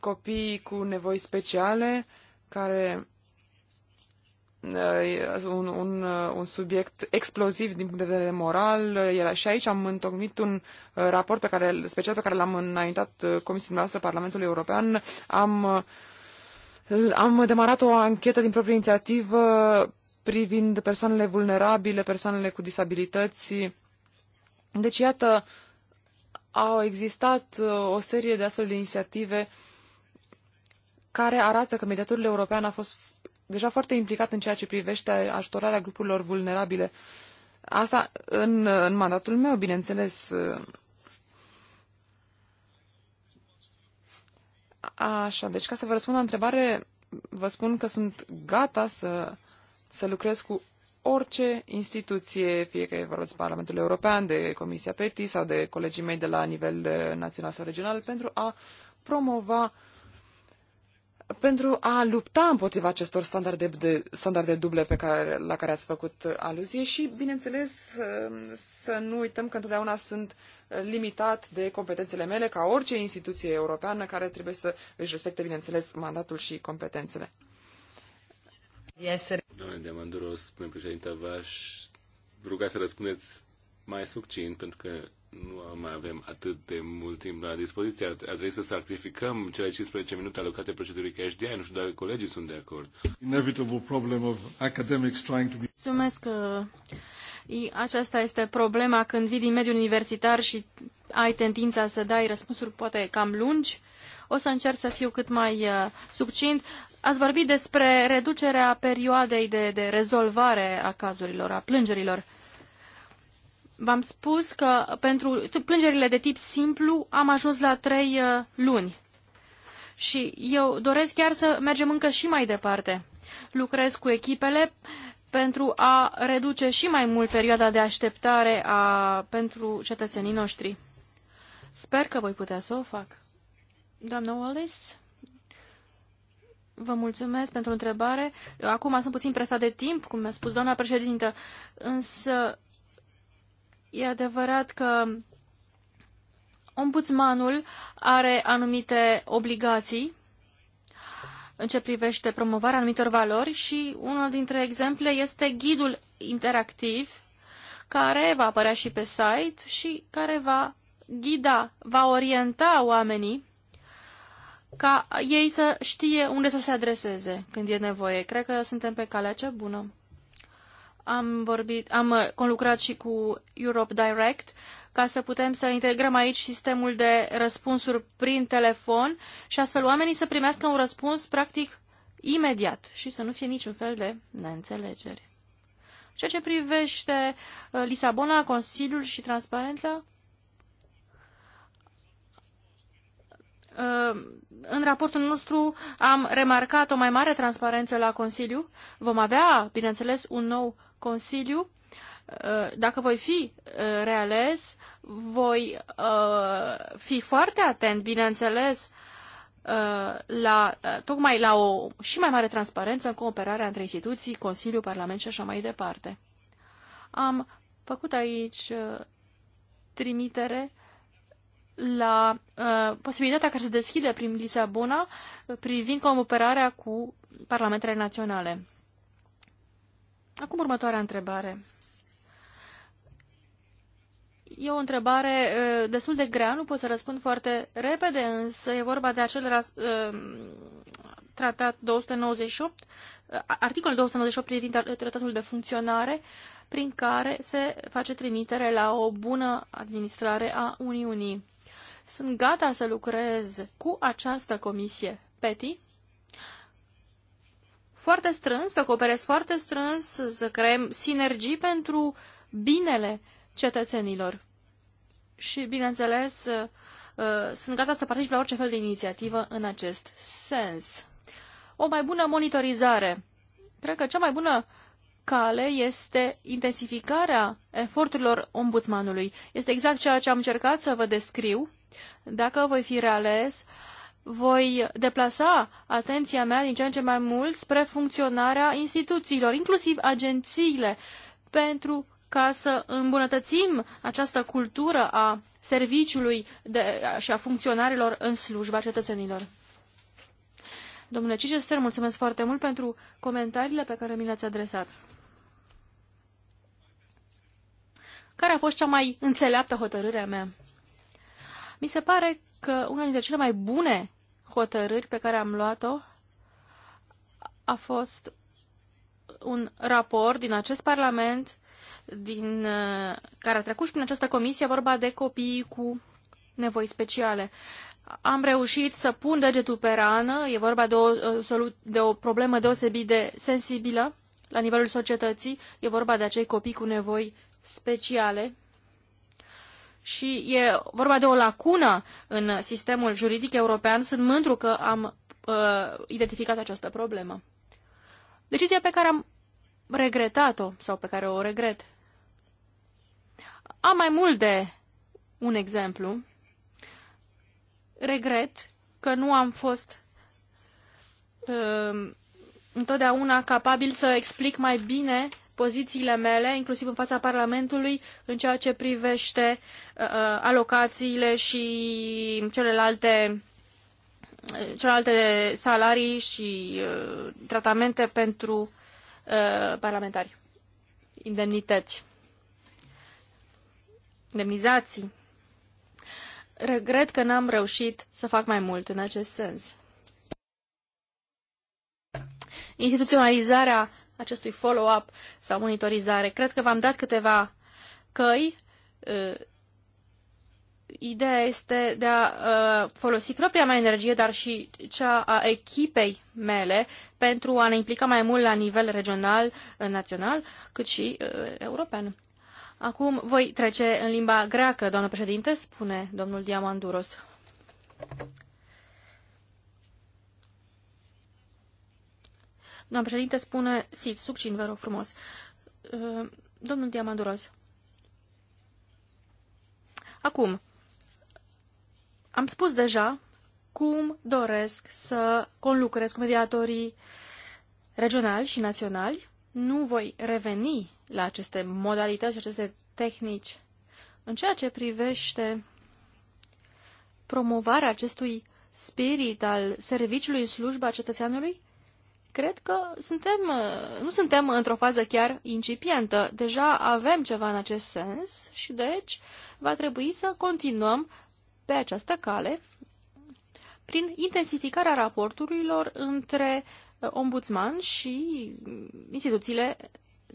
copiii cu nevoi speciale, care Uh, un, un, uh, un subiect exploziv din punct de vedere moral. Iar și aici am întocmit un uh, raport pe care, special pe care l-am înaintat Comisiei noastre Parlamentului European. Am, am demarat o anchetă din proprie inițiativă privind persoanele vulnerabile, persoanele cu disabilități. Deci, iată, au existat o serie de astfel de inițiative care arată că mediatorul european a fost deja foarte implicat în ceea ce privește ajutorarea grupurilor vulnerabile. Asta în, în mandatul meu, bineînțeles. Așa, deci ca să vă răspund la întrebare, vă spun că sunt gata să, să lucrez cu orice instituție, fie că e vorba de Parlamentul European, de Comisia PETI sau de colegii mei de la nivel național sau regional, pentru a promova uh, pentru a lupta împotriva acestor standarde, de, standarde duble pe care, la care ați făcut aluzie și, bineînțeles, să nu uităm că întotdeauna sunt limitat de competențele mele ca orice instituție europeană care trebuie să își respecte, bineînțeles, mandatul și competențele. Yes, Doamne spune v-aș ruga să răspundeți mai succint, pentru că nu mai avem atât de mult timp la dispoziție. Ar, ar trebui să sacrificăm cele 15 minute alocate procedurii cash de Nu știu dacă colegii sunt de acord. Mulțumesc că uh, aceasta este problema când vii din mediul universitar și ai tendința să dai răspunsuri poate cam lungi. O să încerc să fiu cât mai uh, succint. Ați vorbit despre reducerea perioadei de, de rezolvare a cazurilor, a plângerilor. V-am spus că pentru plângerile de tip simplu am ajuns la trei uh, luni. Și eu doresc chiar să mergem încă și mai departe. Lucrez cu echipele pentru a reduce și mai mult perioada de așteptare a, pentru cetățenii noștri. Sper că voi putea să o fac. Doamna Wallace, vă mulțumesc pentru întrebare. Acum sunt puțin presat de timp, cum mi-a spus doamna președintă, însă E adevărat că ombudsmanul are anumite obligații în ce privește promovarea anumitor valori și unul dintre exemple este ghidul interactiv care va apărea și pe site și care va ghida, va orienta oamenii ca ei să știe unde să se adreseze când e nevoie. Cred că suntem pe calea cea bună am, vorbit, am uh, conlucrat și cu Europe Direct ca să putem să integrăm aici sistemul de răspunsuri prin telefon și astfel oamenii să primească un răspuns practic imediat și să nu fie niciun fel de neînțelegere. Ceea ce privește uh, Lisabona, Consiliul și transparența, uh, în raportul nostru am remarcat o mai mare transparență la Consiliu. Vom avea, bineînțeles, un nou Consiliu, uh, dacă voi fi uh, reales, voi uh, fi foarte atent, bineînțeles, la, tocmai la o și mai mare transparență în cooperarea între instituții, Consiliu, Parlament și așa mai departe. Am făcut aici trimitere la uh, posibilitatea care se deschide prin Lisabona privind cooperarea cu parlamentele naționale. Acum următoarea întrebare. E o întrebare destul de grea, nu pot să răspund foarte repede, însă e vorba de acel tratat 298, articolul 298 privind tratatul de funcționare, prin care se face trimitere la o bună administrare a Uniunii. Sunt gata să lucrez cu această comisie, PETI, foarte strâns, să cooperez foarte strâns, să creăm sinergii pentru binele cetățenilor. Și, bineînțeles, uh, sunt gata să particip la orice fel de inițiativă în acest sens. O mai bună monitorizare. Cred că cea mai bună cale este intensificarea eforturilor ombudsmanului. Este exact ceea ce am încercat să vă descriu. Dacă voi fi reales, uh, voi deplasa atenția mea din ce în ce mai mult spre funcționarea instituțiilor, inclusiv agențiile, pentru ca să îmbunătățim această cultură a serviciului de, și a funcționarilor în slujba cetățenilor. Domnule Cicester, mulțumesc foarte mult pentru comentariile pe care mi le-ați adresat. Care a fost cea mai înțeleaptă hotărâre a mea? Mi se pare că una dintre cele mai bune hotărâri pe care am luat-o a fost un raport din acest Parlament din, uh, care a trecut prin această comisie, vorba de copiii cu nevoi speciale. Am reușit să pun degetul pe rană, e vorba de o, uh, de o problemă deosebit de sensibilă la nivelul societății, e vorba de acei copii cu nevoi speciale și e vorba de o lacună în sistemul juridic european. Sunt mândru că am uh, identificat această problemă. Decizia pe care am regretat-o sau pe care o regret. Am mai mult de un exemplu. Regret că nu am fost uh, întotdeauna capabil să explic mai bine pozițiile mele, inclusiv în fața Parlamentului, în ceea ce privește uh, uh alocațiile și celelalte uh, celelalte salarii și uh, tratamente pentru uh, parlamentari, indemnități, indemnizații. Regret că n-am reușit să fac mai mult în acest sens. Instituționalizarea acestui follow-up sau monitorizare. Cred că v-am dat câteva căi. Uh, ideea este de a uh, folosi propria mea energie, dar și cea a echipei mele pentru a ne implica mai mult la nivel regional, național, cât și uh, european. Acum voi trece în limba greacă, doamnă președinte, spune domnul Diamanduros. Doamna președinte spune, fiți succin, vă rog frumos. Uh, domnul Diamanduros. Acum, am spus deja cum doresc să conlucrez cu mediatorii regionali și naționali. Nu voi reveni la aceste modalități și aceste tehnici. În ceea ce privește promovarea acestui spirit al serviciului în slujba cetățeanului, cred că suntem, uh, nu suntem într-o fază chiar incipientă. Deja avem ceva în acest sens și deci va trebui să continuăm pe această cale prin intensificarea raporturilor între uh, ombudsman și mm, instituțiile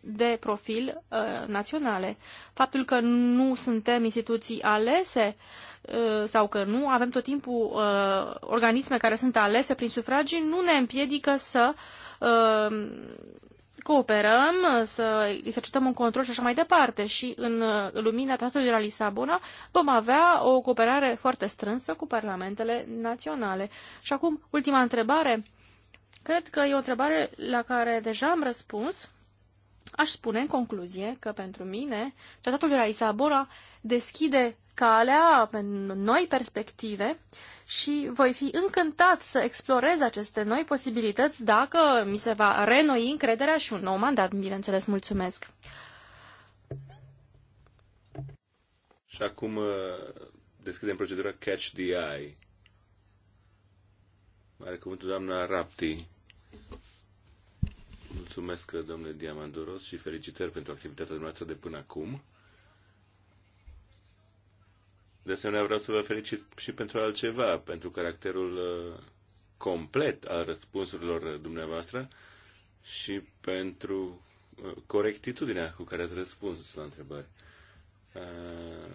de profil uh, naționale. Faptul că nu suntem instituții alese uh, sau că nu avem tot timpul uh, organisme care sunt alese prin sufragii nu ne împiedică să uh, cooperăm, să exercităm un control și așa mai departe. Și în uh, lumina tratatului de la Lisabona vom avea o cooperare foarte strânsă cu parlamentele naționale. Și acum, ultima întrebare. Cred că e o întrebare la care deja am răspuns Aș spune în concluzie că pentru mine tratatul de la Lisabona deschide calea pentru noi perspective și voi fi încântat să explorez aceste noi posibilități dacă mi se va renoi încrederea și un nou mandat. Bineînțeles, mulțumesc! Și acum uh, deschidem procedura Catch the Eye. Are cuvântul doamna Rapti. Mulțumesc, domnule Diamanduros, și felicitări pentru activitatea dumneavoastră de până acum. De asemenea, vreau să vă felicit și pentru altceva, pentru caracterul uh, complet al răspunsurilor dumneavoastră și pentru uh, corectitudinea cu care ați răspuns la întrebări. Uh,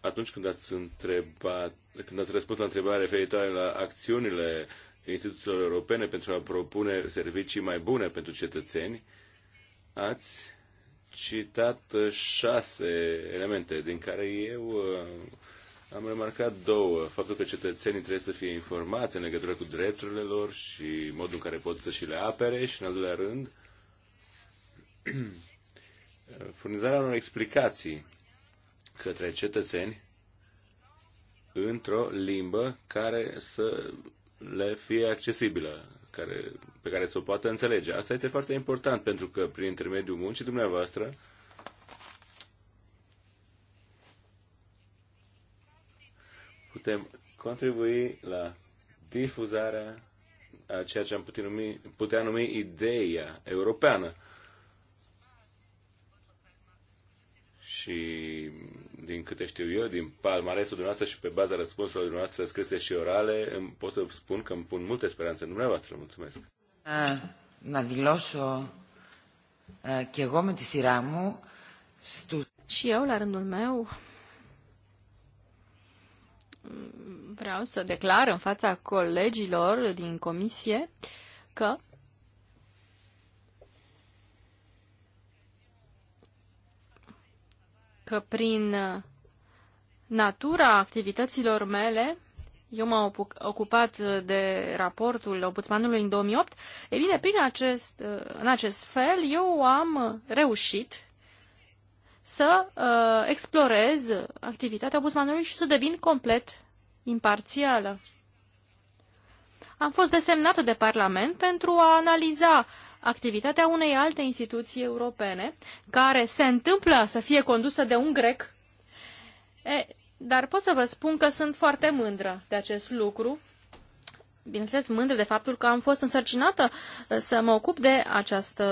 atunci când ați, întrebat, când ați răspuns la întrebarea referitoare la acțiunile instituțiilor europene pentru a propune servicii mai bune pentru cetățeni, ați citat uh, șase elemente, din care eu uh, am remarcat două. Faptul că cetățenii trebuie să fie informați în legătură cu drepturile lor și modul în care pot să și le apere și, în al doilea rând, furnizarea unor explicații către cetățeni într-o limbă care să le fie accesibilă, care, pe care să o poată înțelege. Asta este foarte important, pentru că prin intermediul muncii dumneavoastră putem contribui la difuzarea a ceea ce am putea numi, putea numi ideea europeană. și din câte știu eu, din palmaresul dumneavoastră și pe baza răspunsurilor dumneavoastră scrise și orale, pot să spun că îmi pun multe speranțe în dumneavoastră. Mulțumesc. Ah, na, δηλώσω και εγώ με τη σειρά Și eu, la rândul meu, mm, vreau să declar în fața colegilor din comisie că că prin uh, natura activităților mele, eu m-am ocupat uh, de raportul obuțmanului în 2008, e bine, prin acest, uh, în acest fel eu am reușit să uh, explorez activitatea obuțmanului și să devin complet imparțială. Am fost desemnată de Parlament pentru a analiza activitatea unei alte instituții europene care se întâmplă să fie condusă de un grec, e, dar pot să vă spun că sunt foarte mândră de acest lucru. Bineînțeles, mândră de faptul că am fost însărcinată să mă ocup de această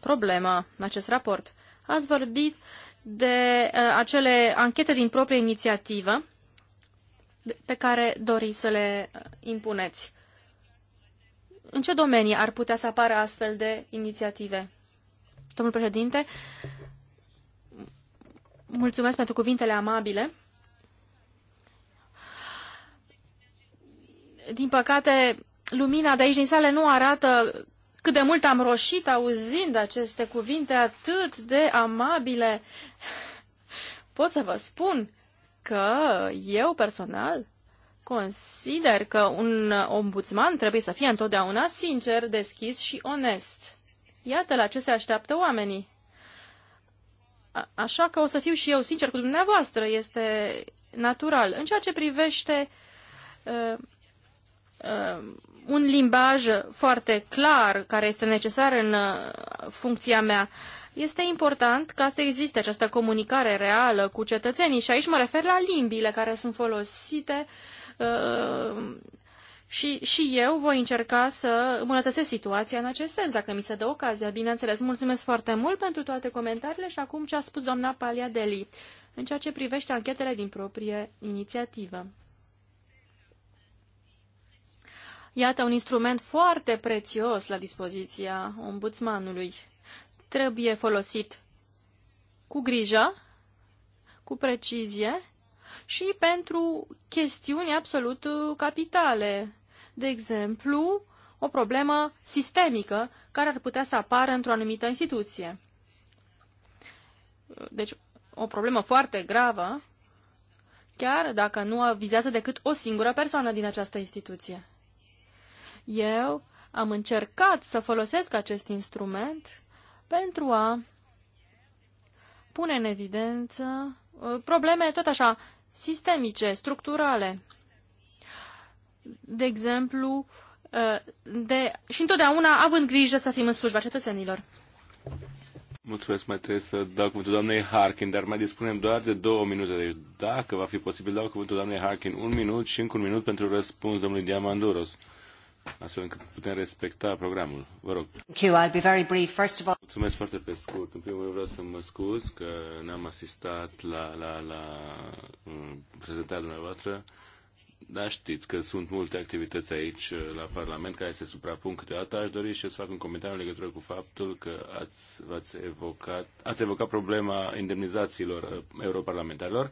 problemă, acest raport. Ați vorbit de uh, acele anchete din proprie inițiativă pe care doriți să le impuneți în ce domenii ar putea să apară astfel de inițiative? Domnul președinte, mulțumesc pentru cuvintele amabile. Din păcate, lumina de aici din sală nu arată cât de mult am roșit auzind aceste cuvinte atât de amabile. Pot să vă spun că eu personal Consider că un ombudsman trebuie să fie întotdeauna sincer, deschis și onest. Iată la ce se așteaptă oamenii. A așa că o să fiu și eu sincer cu dumneavoastră, este natural. În ceea ce privește uh, uh, un limbaj foarte clar care este necesar în uh, funcția mea. Este important ca să existe această comunicare reală cu cetățenii și aici mă refer la limbile care sunt folosite uh, Uh, și, și eu voi încerca să îmbunătățesc situația în acest sens, dacă mi se dă ocazia. Bineînțeles, mulțumesc foarte mult pentru toate comentariile și acum ce a spus doamna Paliadeli în ceea ce privește anchetele din proprie inițiativă. Iată un instrument foarte prețios la dispoziția ombudsmanului. Trebuie folosit cu grijă, cu precizie și pentru chestiuni absolut uh, capitale. De exemplu, o problemă sistemică care ar putea să apară într-o anumită instituție. Uh, deci, o problemă foarte gravă, chiar dacă nu vizează decât o singură persoană din această instituție. Eu am încercat să folosesc acest instrument pentru a pune în evidență uh, probleme tot așa sistemice, structurale. De exemplu, uh, de, și întotdeauna având grijă să fim în slujba cetățenilor. Mulțumesc, mai trebuie să dau cuvântul doamnei Harkin, dar mai dispunem doar de două minute. Deci dacă va fi posibil, dau cuvântul doamnei Harkin un minut și încă un minut pentru răspuns domnului Diamanduros astfel încât putem respecta programul. Vă rog. Thank you. I'll be very brief. First of all... Mulțumesc foarte pe scurt. În primul rând vreau să mă scuz că n-am asistat la, la, la uh, prezentarea dumneavoastră. Dar știți că sunt multe activități aici uh, la Parlament care se suprapun câteodată. Aș dori și să fac un comentariu în legătură cu faptul că ați, ați, evocat, ați evocat problema indemnizațiilor uh, europarlamentarilor.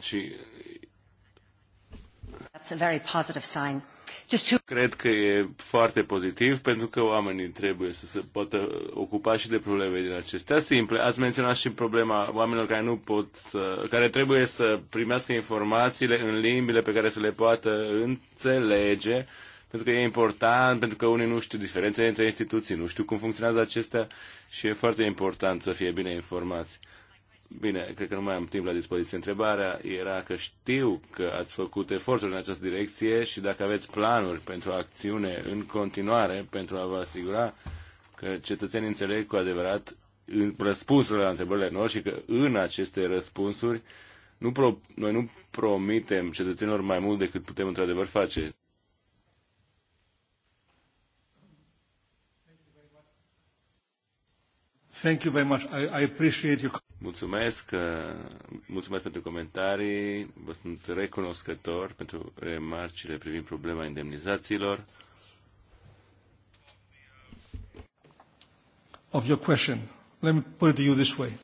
Și That's a very positive sign. Just to... Cred că e foarte pozitiv pentru că oamenii trebuie să se poată ocupa și de probleme din acestea simple. Ați menționat și problema oamenilor care nu pot, care trebuie să primească informațiile în limbile pe care să le poată înțelege, pentru că e important, pentru că unii nu știu diferențele între instituții, nu știu cum funcționează acestea și e foarte important să fie bine informați. Bine, cred că nu mai am timp la dispoziție. Întrebarea era că știu că ați făcut eforturi în această direcție și dacă aveți planuri pentru acțiune în continuare pentru a vă asigura că cetățenii înțeleg cu adevărat în răspunsurile la întrebările noastre și că în aceste răspunsuri nu pro, noi nu promitem cetățenilor mai mult decât putem într-adevăr face. Thank you very much. I, I appreciate your... Mulțumesc, mulțumesc pentru comentarii, vă sunt recunoscător pentru remarcile privind problema indemnizațiilor. Of your question. Let me put it to you this way.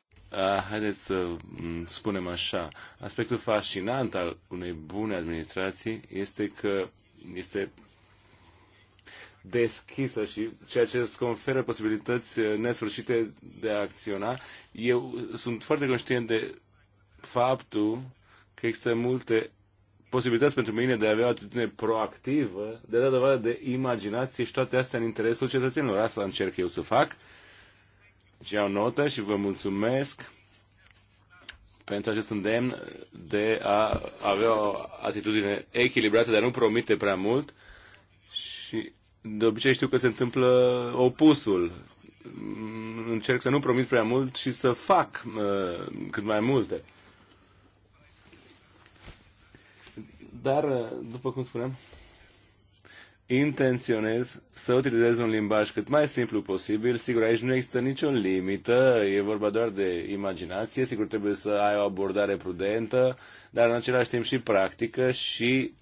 haideți să mm, spunem așa. Aspectul fascinant al unei bune administrații este că este deschisă și ceea ce îți conferă posibilități uh, nesfârșite de a acționa. Eu sunt foarte conștient de faptul că există multe posibilități pentru mine de a avea o atitudine proactivă, de a da dovadă de imaginație și toate astea în interesul cetățenilor. Asta încerc eu să fac. Și iau notă și vă mulțumesc pentru acest îndemn de a avea o atitudine echilibrată, de a nu promite prea mult și de obicei știu că se întâmplă opusul. Încerc să nu promit prea mult și să fac uh, cât mai multe. Dar, uh, după cum spuneam, intenționez să utilizez un limbaj cât mai simplu posibil. Sigur, aici nu există nicio limită, e vorba doar de imaginație. Sigur, trebuie să ai o abordare prudentă, dar în același timp și practică și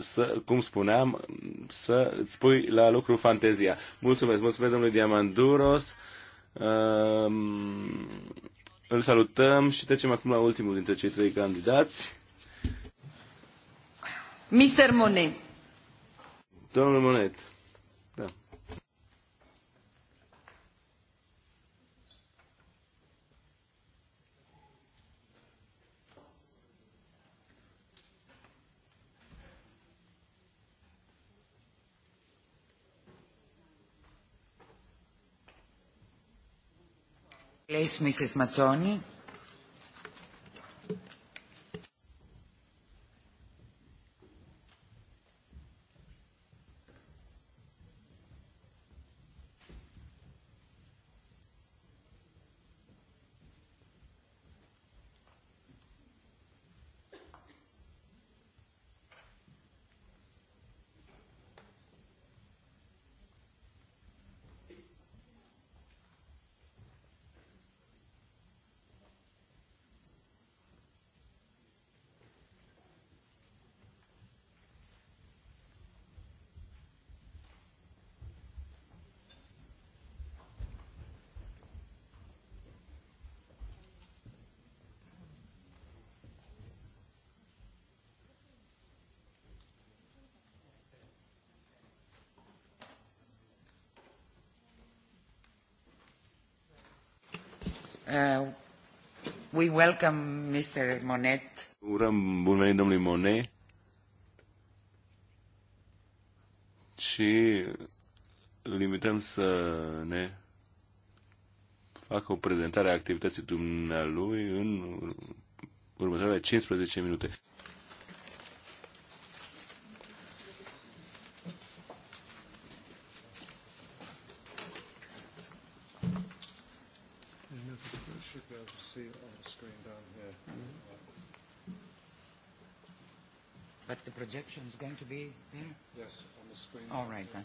să, cum spuneam, să îți pui la lucru fantezia. Mulțumesc, mulțumesc domnului Diamanduros. Îl salutăm și trecem acum la ultimul dintre cei trei candidați. Mr. Monet. Domnul Monet. Mrs. Mazzoni. Uh, we welcome Mr. Monet. Urăm bun venit domnului Monet. Și îl invităm să ne facă o prezentare a activității dumnealui în următoarele 15 minute. see on the screen down here. But the projection is going to be there? Yes, on the screen. All right then.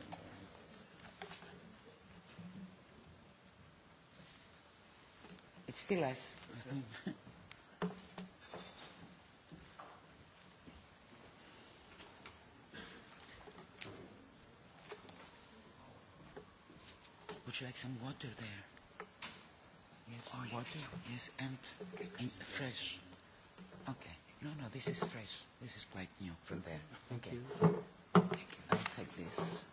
It's still us. Would you like some water there? Yes, oil. water. Yes, and in fresh. Okay. No, no, this is fresh. This is quite new from there. Thank okay. you. Thank you. I'll take this.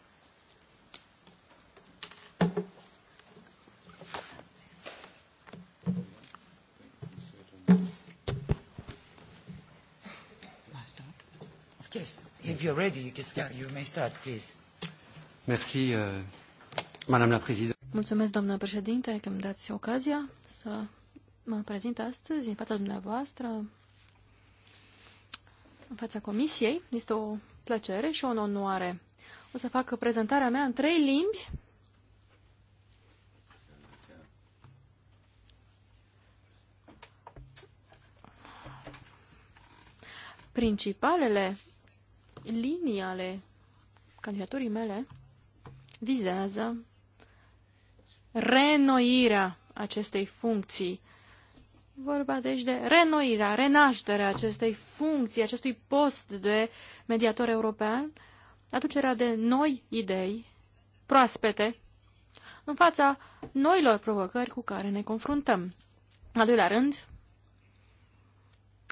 Yes, if you're ready, you can start. You may start, please. Merci, euh, Madame la Présidente. Mulțumesc, doamnă președinte, că îmi dați ocazia să mă prezint astăzi în fața dumneavoastră, în fața comisiei. Este o plăcere și o onoare. O să fac prezentarea mea în trei limbi. Principalele linii ale candidaturii mele vizează reînnoirea acestei funcții. Vorba deci de renoirea, renașterea acestei funcții, acestui post de mediator european, aducerea de noi idei proaspete în fața noilor provocări cu care ne confruntăm. Al doilea rând,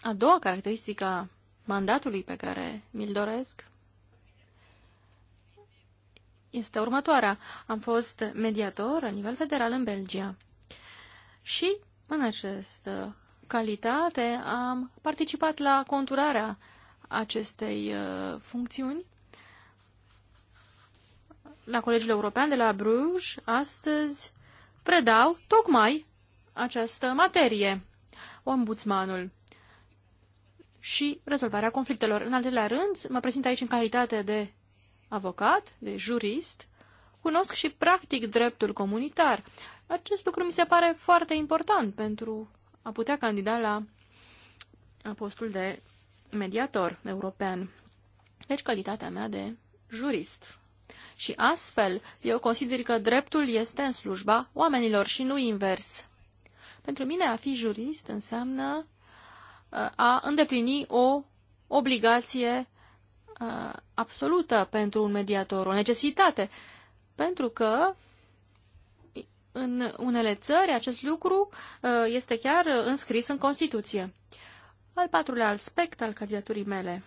a doua caracteristică a mandatului pe care mi-l doresc este următoarea. Am fost mediator la nivel federal în Belgia și în această calitate am participat la conturarea acestei uh, funcțiuni la Colegiul European de la Bruges. Astăzi predau tocmai această materie, ombudsmanul și rezolvarea conflictelor. În al doilea rând, mă prezint aici în calitate de avocat, de jurist, cunosc și practic dreptul comunitar. Acest lucru mi se pare foarte important pentru a putea candida la postul de mediator european. Deci calitatea mea de jurist. Și astfel, eu consider că dreptul este în slujba oamenilor și nu invers. Pentru mine, a fi jurist înseamnă uh, a îndeplini o obligație uh, absolută pentru un mediator, o necesitate, pentru că în unele țări acest lucru uh, este chiar înscris în Constituție. Al patrulea aspect al candidaturii mele.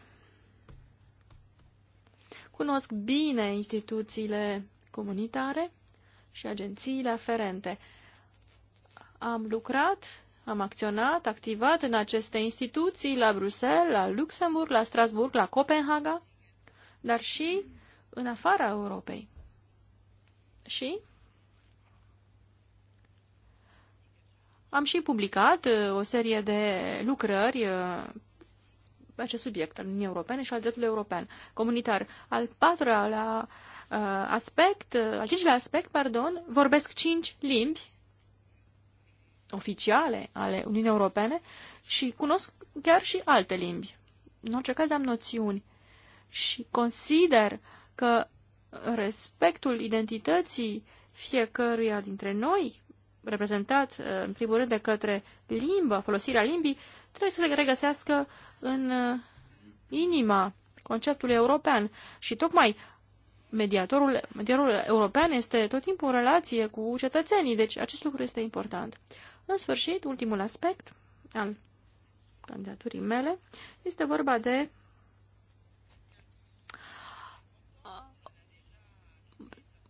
Cunosc bine instituțiile comunitare și agențiile aferente. Am lucrat am acționat, activat în aceste instituții, la Bruxelles, la Luxemburg, la Strasburg, la Copenhaga, dar și în afara Europei. Și am și publicat uh, o serie de lucrări uh, pe acest subiect al Uniunii Europene și al dreptului european comunitar. Al patrulea uh, aspect, al cincilea aspect, pardon, vorbesc cinci limbi oficiale ale Uniunii Europene și cunosc chiar și alte limbi. În orice caz am noțiuni și consider că respectul identității fiecăruia dintre noi, reprezentat uh, în primul rând de către limbă, folosirea limbii, trebuie să se regăsească în uh, inima conceptului european. Și tocmai mediatorul, mediatorul european este tot timpul în relație cu cetățenii, deci acest lucru este important. În sfârșit, ultimul aspect al candidaturii mele este vorba de uh,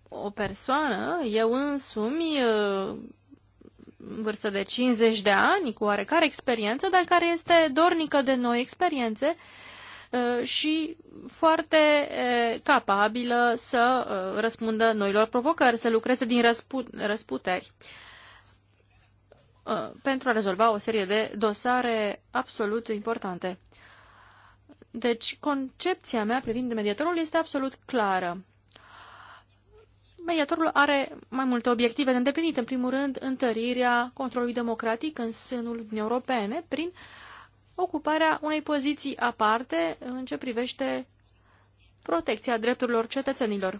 o persoană, eu însumi, uh, în vârstă de 50 de ani, cu oarecare experiență, dar care este dornică de noi experiențe uh, și foarte capabilă să răspundă noilor provocări, să lucreze din răspu răsputeri. Uh, pentru a rezolva o serie de dosare absolut importante. Deci, concepția mea privind mediatorul este absolut clară. Mediatorul are mai multe obiective de îndeplinit. În primul rând, întărirea controlului democratic în sânul Uniunii Europene prin ocuparea unei poziții aparte în ce privește protecția drepturilor cetățenilor.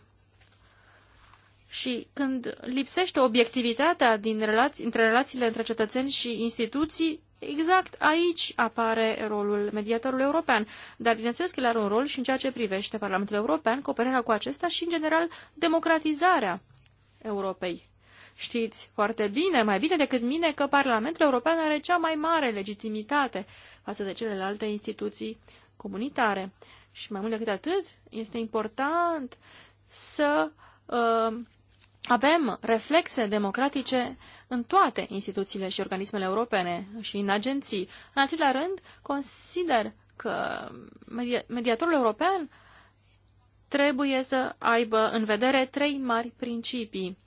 Și când lipsește obiectivitatea din relații, între relațiile între cetățeni și instituții, exact aici apare rolul mediatorului european. Dar bineînțeles că el are un rol și în ceea ce privește Parlamentul European, cooperarea cu acesta și, în general, democratizarea Europei. Știți foarte bine, mai bine decât mine, că Parlamentul European are cea mai mare legitimitate față de celelalte instituții comunitare. Și mai mult decât atât, este important să uh, avem reflexe democratice în toate instituțiile și organismele europene și în agenții. În al treilea rând, consider că mediatorul european trebuie să aibă în vedere trei mari principii.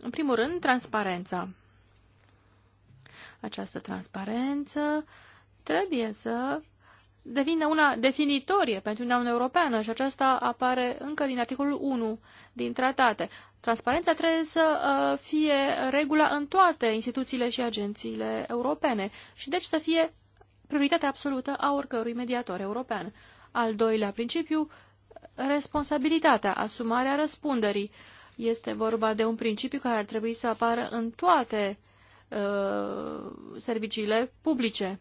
În primul rând, transparența. Această transparență trebuie să devine una definitorie pentru Uniunea Europeană și aceasta apare încă din articolul 1 din tratate. Transparența trebuie să uh, fie regula în toate instituțiile și agențiile europene și deci să fie prioritatea absolută a oricărui mediator european. Al doilea principiu, responsabilitatea, asumarea răspunderii. Este vorba de un principiu care ar trebui să apară în toate uh, serviciile publice.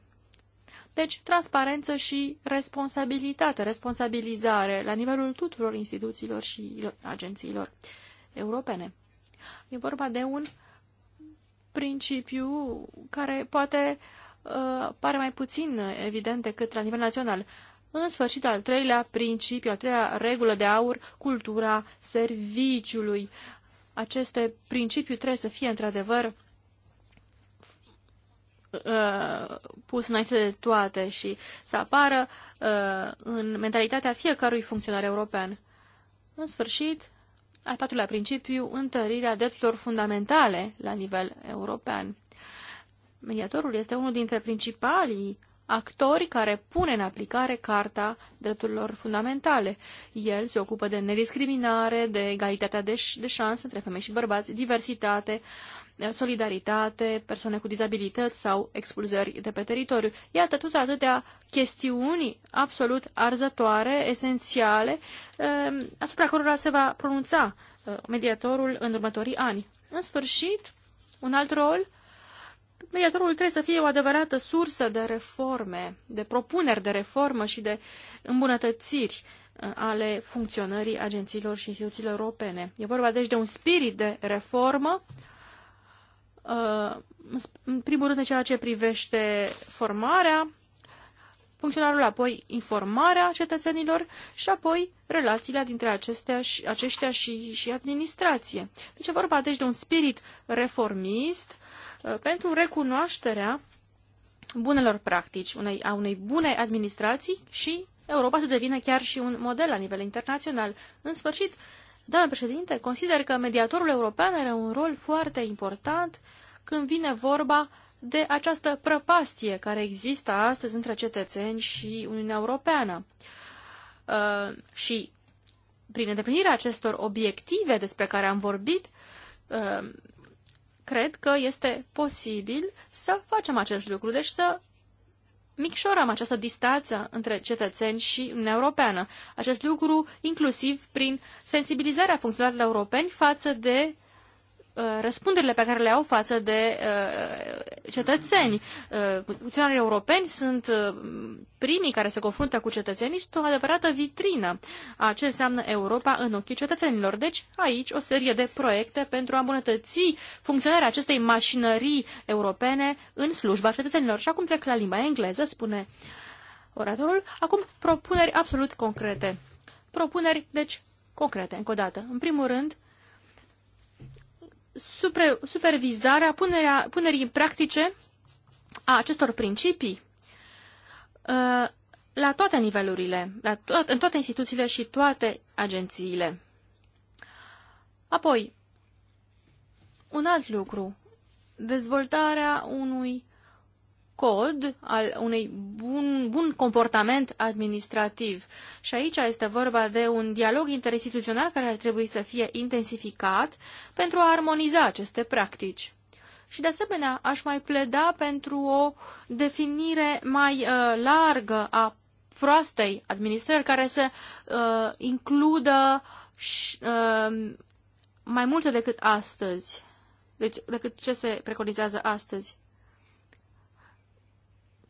Deci, transparență și responsabilitate, responsabilizare la nivelul tuturor instituțiilor și agențiilor europene. E vorba de un principiu care poate uh, pare mai puțin evident decât la nivel național. În sfârșit, al treilea principiu, al treia regulă de aur, cultura serviciului. Aceste principiu trebuie să fie într-adevăr uh, pus înainte de toate și să apară uh, în mentalitatea fiecărui funcționar european. În sfârșit, al patrulea principiu, întărirea drepturilor fundamentale la nivel european. Mediatorul este unul dintre principalii actori care pune în aplicare Carta Drepturilor Fundamentale. El se ocupă de nediscriminare, de egalitatea de, ș- de șanse între femei și bărbați, diversitate, uh, solidaritate, persoane cu dizabilități sau expulzări de pe teritoriu. Iată tot atâtea chestiuni absolut arzătoare, esențiale, ehm, asupra cărora se va pronunța eh, mediatorul în următorii ani. În sfârșit, un alt rol, mediatorul trebuie să fie o adevărată sursă de reforme, de propuneri de reformă și de îmbunătățiri eh, ale funcționării agențiilor și instituțiilor europene. E vorba deci de un spirit de reformă Uh, în primul rând în ceea ce privește formarea, funcționarul apoi informarea cetățenilor și apoi relațiile dintre acestea și, aceștia și, și administrație. Deci e vorba deci de un spirit reformist uh, pentru recunoașterea bunelor practici, unei, a unei bune administrații și Europa să devină chiar și un model la nivel internațional. În sfârșit, Doamne președinte, consider că mediatorul european are un rol foarte important când vine vorba de această prăpastie care există astăzi între cetățeni și Uniunea Europeană. Uh, și prin îndeplinirea acestor obiective despre care am vorbit, uh, cred că este posibil să facem acest lucru, deci să micșorăm această distanță între cetățeni și Uniunea Europeană. Acest lucru inclusiv prin sensibilizarea funcționarilor europeni față de Uh, răspunderile pe care le au față de uh, cetățeni. Uh, funcționarii europeni sunt primii care se confruntă cu cetățenii și o adevărată vitrină a ce înseamnă Europa în ochii cetățenilor. Deci aici o serie de proiecte pentru a îmbunătăți funcționarea acestei mașinării europene în slujba cetățenilor. Și acum trec la limba engleză, spune oratorul. Acum propuneri absolut concrete. Propuneri, deci, concrete, încă o dată. În primul rând, supervizarea punerea, punerii în practice a acestor principii uh, la toate nivelurile, la to- în toate instituțiile și toate agențiile. Apoi, un alt lucru, dezvoltarea unui cod al unui bun, bun comportament administrativ. Și aici este vorba de un dialog interinstituțional care ar trebui să fie intensificat pentru a armoniza aceste practici. Și de asemenea, aș mai pleda pentru o definire mai uh, largă a proastei administrări care să uh, includă și, uh, mai multe decât astăzi, deci decât ce se preconizează astăzi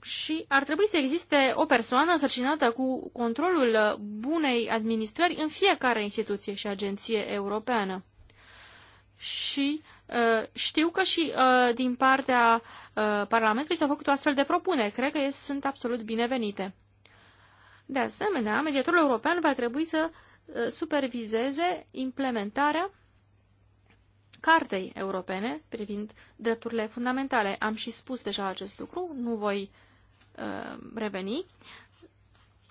și ar trebui să existe o persoană însărcinată cu controlul uh, bunei administrări în fiecare instituție și agenție europeană. Și uh, știu că și uh, din partea uh, Parlamentului s-au făcut o astfel de propuneri. Cred că ei sunt absolut binevenite. De asemenea, mediatorul european va trebui să uh, supervizeze implementarea Cartei Europene privind drepturile fundamentale. Am și spus deja acest lucru, nu voi uh, Uh, reveni.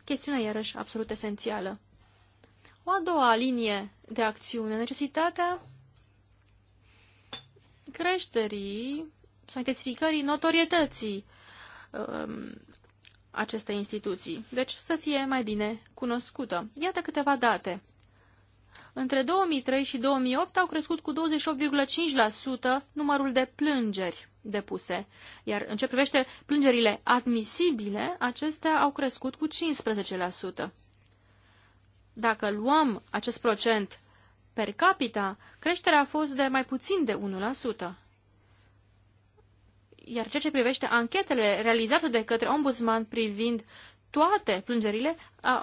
Chestiunea iarăși absolut esențială. O a doua linie de acțiune, necesitatea creșterii sau intensificării notorietății um, acestei instituții, deci să fie mai bine cunoscută. Iată câteva date. Între 2003 și 2008 au crescut cu 28,5% numărul de plângeri depuse. Iar în ce privește plângerile admisibile, acestea au crescut cu 15%. Dacă luăm acest procent per capita, creșterea a fost de mai puțin de 1%. Iar ceea ce privește anchetele realizate de către ombudsman privind toate plângerile,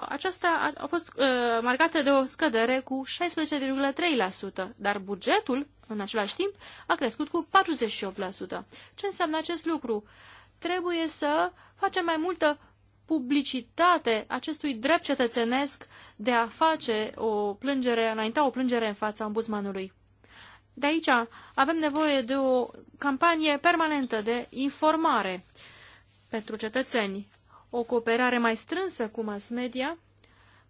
aceasta a fost uh, marcată de o scădere cu 16,3%, dar bugetul, în același timp, a crescut cu 48%. Ce înseamnă acest lucru? Trebuie să facem mai multă publicitate acestui drept cetățenesc de a face o plângere, înainta o plângere în fața ombudsmanului. De aici avem nevoie de o campanie permanentă de informare pentru cetățeni o cooperare mai strânsă cu mass media,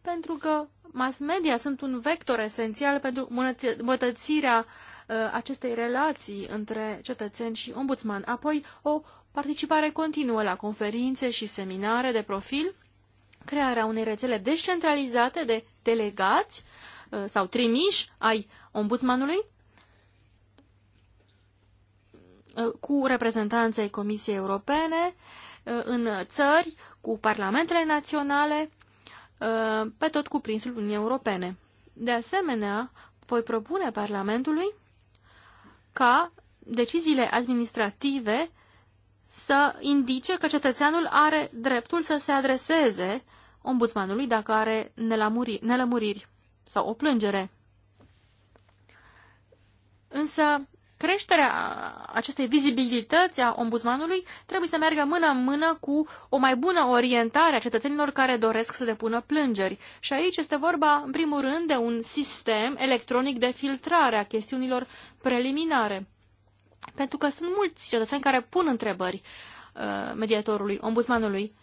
pentru că mass media sunt un vector esențial pentru îmbunătățirea ă, acestei relații între cetățeni și ombudsman. Apoi, o participare continuă la conferințe și seminare de profil, crearea unei rețele descentralizate de delegați ă, sau trimiși ai ombudsmanului ă, cu reprezentanței Comisiei Europene, uh, Uh, în țări, cu parlamentele naționale, uh, pe tot cuprinsul Uniunii Europene. De asemenea, voi propune Parlamentului ca deciziile administrative să indice că cetățeanul are dreptul să se adreseze ombudsmanului dacă are nelămuriri sau o plângere. Însă, creșterea acestei vizibilități a ombudsmanului trebuie să meargă mână în mână cu o mai bună orientare a cetățenilor care doresc să depună plângeri. Și aici este vorba, în primul rând, de un sistem electronic de filtrare a chestiunilor preliminare. Pentru că sunt mulți cetățeni care pun întrebări uh, mediatorului, ombudsmanului,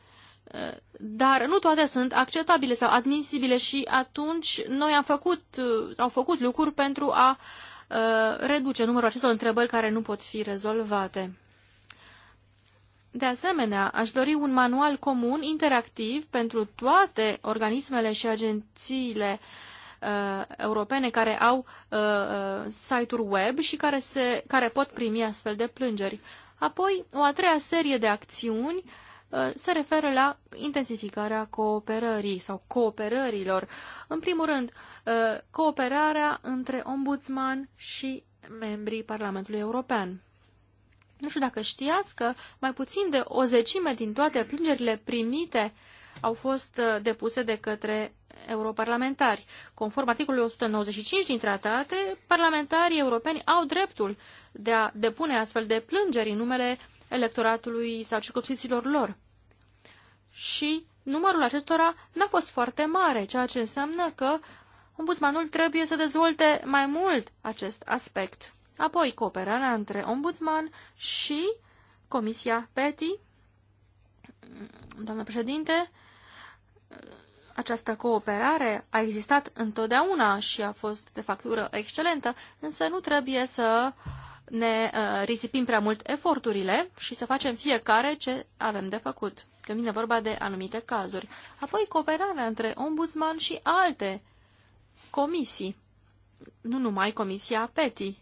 uh, dar nu toate sunt acceptabile sau admisibile și atunci noi am făcut, uh, au făcut lucruri pentru a uh, Uh, reduce numărul acestor întrebări care nu pot fi rezolvate. De asemenea, aș dori un manual comun, interactiv, pentru toate organismele și agențiile uh, europene care au uh, uh, site-uri web și care, se, care pot primi astfel de plângeri. Apoi, o a treia serie de acțiuni uh, se referă la intensificarea cooperării sau cooperărilor. În primul rând, uh, Uh, cooperarea între ombudsman și membrii Parlamentului European. Nu știu dacă știați că mai puțin de o zecime din toate plângerile primite au fost uh, depuse de către europarlamentari. Conform articolului 195 din tratate, parlamentarii europeni au dreptul de a depune astfel de plângeri în numele electoratului sau circunscripțiilor lor. Și numărul acestora n-a fost foarte mare, ceea ce înseamnă că ombudsmanul trebuie să dezvolte mai mult acest aspect. Apoi, cooperarea între ombudsman și Comisia PETI, doamnă președinte, această cooperare a existat întotdeauna și a fost de factură excelentă, însă nu trebuie să ne uh, risipim prea mult eforturile și să facem fiecare ce avem de făcut, când vine vorba de anumite cazuri. Apoi cooperarea între ombudsman și alte comisii, nu numai Comisia PETI.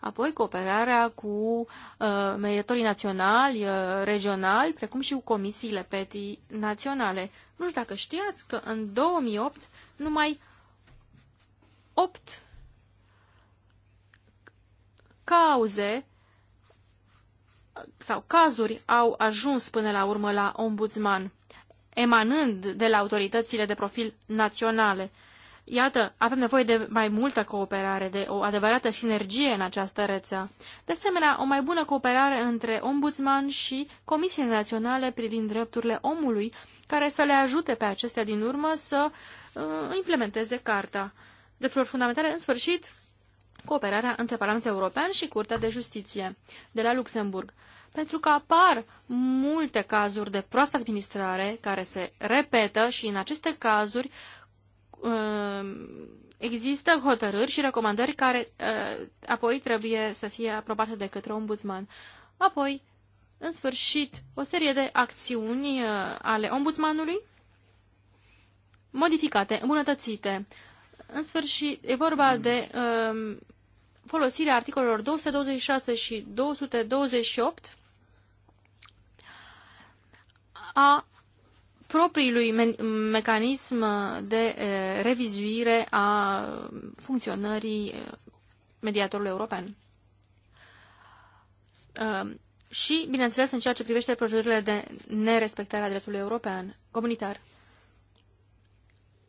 Apoi cooperarea cu uh, mediatorii naționali, uh, regionali, precum și cu comisiile PETI naționale. Nu știu dacă știați că în 2008 numai 8 cauze sau cazuri au ajuns până la urmă la ombudsman, emanând de la autoritățile de profil naționale. Iată, avem nevoie de mai multă cooperare, de o adevărată sinergie în această rețea. De asemenea, o mai bună cooperare între ombudsman și comisiile naționale privind drepturile omului, care să le ajute pe acestea din urmă să uh, implementeze Carta. Drepturilor fundamentale, în sfârșit, cooperarea între Parlamentul European și Curtea de Justiție de la Luxemburg. Pentru că apar multe cazuri de proastă administrare care se repetă și în aceste cazuri Um, există hotărâri și recomandări care uh, apoi trebuie să fie aprobate de către ombudsman. Apoi, în sfârșit, o serie de acțiuni uh, ale ombudsmanului modificate, îmbunătățite. În sfârșit, e vorba de um, folosirea articolelor 226 și 228 a propriului me mecanism de eh, revizuire a funcționării eh, mediatorului european. Ehm, și, bineînțeles, în ceea ce privește procedurile de nerespectare a dreptului european comunitar.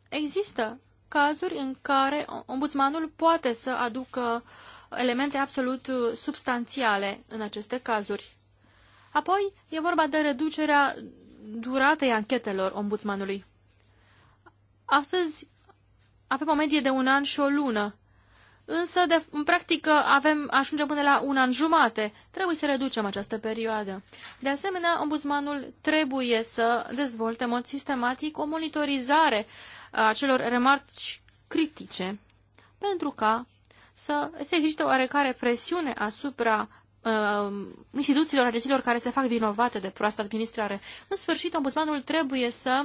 Există cazuri în care ombudsmanul poate să aducă elemente absolut eh, substanțiale în aceste cazuri. Apoi, e vorba de reducerea duratei anchetelor ombudsmanului. Astăzi avem o medie de un an și o lună, însă de, în practică avem, ajungem până la un an jumate. Trebuie să reducem această perioadă. De asemenea, ombudsmanul trebuie să dezvolte în mod sistematic o monitorizare a celor remarci critice pentru ca să se existe oarecare presiune asupra uh, instituțiilor, agențiilor care se fac vinovate de proastă administrare. În sfârșit, ombudsmanul trebuie să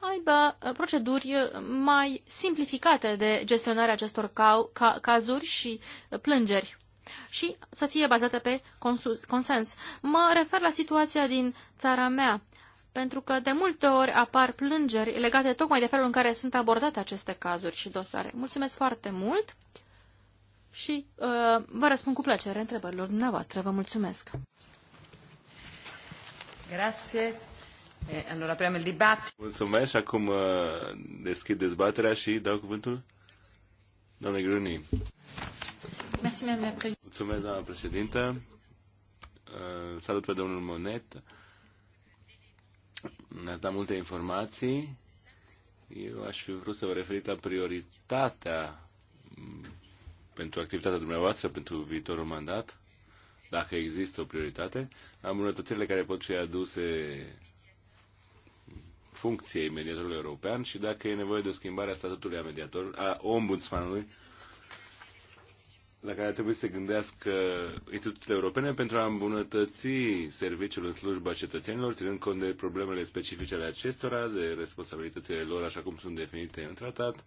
aibă uh, proceduri uh, mai simplificate de gestionare acestor ca, ca, cazuri și uh, plângeri și să fie bazată pe consens. Mă refer la situația din țara mea, pentru că de multe ori apar plângeri legate tocmai de felul în care sunt abordate aceste cazuri și dosare. Mulțumesc foarte mult! și uh, vă răspund cu plăcere întrebărilor dumneavoastră. Vă mulțumesc. Grazie. Allora apriamo il dibattito. Mulțumesc și acum uh, deschid dezbaterea și dau cuvântul doamnei Gruni. Mulțumesc, doamna președintă. Uh, salut pe domnul Monet. Ne-ați dat multe informații. Eu aș fi vrut să vă referit la prioritatea pentru activitatea dumneavoastră, pentru viitorul mandat, dacă există o prioritate, la îmbunătățirile care pot fi aduse funcției mediatorului european și dacă e nevoie de o schimbare a statutului a mediatorului, a ombudsmanului, la care trebuie să se gândească instituțiile europene pentru a îmbunătăți serviciul în slujba cetățenilor, ținând cont de problemele specifice ale acestora, de responsabilitățile lor așa cum sunt definite în tratat,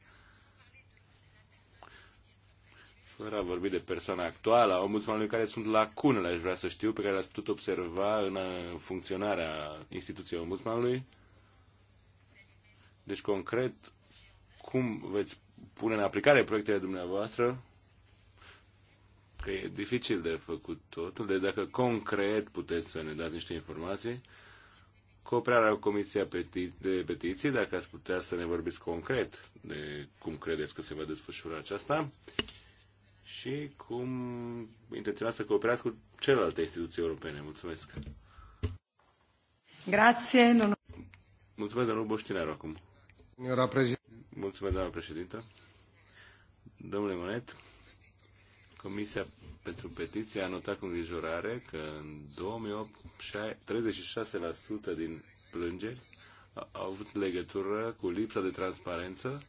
fără a vorbi de persoana actuală a ombudsmanului, care sunt lacunele, aș vrea să știu, pe care le-ați putut observa în uh, funcționarea instituției ombudsmanului. Deci, concret, cum veți pune în aplicare proiectele dumneavoastră? Că e dificil de făcut totul, deci dacă concret puteți să ne dați niște informații, cooperarea cu Comisia Peti- de Petiții, dacă ați putea să ne vorbiți concret de cum credeți că se va desfășura aceasta și cum intenționa să cooperați cu celelalte instituții europene. Mulțumesc! Grație! Nu... Mulțumesc, domnul Boștinaru, acum. Mulțumesc, doamna președintă. Domnule Monet, Comisia pentru Petiție a notat cu îngrijorare că în 2008 36% din plângeri au avut legătură cu lipsa de transparență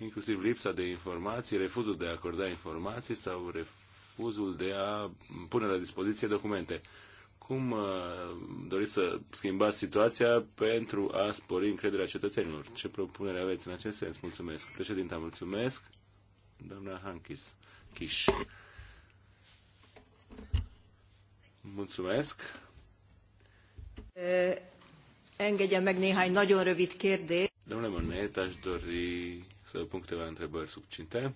inclusiv lipsa de informații, refuzul de a acorda informații sau refuzul de a pune la dispoziție documente. Cum uh, doriți să schimbați situația pentru a spori încrederea cetățenilor? Ce propunere aveți în acest sens? Mulțumesc. Președinte, mulțumesc. Doamna Hankis. Kish. Mulțumesc. Eh, Engedje meg néhány nagyon rövid kérdést. Domnule Monet, aș dori să pun câteva întrebări subcinte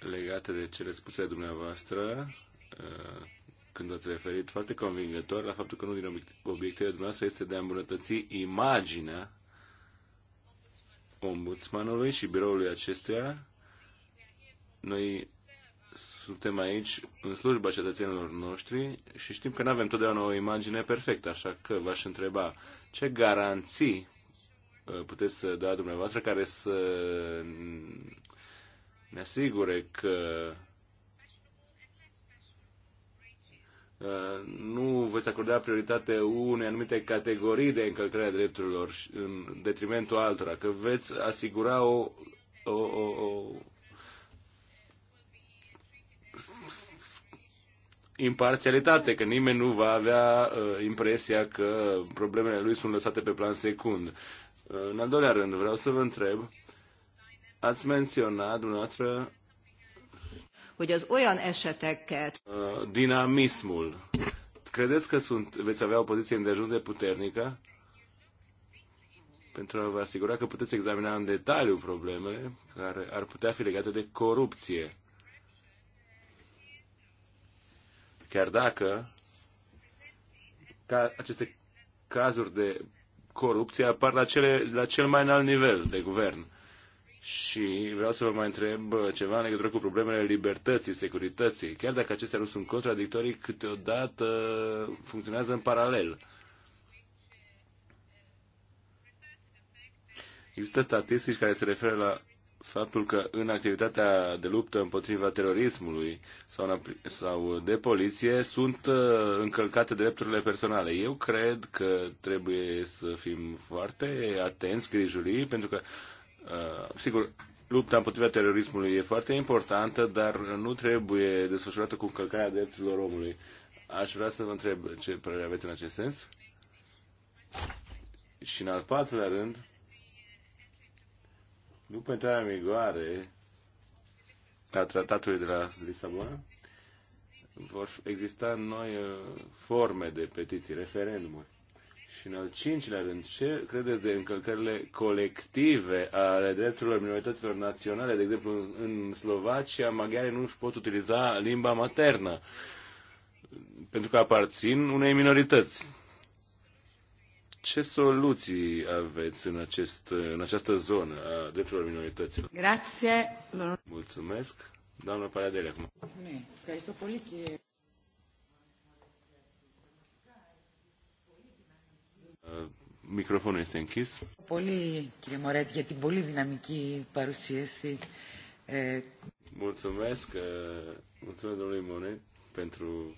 legate de cele spuse de dumneavoastră uh, când ați referit foarte convingător la faptul că unul din obiectivele dumneavoastră este de a îmbunătăți imaginea ombudsmanului și biroului acestuia. Noi suntem aici în slujba cetățenilor noștri și știm că nu avem totdeauna o imagine perfectă, așa că v-aș întreba ce garanții uh, puteți să da dumneavoastră care să ne asigure că uh, nu veți acorda prioritate unei anumite categorii de încălcare a drepturilor în detrimentul altora, că veți asigura o, o, o, o imparțialitate, că nimeni nu va avea uh, impresia că problemele lui sunt lăsate pe plan secund. Uh, în al doilea rând, vreau să vă întreb, ați menționat dumneavoastră hogy az olyan eseteket... Uh, dinamismul. Credeți că sunt, veți avea o poziție îndeajuns de puternică? pentru a vă asigura că puteți examina în detaliu problemele care ar putea fi legate de corupție. Chiar dacă ca aceste cazuri de corupție apar la, cele, la cel mai înalt nivel de guvern. Și vreau să vă mai întreb ceva în legătură cu problemele libertății, securității. Chiar dacă acestea nu sunt contradictorii, câteodată funcționează în paralel. Există statistici care se referă la faptul că în activitatea de luptă împotriva terorismului sau, sau de poliție sunt uh, încălcate drepturile personale. Eu cred că trebuie să fim foarte atenți, grijulii, pentru că, uh, sigur, lupta împotriva terorismului e foarte importantă, dar nu trebuie desfășurată cu încălcarea drepturilor omului. Aș vrea să vă întreb ce părere aveți în acest sens. Și în al patrulea rând, după intrarea în vigoare a tratatului de la Lisabona, vor exista noi uh, forme de petiții, referendumuri. Și în al cincilea rând, ce credeți de încălcările colective ale drepturilor minorităților naționale? De exemplu, în Slovacia, maghiarii nu își pot utiliza limba maternă pentru că aparțin unei minorități. Ce soluții aveți în, acest, în această zonă a drepturilor minorităților? Grație. Mulțumesc. Doamna Paradele, acum. Uh, microfonul este închis. Πολύ, κύριε Μωρέτη, για την πολύ δυναμική παρουσίαση. Mulțumesc, uh, mulțumesc domnului Monet pentru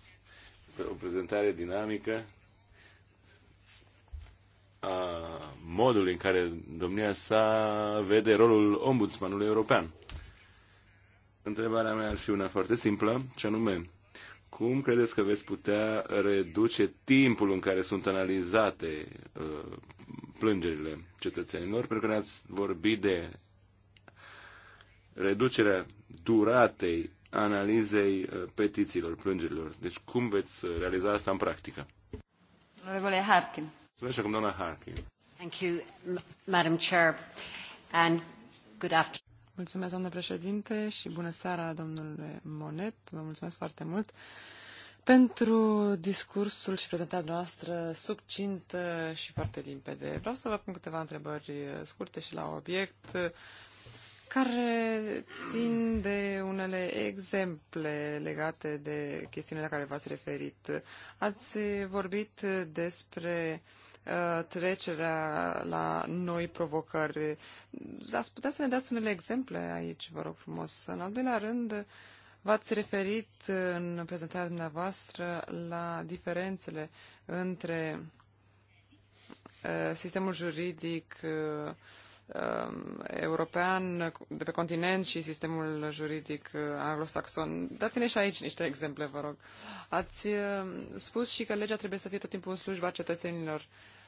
o prezentare dinamică a modului în care domnia sa vede rolul ombudsmanului european. Întrebarea mea ar fi una foarte simplă, ce anume, cum credeți că veți putea reduce timpul în care sunt analizate uh, plângerile cetățenilor? Pentru că ne-ați vorbit de reducerea duratei analizei uh, petițiilor, plângerilor. Deci cum veți realiza asta în practică? Onorevole Harkin. Szó, Harkin. Thank you, Madam Chair, and good afternoon. Mulțumesc, doamnă președinte, și bună seara, domnule Monet. Vă mulțumesc foarte mult pentru discursul și prezentarea noastră succintă și foarte limpede. Vreau să vă pun câteva întrebări scurte și la obiect care țin de unele exemple legate de chestiunile la care v-ați referit. Ați vorbit despre Uh, trecerea la noi provocări. Ați putea să ne dați unele exemple aici, vă rog frumos. În al doilea rând, v-ați referit în prezentarea dumneavoastră la diferențele între uh, sistemul juridic uh, um, european de pe continent și sistemul juridic anglosaxon. Dați-ne și aici niște exemple, vă rog. Ați spus și că legea trebuie să fie tot timpul în slujba cetățenilor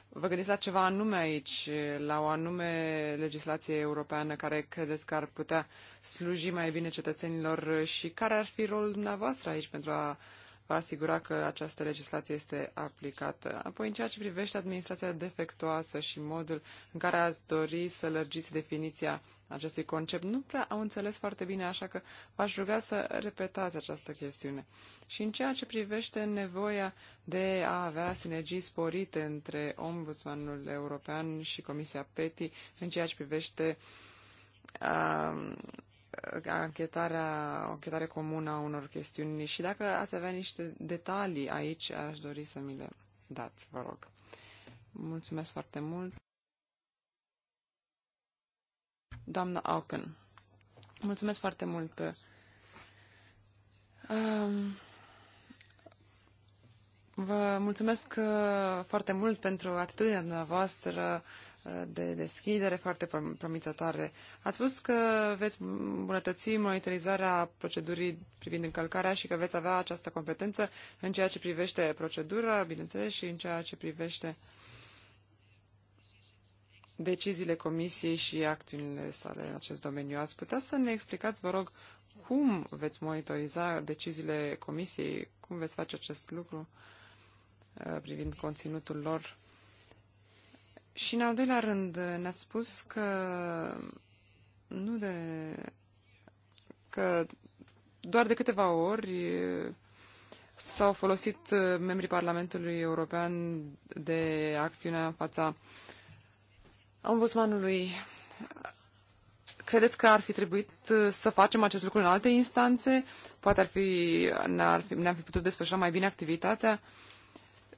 Vă gândiți la ceva anume aici, la o anume legislație europeană care credeți că ar putea sluji mai bine cetățenilor și care ar fi rolul dumneavoastră aici pentru a va asigura că această legislație este aplicată. Apoi, în ceea ce privește administrația defectuoasă și modul în care ați dori să lărgiți definiția acestui concept, nu prea au înțeles foarte bine, așa că v-aș ruga să repetați această chestiune. Și în ceea ce privește nevoia de a avea sinergii sporite între Ombudsmanul European și Comisia PETI, în ceea ce privește uh, anchetarea, o anchetare comună a unor chestiuni și dacă ați avea niște detalii aici, aș dori să mi le dați, vă rog. Mulțumesc foarte mult. Doamna Auken, mulțumesc foarte mult. Um, vă mulțumesc uh, foarte mult pentru atitudinea dumneavoastră de deschidere foarte promițătoare. Ați spus că veți îmbunătăți monitorizarea procedurii privind încălcarea și că veți avea această competență în ceea ce privește procedura, bineînțeles, și în ceea ce privește deciziile comisiei și acțiunile sale în acest domeniu. Ați putea să ne explicați, vă rog, cum veți monitoriza deciziile comisiei, cum veți face acest lucru uh, privind conținutul lor și în al doilea rând, ne-ați spus că nu de că doar de câteva ori s-au folosit membrii Parlamentului European de acțiunea în fața ombudsmanului. Credeți că ar fi trebuit să facem acest lucru în alte instanțe? Poate ar fi, ne-ar fi, ne fi putut desfășura mai bine activitatea? Uh,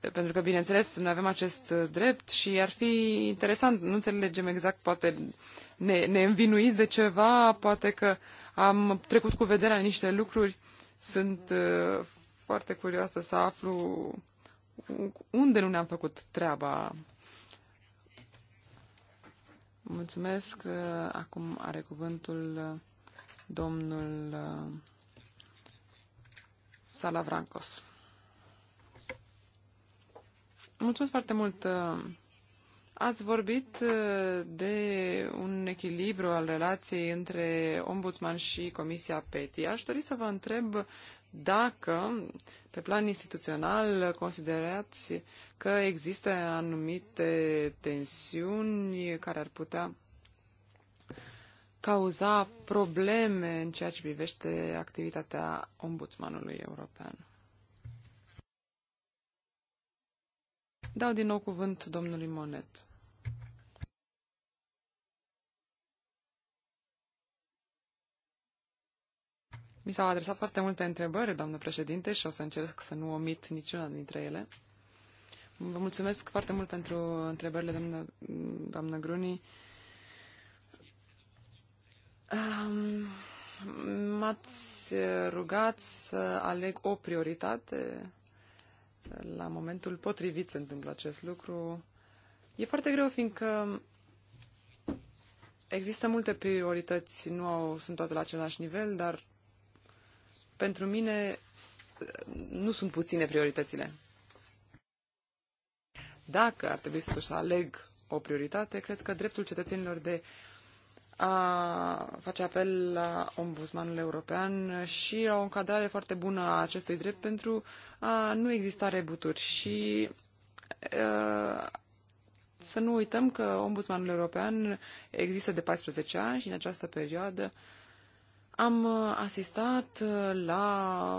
pentru că, bineînțeles, noi avem acest uh, drept și ar fi interesant, nu înțelegem exact, poate ne, ne învinuiți de ceva, poate că am trecut cu vederea niște lucruri. Sunt uh, foarte curioasă să aflu unde nu ne-am făcut treaba. Mulțumesc. Uh, acum are cuvântul uh, domnul Salavrancos. Mulțumesc foarte mult. Ați vorbit uh, de un echilibru al relației între ombudsman și Comisia PETI. Aș dori să vă întreb dacă, pe plan instituțional, considerați că există anumite tensiuni care ar putea cauza probleme în ceea ce privește activitatea ombudsmanului european. Dau din nou cuvânt domnului Monet. Mi s-au adresat foarte multe întrebări, doamnă președinte, și o să încerc să nu omit niciuna dintre ele. Vă mulțumesc foarte mult pentru întrebările, doamnă, doamnă Gruni. m-ați rugat să aleg o prioritate la momentul potrivit se întâmplă acest lucru. E foarte greu, fiindcă există multe priorități, nu au, sunt toate la același nivel, dar pentru mine uh, nu sunt puține prioritățile. Dacă ar trebui să aleg o prioritate, cred că dreptul cetățenilor de a face apel la ombudsmanul european și la o încadrare foarte bună a acestui drept pentru a nu exista rebuturi și să nu uităm că ombudsmanul european există de 14 ani și în această perioadă am asistat la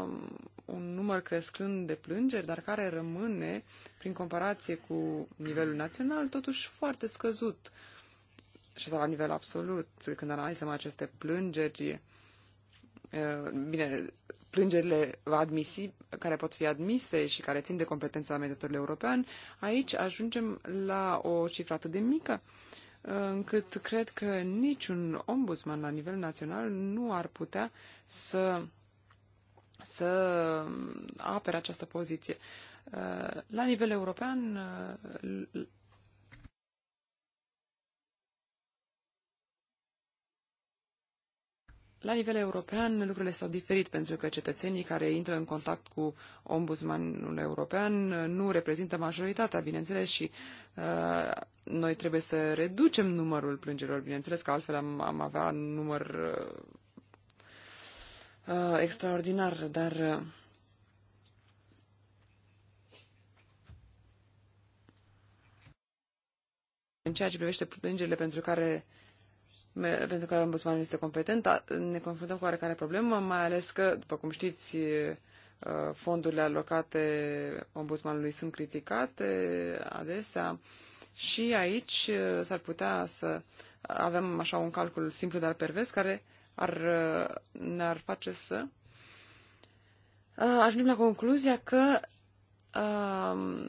un număr crescând de plângeri, dar care rămâne, prin comparație cu nivelul național, totuși foarte scăzut și asta la nivel absolut, când analizăm aceste plângeri, bine, plângerile admisi, care pot fi admise și care țin de competența mediatorului european, aici ajungem la o cifră atât de mică încât cred că niciun ombudsman la nivel național nu ar putea să, să apere această poziție. La nivel european, La nivel european, lucrurile s-au diferit pentru că cetățenii care intră în contact cu ombudsmanul european nu reprezintă majoritatea, bineînțeles, și uh, noi trebuie să reducem numărul plângerilor, bineînțeles că altfel am, am avea număr uh, uh, extraordinar, dar uh, în ceea ce privește plângerile pentru care uh, pentru că ombudsmanul este competent, ne confruntăm cu oarecare problemă, mai ales că, după cum știți, ă, fondurile alocate ombudsmanului sunt criticate adesea și aici ă, s-ar putea să avem așa un calcul simplu, dar pervers, care ar, ă, ne-ar face să ajungem la concluzia că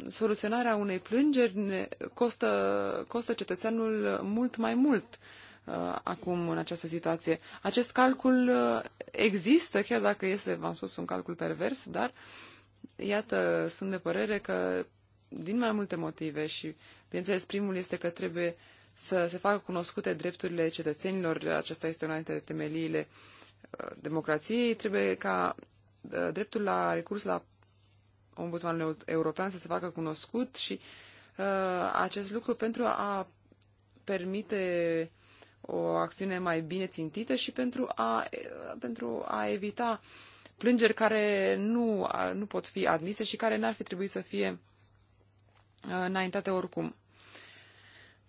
soluționarea unei plângeri ne costă, costă cetățeanul mult mai mult Uh, acum în această situație. Acest calcul uh, există, chiar dacă este, v-am spus, un calcul pervers, dar iată, sunt de părere că din mai multe motive și, bineînțeles, primul este că trebuie să se facă cunoscute drepturile cetățenilor, aceasta este una dintre temeliile uh, democrației, trebuie ca dreptul la recurs la ombudsmanul european să se facă cunoscut și uh, acest lucru pentru a permite o acțiune mai bine țintită și pentru a, pentru a evita plângeri care nu, nu pot fi admise și care n-ar fi trebuit să fie uh, înaintate oricum.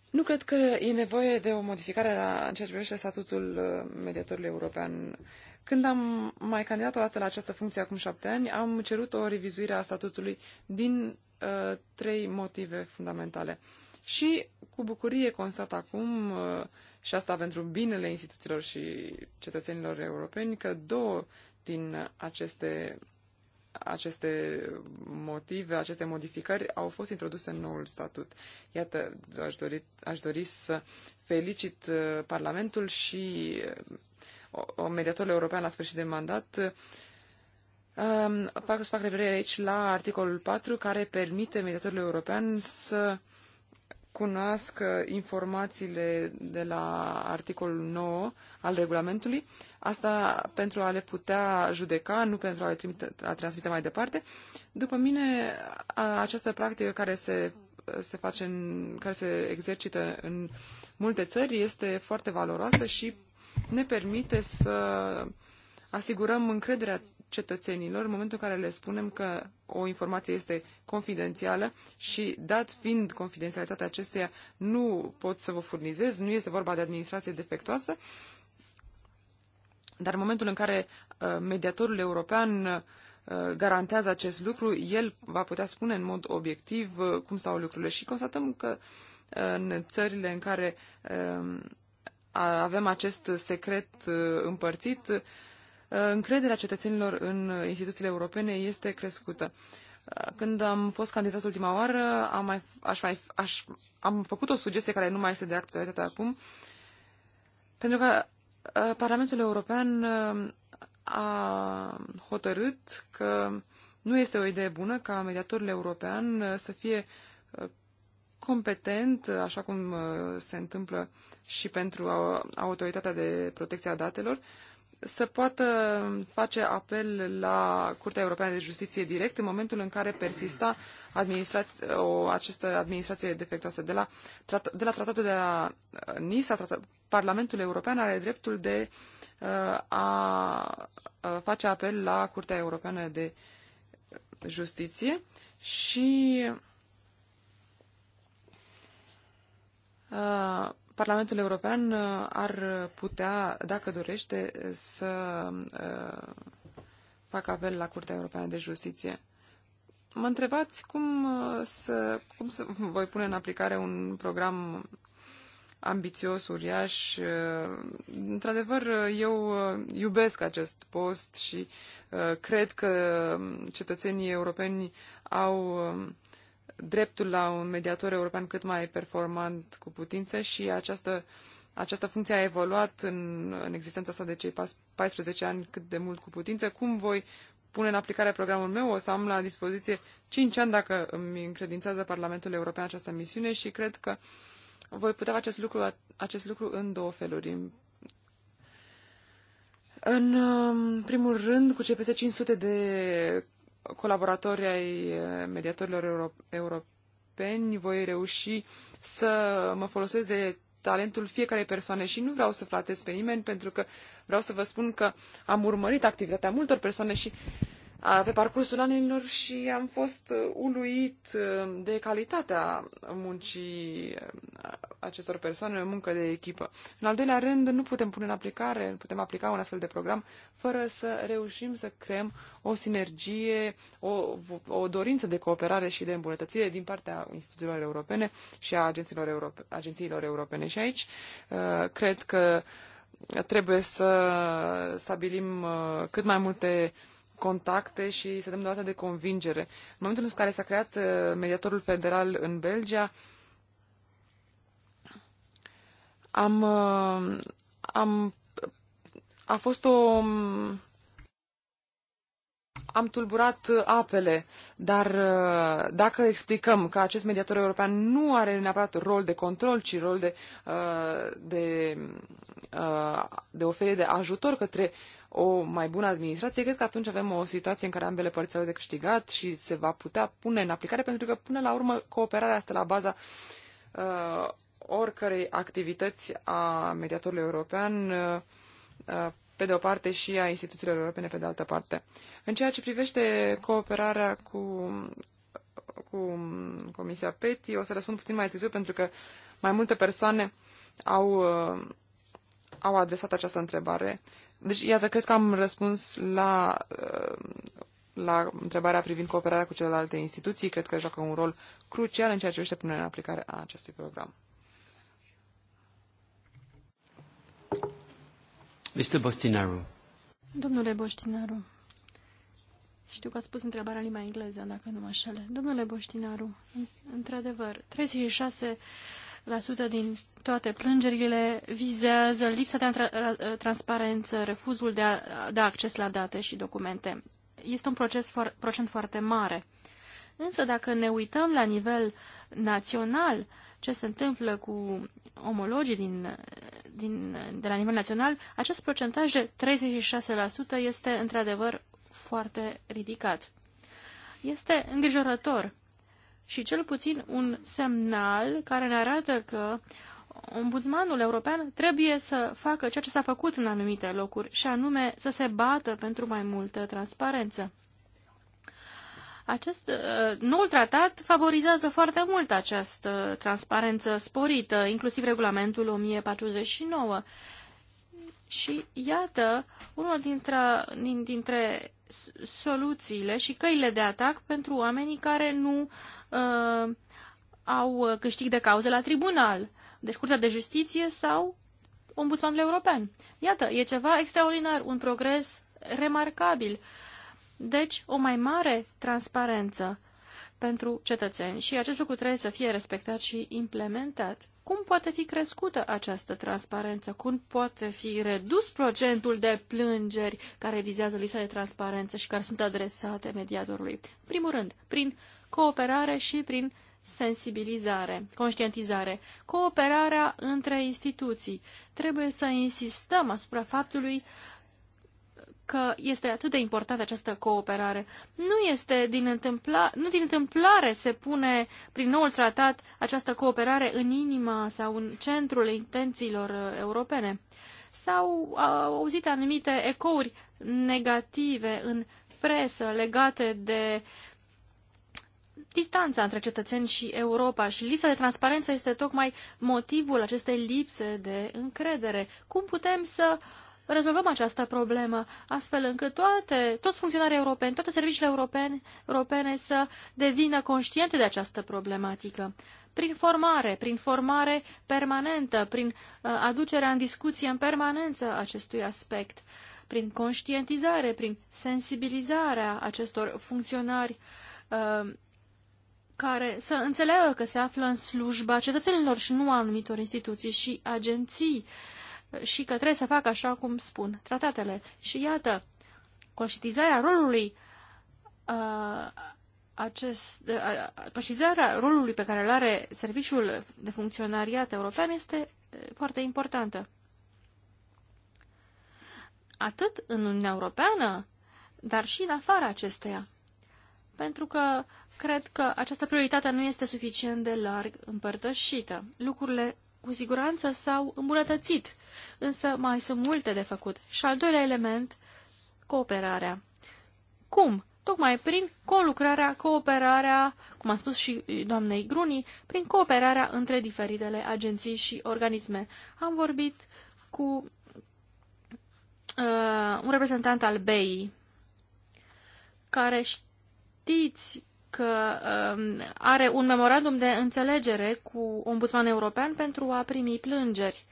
Nu cred că e nevoie de o modificare la, în ceea ce privește statutul uh, mediatorului european. Când am mai candidat o dată la această funcție acum șapte ani, am cerut o revizuire a statutului din uh, trei motive fundamentale. Și cu bucurie constat acum, uh, și asta pentru binele instituțiilor și cetățenilor europeni, că două din aceste, aceste motive, aceste modificări au fost introduse în noul statut. Iată, aș dori, aș dori să felicit uh, Parlamentul și o uh, mediatorul european la sfârșit de mandat Um, fac, fac referire aici la articolul 4 care permite mediatorului european să cunosc informațiile de la articolul 9 al regulamentului, asta pentru a le putea judeca, nu pentru a le trimite, a transmite mai departe. După mine, această practică care se, se face în, care se exercită în multe țări este foarte valoroasă și ne permite să asigurăm încrederea cetățenilor în momentul în care le spunem că o informație este confidențială și dat fiind confidențialitatea acesteia nu pot să vă furnizez, nu este vorba de administrație defectoasă, dar în momentul în care uh, mediatorul european uh, garantează acest lucru, el va putea spune în mod obiectiv uh, cum stau lucrurile și constatăm că în țările în care avem acest secret împărțit, încrederea cetățenilor în instituțiile europene este crescută. Când am fost candidat ultima oară, am, mai, aș mai, aș, am făcut o sugestie care nu mai este de actualitate acum, pentru că uh, Parlamentul European uh, a hotărât că nu este o idee bună ca mediatorul european uh, să fie competent, așa cum se întâmplă și pentru autoritatea de protecție a datelor, să poată face apel la Curtea Europeană de Justiție direct în momentul în care persista o, această administrație defectuoasă. De la, de la tratatul de la uh, Nisa, tratat, Parlamentul European are dreptul de uh, a uh, face apel la Curtea Europeană de Justiție și uh, Parlamentul European uh, ar putea, dacă dorește, să uh, facă apel la Curtea Europeană de Justiție. Mă întrebați cum uh, să, cum să voi pune în aplicare un program ambițios, uriaș. Într-adevăr, eu iubesc acest post și cred că cetățenii europeni au dreptul la un mediator european cât mai performant cu putință și această, această funcție a evoluat în, în existența sa de cei 14 ani cât de mult cu putință. Cum voi pune în aplicare programul meu, o să am la dispoziție 5 ani dacă îmi încredințează Parlamentul European această misiune și cred că voi putea face acest lucru, acest lucru în două feluri. În um, primul rând, cu cei peste 500 de colaboratori ai eh, mediatorilor euro europeni, voi reuși să mă folosesc de talentul fiecarei persoane și nu vreau să flatez pe nimeni pentru că vreau să vă spun că am urmărit activitatea multor persoane și uh, pe parcursul anilor și am fost uh, uluit uh, de calitatea muncii uh, acestor persoane, muncă de echipă. În al doilea rând, nu putem pune în aplicare, nu putem aplica un astfel de program fără să reușim să creăm o sinergie, o, o dorință de cooperare și de îmbunătățire din partea instituțiilor europene și a agențiilor, europe, agențiilor europene. Și aici cred că trebuie să stabilim cât mai multe contacte și să dăm dată de convingere. În momentul în care s-a creat uh, mediatorul federal în Belgia, am, uh, am a fost o am tulburat apele, dar uh, dacă explicăm că acest mediator european nu are neapărat rol de control, ci rol de, de, de oferire de ajutor către o mai bună administrație, cred că atunci avem o situație în care ambele părți au de câștigat și se va putea pune în aplicare, pentru că până la urmă cooperarea asta la baza uh, oricărei activități a mediatorului european, uh, uh, pe de o parte, și a instituțiilor europene pe de altă parte. În ceea ce privește cooperarea cu, cu Comisia PETI, o să răspund puțin mai târziu, pentru că mai multe persoane au, uh, au adresat această întrebare. Deci, iată, cred că am răspuns la, uh, la întrebarea privind cooperarea cu celelalte instituții. Cred că joacă un rol crucial în ceea ce privește punerea în aplicare a acestui program. Mr. Bostinaru. Domnule Boștinaru, știu că ați spus întrebarea în limba engleză, dacă nu mă șele. Domnule Boștinaru, într-adevăr, 36 din toate plângerile vizează lipsa de transparență, refuzul de a da acces la date și documente. Este un proces fo- procent foarte mare. Însă dacă ne uităm la nivel național ce se întâmplă cu omologii din, din, de la nivel național, acest procentaj de 36% este într-adevăr foarte ridicat. Este îngrijorător și cel puțin un semnal care ne arată că ombudsmanul european trebuie să facă ceea ce s-a făcut în anumite locuri și anume să se bată pentru mai multă transparență. Acest uh, noul tratat favorizează foarte mult această transparență sporită, inclusiv regulamentul 1049. Și iată, unul dintre, dintre soluțiile și căile de atac pentru oamenii care nu uh, au câștig de cauză la tribunal, deci Curtea de Justiție sau Ombudsmanul European. Iată, e ceva extraordinar, un progres remarcabil. Deci, o mai mare transparență pentru cetățeni și acest lucru trebuie să fie respectat și implementat. Cum poate fi crescută această transparență? Cum poate fi redus procentul de plângeri care vizează lista de transparență și care sunt adresate mediatorului? În primul rând, prin cooperare și prin sensibilizare, conștientizare, cooperarea între instituții. Trebuie să insistăm asupra faptului că este atât de importantă această cooperare. Nu este din întâmplare, nu din întâmplare se pune prin noul tratat această cooperare în inima sau în centrul intențiilor uh, europene. S-au auzit anumite ecouri negative în presă legate de distanța între cetățeni și Europa și lipsa de transparență este tocmai motivul acestei lipse de încredere. Cum putem să uh, rezolvăm această problemă, astfel încât toate, toți funcționarii europeni, toate serviciile europene, europene să devină conștiente de această problematică. Prin formare, prin formare permanentă, prin uh, aducerea în discuție în permanență acestui aspect, prin conștientizare, prin sensibilizarea acestor funcționari uh, care să înțeleagă că se află în slujba cetățenilor și nu a anumitor instituții și agenții. Uh, și că trebuie să facă așa cum spun tratatele. Și iată, conștientizarea rolului uh, acest, uh, uh, conștientizarea rolului pe care îl are Serviciul de Funcționariat European este uh, foarte importantă. Atât în Uniunea Europeană, dar și în afara acesteia. Pentru că cred că această prioritate nu este suficient de larg împărtășită. Lucrurile cu siguranță s-au îmbunătățit, însă mai sunt multe de făcut. Și al doilea element, cooperarea. Cum? Tocmai prin conlucrarea, cooperarea, cum a spus și doamnei Gruni, prin cooperarea între diferitele agenții și organisme. Am vorbit cu uh, un reprezentant al BEI, care știți că um, are un memorandum de înțelegere cu ombudsman european pentru a primi plângeri,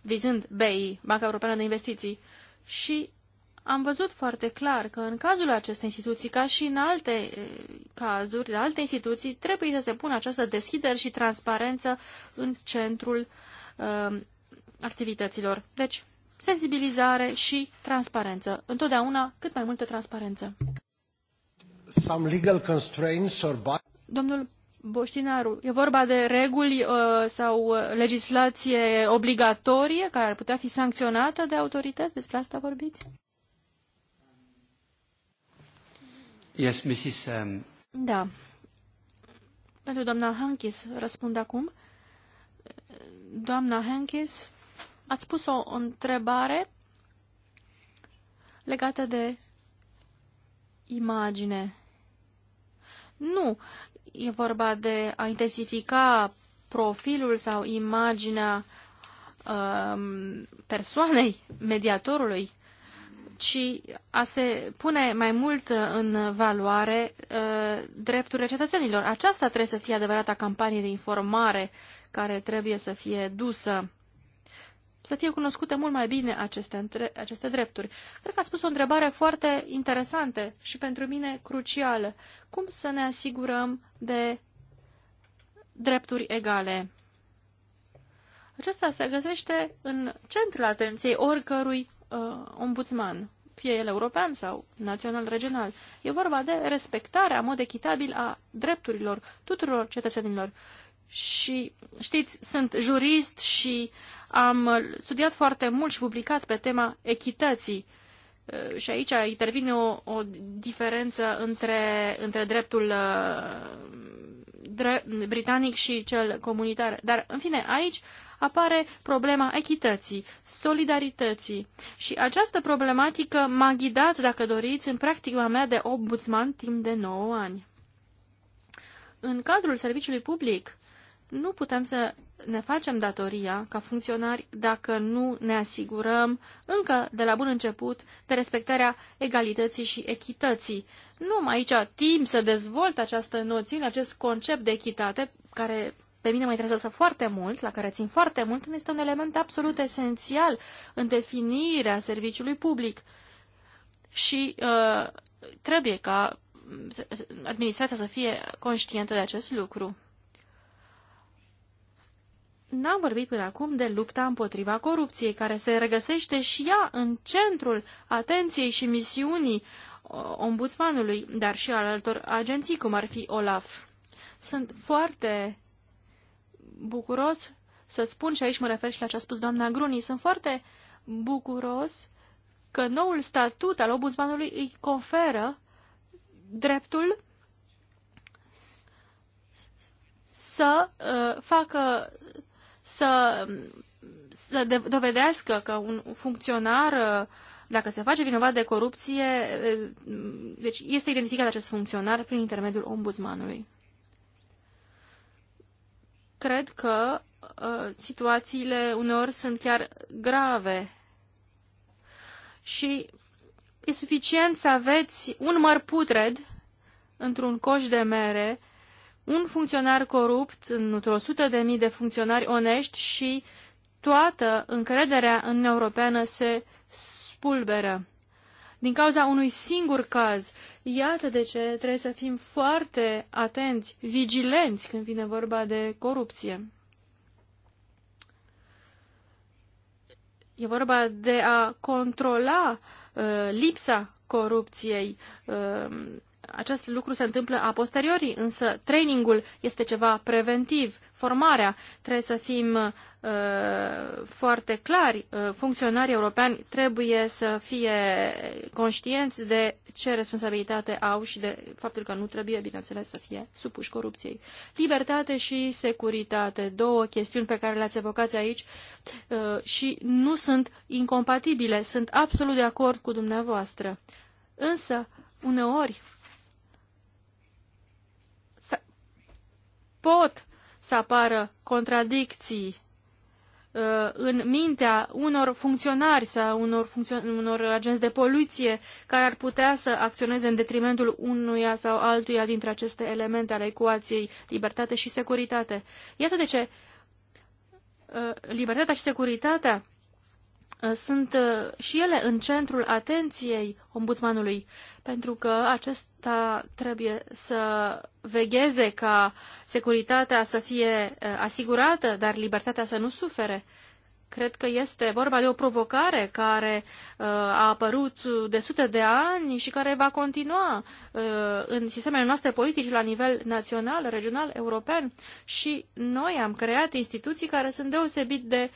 vizând BEI, Banca Europeană de Investiții. Și am văzut foarte clar că în cazul acestei instituții, ca și în alte eh, cazuri, de alte instituții, trebuie să se pună această deschidere și transparență în centrul uh, activităților. Deci, sensibilizare și transparență. Întotdeauna cât mai multă transparență some legal constraints or Domnul Boștinaru, e vorba de reguli uh, sau uh, legislație obligatorie care ar putea fi sancționată de autorități? Despre asta vorbiți? Yes, Mrs. Um... Da. Pentru doamna Hankis răspund acum. Doamna Hankis, ați pus o întrebare legată de imagine. Nu. E vorba de a intensifica profilul sau imaginea um, persoanei mediatorului, ci a se pune mai mult în valoare uh, drepturile cetățenilor. Aceasta trebuie să fie adevărata campanie de informare care trebuie să fie dusă să fie cunoscute mult mai bine aceste, între, aceste drepturi. Cred că ați spus o întrebare foarte interesantă și pentru mine crucială. Cum să ne asigurăm de drepturi egale? Acesta se găsește în centrul atenției oricărui uh, ombudsman, fie el european sau național-regional. E vorba de respectarea în mod echitabil a drepturilor tuturor cetățenilor și, știți, sunt jurist și am uh, studiat foarte mult și publicat pe tema echității. Uh, și aici intervine o, o diferență între, între dreptul uh, dre, britanic și cel comunitar. Dar, în fine, aici apare problema echității, solidarității. Și această problematică m-a ghidat, dacă doriți, în practica mea de ombudsman timp de 9 ani. În cadrul serviciului public, nu putem să ne facem datoria ca funcționari dacă nu ne asigurăm încă de la bun început de respectarea egalității și echității. Nu am aici timp să dezvolt această noțiune, acest concept de echitate, care pe mine mă interesează foarte mult, la care țin foarte mult, este un element absolut esențial în definirea serviciului public. Și uh, trebuie ca administrația să fie conștientă de acest lucru. N-am vorbit până acum de lupta împotriva corupției, care se regăsește și ea în centrul atenției și misiunii uh, ombudsmanului, dar și al altor agenții, cum ar fi OLAF. Sunt foarte bucuros să spun, și aici mă refer și la ce a spus doamna Gruni, sunt foarte bucuros că noul statut al ombudsmanului îi conferă dreptul să uh, facă să, să dovedească că un funcționar uh, dacă se face vinovat de corupție, uh, deci este identificat acest funcționar prin intermediul ombudsmanului. Cred că uh, situațiile uneori sunt chiar grave și e suficient să aveți un măr putred într-un coș de mere un funcționar corupt într-o sută de mii de funcționari onești și toată încrederea în europeană se spulberă. Din cauza unui singur caz, iată de ce trebuie să fim foarte atenți, vigilenți când vine vorba de corupție. E vorba de a controla uh, lipsa corupției, uh, acest lucru se întâmplă a posteriori, însă trainingul este ceva preventiv, formarea. Trebuie să fim uh, foarte clari, uh, funcționarii europeni trebuie să fie conștienți de ce responsabilitate au și de faptul că nu trebuie, bineînțeles, să fie supuși corupției. Libertate și securitate, două chestiuni pe care le-ați evocat aici uh, și nu sunt incompatibile, sunt absolut de acord cu dumneavoastră. Însă, uneori, pot să apară contradicții uh, în mintea unor funcționari sau unor, funcțio- unor agenți de poluție care ar putea să acționeze în detrimentul unuia sau altuia dintre aceste elemente ale ecuației libertate și securitate. Iată de ce uh, libertatea și securitatea Uh, sunt uh, și ele în centrul atenției ombudsmanului, pentru că acesta trebuie să vegheze ca securitatea să fie uh, asigurată, dar libertatea să nu sufere. Cred că este vorba de o provocare care a apărut de sute de ani și care va continua în sistemele noastre politici la nivel național, regional, european. Și noi am creat instituții care sunt deosebit de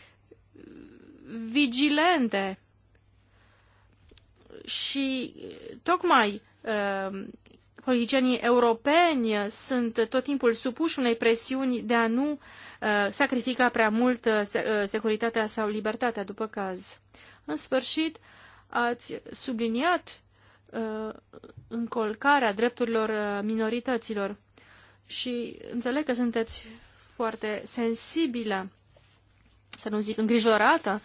vigilente și tocmai uh, politicienii europeni sunt tot timpul supuși unei presiuni de a nu uh, sacrifica prea mult uh, securitatea sau libertatea după caz. În sfârșit, ați subliniat încolcarea drepturilor minorităților și înțeleg că sunteți foarte sensibilă să nu zic îngrijorată,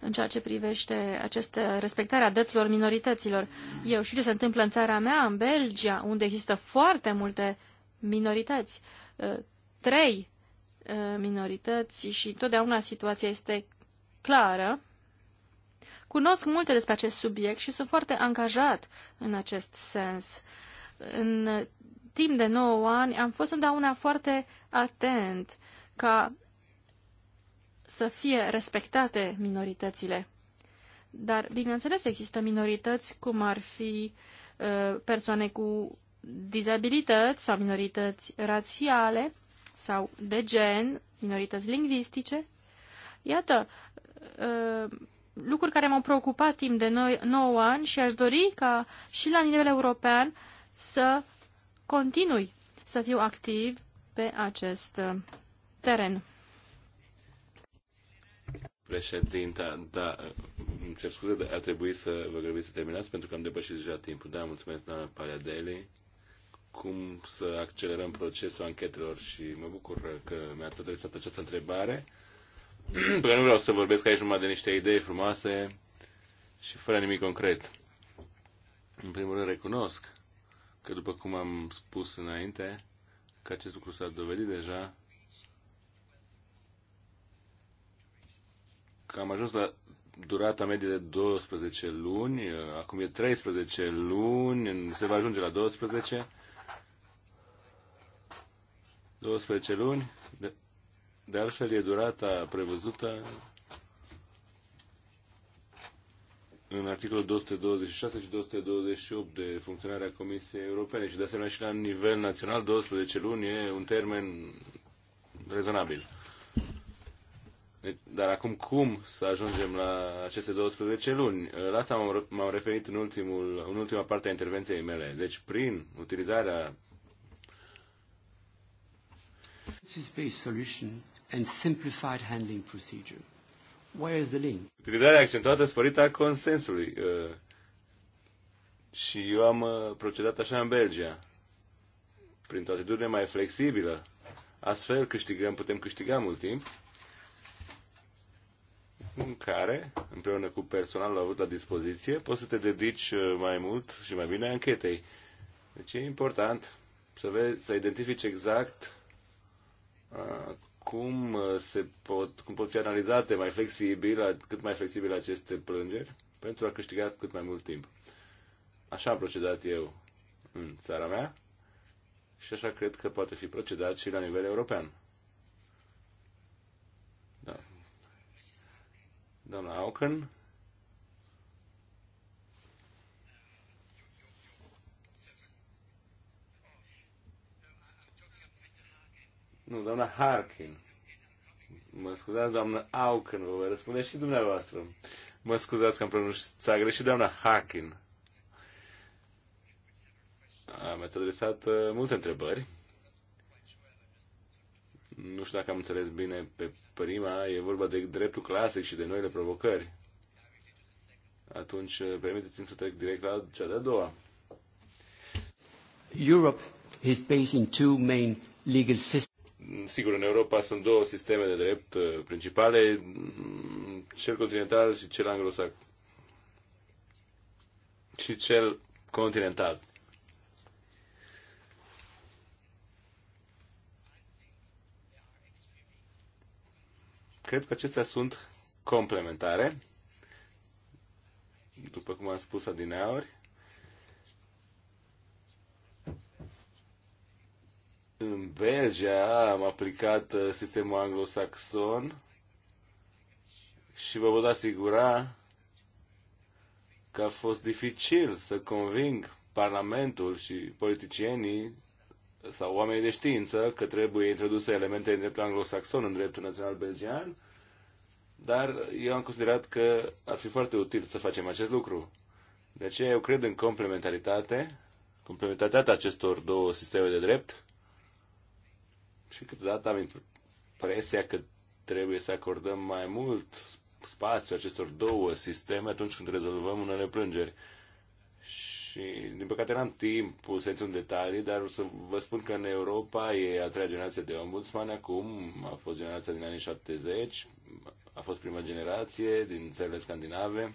în ceea ce privește aceste respectarea drepturilor minorităților. Eu știu ce se întâmplă în țara mea, în Belgia, unde există foarte multe minorități. Uh, trei uh, minorități și totdeauna situația este clară. Cunosc multe despre acest subiect și sunt foarte angajat în acest sens. În timp de 9 ani am fost întotdeauna foarte atent ca să fie respectate minoritățile. Dar, bineînțeles, există minorități cum ar fi uh, persoane cu dizabilități sau minorități rațiale sau de gen, minorități lingvistice. Iată, uh, lucruri care m-au preocupat timp de 9 ani și aș dori ca și la nivel european să continui să fiu activ pe acest uh, teren. Președinta, da, îmi cer scuze, dar ar trebui să vă grăbiți să terminați pentru că am depășit deja timpul. Da, mulțumesc, doamna Paradeli. Cum să accelerăm procesul anchetelor și mă bucur că mi-ați adresat această întrebare. pentru că nu vreau să vorbesc aici numai de niște idei frumoase și fără nimic concret. În primul rând recunosc că, după cum am spus înainte, că acest lucru s-a dovedit deja că am ajuns la durata medie de 12 luni, acum e 13 luni, se va ajunge la 12. 12 luni, de, de altfel e durata prevăzută în articolul 226 și 228 de funcționarea Comisiei Europene și de asemenea și la nivel național 12 luni e un termen rezonabil. Dar acum cum să ajungem la aceste 12 luni? La asta m-am referit în, ultimul, în ultima parte a intervenției mele. Deci prin utilizarea based solution and simplified handling procedure. Where is the link? Utilizarea accentuată sporită a consensului. Uh, și eu am uh, procedat așa în Belgia. Prin o atitudine mai flexibilă. Astfel câștigăm, putem câștiga mult timp în care, împreună cu personalul avut la dispoziție, poți să te dedici uh, mai mult și mai bine anchetei. Deci e important să, vezi, să identifici exact uh, cum, uh, se pot, cum pot fi analizate mai flexibil, cât mai flexibil aceste plângeri, pentru a câștiga cât mai mult timp. Așa am procedat eu în țara mea și așa cred că poate fi procedat și la nivel european. Doamna Auken. Nu, doamna Harkin. Mă scuzați, doamna Auken, vă voi răspunde și dumneavoastră. Mă scuzați că am pronunțat greșit, doamna Harkin. Mi-ați adresat uh, multe întrebări. Nu știu dacă am înțeles bine pe prima, e vorba de dreptul clasic și de noile provocări. Atunci, permiteți-mi să trec direct la cea de-a doua. Europe is based in two main legal systems. Sigur, în Europa sunt două sisteme de drept uh, principale, mm, cel continental și cel anglosaxon. Și cel continental. cred că acestea sunt complementare, după cum am spus adineauri. În Belgia am aplicat uh, sistemul anglosaxon și vă pot asigura că a fost dificil să conving Parlamentul și politicienii sau oamenii de știință că trebuie introduse elemente în dreptul anglosaxon, în dreptul național belgian dar eu am considerat că ar fi foarte util să facem acest lucru. De aceea eu cred în complementaritate, complementaritatea acestor două sisteme de drept și câteodată am impresia că trebuie să acordăm mai mult spațiu acestor două sisteme atunci când rezolvăm unele plângeri. Și și din păcate n-am timpul să intru în detalii, dar o să vă spun că în Europa e a treia generație de ombudsman acum, a fost generația din anii 70, a fost prima generație din țările scandinave.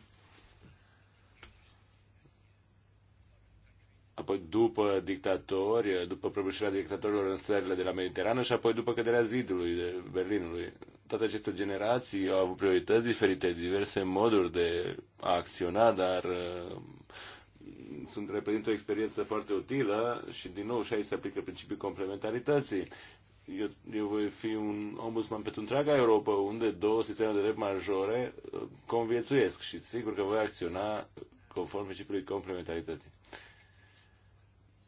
apoi după dictatori, după prăbușirea dictatorilor în țările de la Mediterană și apoi după căderea zidului de Berlinului. Toate aceste generații au avut priorități diferite, diverse moduri de a acționa, dar sunt, reprezintă o experiență foarte utilă și din nou și aici se aplică principiul complementarității. Eu, eu voi fi un ombudsman pentru întreaga Europa, unde două sisteme de drept majore uh, conviețuiesc și sigur că voi acționa conform principiului complementarității.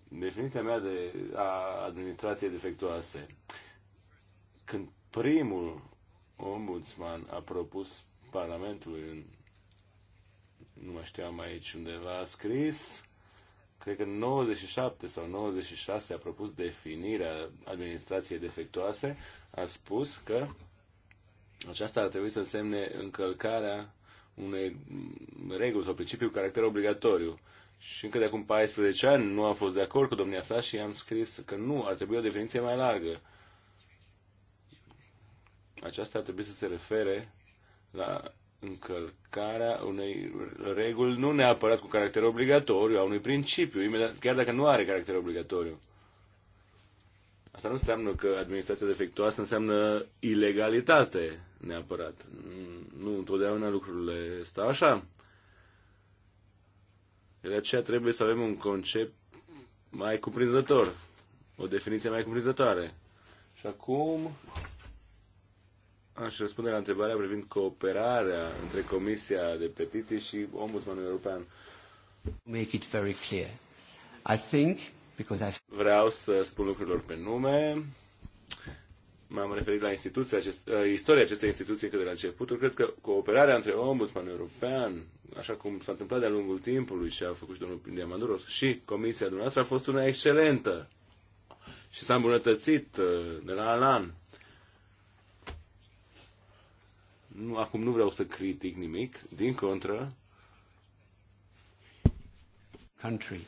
Definiția mea de a administrației defectuoase. Când primul ombudsman a propus Parlamentului în nu mai știam aici undeva a scris cred că 97 sau 96 a propus definirea administrației defectuoase, a spus că aceasta ar trebui să însemne încălcarea unei reguli sau principiu cu caracter obligatoriu. Și încă de acum 14 ani nu am fost de acord cu domnia sa și am scris că nu, ar trebui o definiție mai largă. Aceasta ar trebui să se refere la încălcarea unei reguli, nu neapărat cu caracter obligatoriu, a unui principiu, imediat, chiar dacă nu are caracter obligatoriu. Asta nu înseamnă că administrația defectuoasă înseamnă ilegalitate, neapărat. Nu întotdeauna lucrurile stau așa. De aceea trebuie să avem un concept mai cuprinzător, o definiție mai cuprinzătoare. Și acum Aș răspunde la întrebarea privind cooperarea între Comisia de Petiții și Ombudsmanul European. Make it very clear. I think because I've... Vreau să spun lucrurilor pe nume. M-am referit la instituția acest, uh, istoria acestei instituții încă de la începutul. Cred că cooperarea între Ombudsmanul European, așa cum s-a întâmplat de-a lungul timpului și a făcut și domnul Diamanduros și Comisia dumneavoastră, a fost una excelentă și s-a îmbunătățit uh, de la an la an Nu, acum nu vreau să critic nimic, din contră. Country.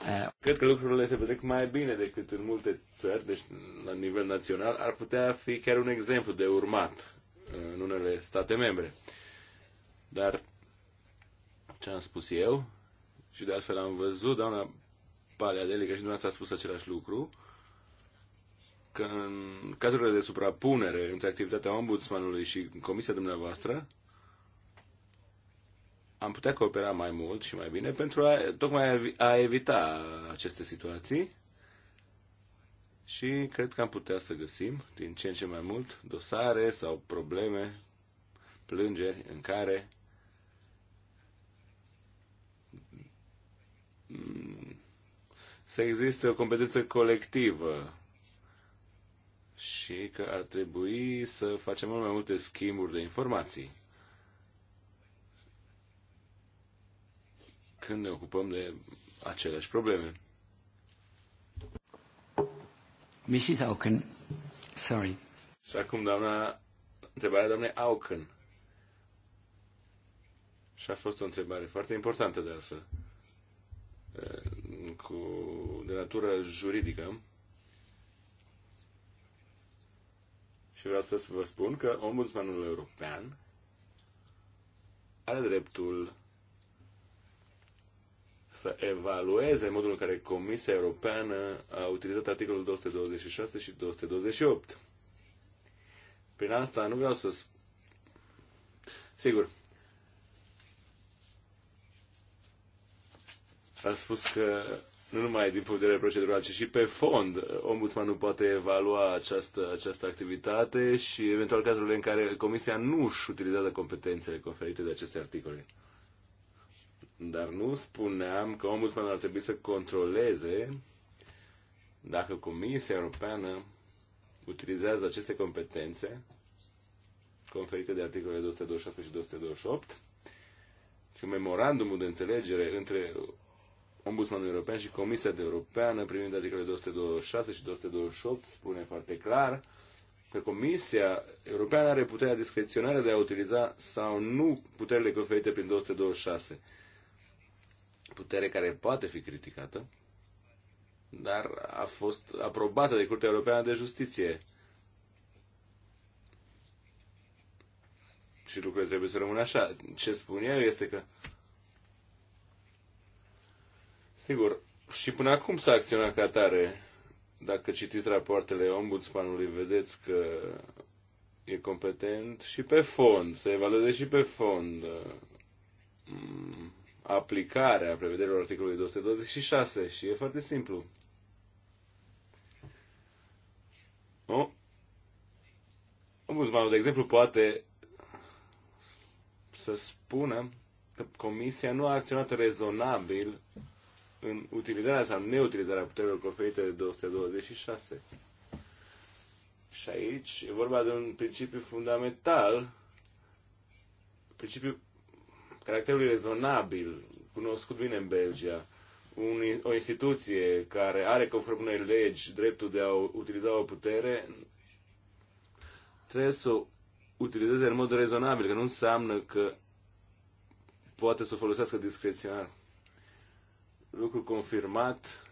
Uh, Cred că lucrurile se petrec mai bine decât în multe țări, deci la nivel național ar putea fi chiar un exemplu de urmat în unele state membre. Dar ce am spus eu, și de altfel am văzut, doamna Palea că și dumneavoastră a spus același lucru, că în cazurile de suprapunere între activitatea ombudsmanului și comisia dumneavoastră, am putea coopera mai mult și mai bine pentru a, tocmai a evita aceste situații și cred că am putea să găsim din ce în ce mai mult dosare sau probleme, plângeri în care să există o competență colectivă și că ar trebui să facem mult mai multe schimburi de informații. când ne ocupăm de aceleași probleme. Mrs. Auken, sorry. Și acum, doamna, întrebarea doamnei Auken. Și a fost o întrebare foarte importantă de altfel, eh, cu, de natură juridică. Și vreau să vă spun că Ombudsmanul European are dreptul să evalueze modul în care Comisia Europeană a utilizat articolul 226 și 228. Prin asta nu vreau să... Sigur, a spus că nu numai din punct de vedere procedural, ci și pe fond. Ombudsmanul poate evalua această, această activitate și eventual cazurile în care Comisia nu își utilizează competențele conferite de aceste articole. Dar nu spuneam că ombudsmanul ar trebui să controleze dacă Comisia Europeană utilizează aceste competențe conferite de articolele 226 și 228 și memorandumul de înțelegere între Ombudsmanul European și Comisia de Europeană, privind articolele 226 și 228, spune foarte clar că Comisia Europeană are puterea discreționară de a utiliza sau nu puterile conferite prin 226. Putere care poate fi criticată, dar a fost aprobată de Curtea Europeană de Justiție. Și lucrurile trebuie să rămână așa. Ce spun eu este că Sigur, și până acum s-a acționat ca tare. Dacă citiți rapoartele ombudsmanului, vedeți că e competent și pe fond, se evalueze și pe fond mm, aplicarea prevederilor articolului 226 și e foarte simplu. Nu? Ombudsmanul, de exemplu, poate să spună că Comisia nu a acționat rezonabil în utilizarea sau neutilizarea puterilor conferite de 226. Și aici e vorba de un principiu fundamental, principiul caracterului rezonabil, cunoscut bine în Belgia. Un, o instituție care are, conform unei legi, dreptul de a utiliza o putere, trebuie să o utilizeze în mod rezonabil, că nu înseamnă că poate să o folosească discreționar lucru confirmat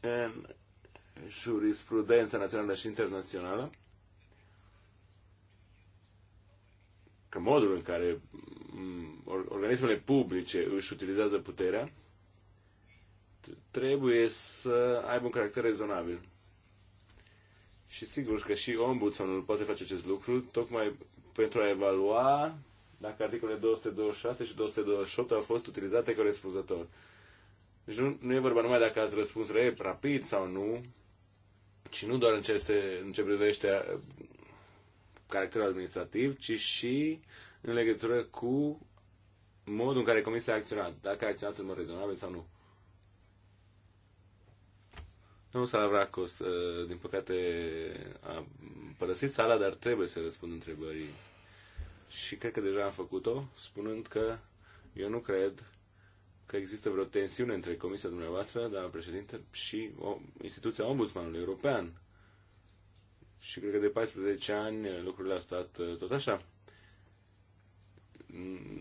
în jurisprudența națională și internațională că modul în care mm, organismele publice își utilizează puterea trebuie să aibă un caracter rezonabil. Și sigur că și ombudsmanul poate face acest lucru tocmai pentru a evalua dacă articolele 226 și 228 au fost utilizate corespunzător. Deci nu, nu e vorba numai dacă ați răspuns rep, rapid sau nu, ci nu doar în ce, este, în ce privește uh, caracterul administrativ, ci și în legătură cu modul în care comisia a acționat, dacă a acționat în mod rezonabil sau nu. Domnul Salavracos, uh, din păcate, a părăsit sala, dar trebuie să răspund întrebării și cred că deja am făcut-o, spunând că eu nu cred că există vreo tensiune între comisia dumneavoastră, doamna președinte, și o, instituția ombudsmanului european. Și cred că de 14 ani lucrurile au stat uh, tot așa.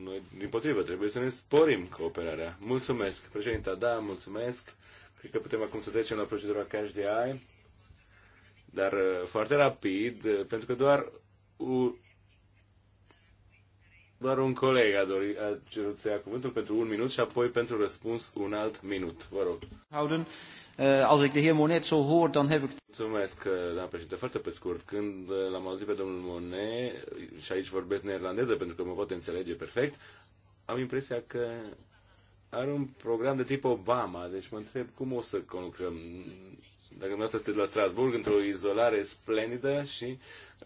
Noi, din potrivă, trebuie să ne sporim cooperarea. Mulțumesc, președinta, da, mulțumesc. Cred că putem acum să trecem la procedura cash de ai, dar uh, foarte rapid, uh, pentru că doar doar un coleg a, dorit, a cerut să ia cuvântul pentru un minut și apoi pentru răspuns un alt minut. Vă rog. Houden, eh, als ik de heer Monet zo hoor, dan heb ik... Mulțumesc, eh, doamna președinte. Foarte pe scurt, când eh, l-am auzit pe domnul Monet, și aici vorbesc neerlandeză pentru că mă pot înțelege perfect, am impresia că are un program de tip Obama, deci mă întreb cum o să conlucrăm. Dacă dumneavoastră sunteți la Strasburg, într-o izolare splendidă și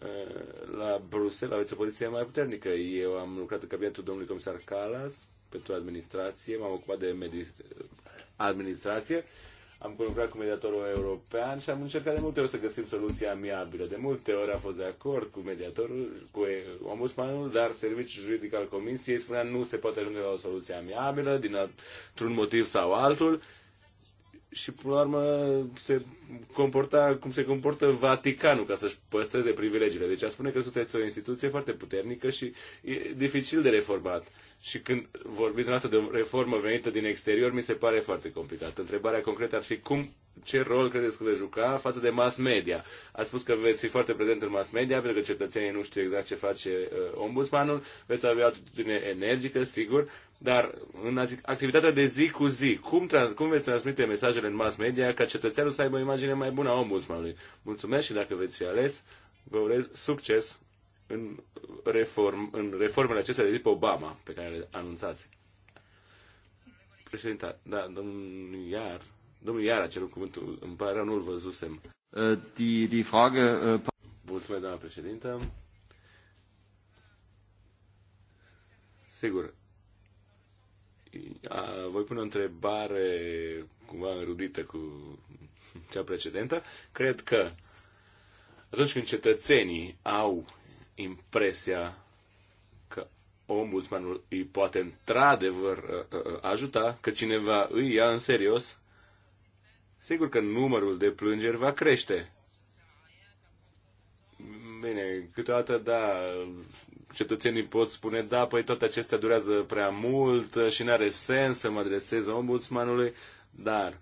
Eh, la Bruxelles aveți o poziție mai puternică. Eu am lucrat în cabinetul domnului comisar Calas pentru administrație, m-am ocupat de administrație, am lucrat cu mediatorul european și am încercat de multe ori să găsim soluția amiabilă. De multe ori a fost de acord cu mediatorul, cu ombudsmanul, dar serviciul juridic al comisiei spunea nu se poate ajunge la o soluție amiabilă, din un motiv sau altul. Și până la urmă se comporta cum se comportă Vaticanul ca să-și păstreze privilegiile. Deci a spune că sunteți o instituție foarte puternică și e dificil de reformat. Și când vorbiți noastră de o reformă venită din exterior, mi se pare foarte complicat. Întrebarea concretă ar fi cum, ce rol credeți că veți juca față de mass media? Ați spus că veți fi foarte prezent în mass media, pentru că cetățenii nu știu exact ce face uh, ombudsmanul, veți avea o atitudine energică, sigur, dar în activitatea de zi cu zi, cum, trans- cum veți transmite mesajele în mass media ca cetățeanul să aibă imagine imagine mai bună a ombudsmanului. Mulțumesc și dacă veți fi ales, vă urez succes în, reform, în reformele acestea de tip Obama pe care le anunțați. Președinte, da, domnul Iar, domnul Iar a cerut cuvântul, îmi pare nu-l văzusem. Uh, die, die Frage, uh... Mulțumesc, doamna președintă. Sigur, a, voi pune o întrebare cumva înrudită cu cea precedentă, cred că atunci când cetățenii au impresia că ombudsmanul îi poate într-adevăr uh, uh, uh, ajuta, că cineva îi ia în serios, sigur că numărul de plângeri va crește. Bine, câteodată, da, cetățenii pot spune, da, păi toate acestea durează prea mult și nu are sens să mă adresez ombudsmanului, dar uh,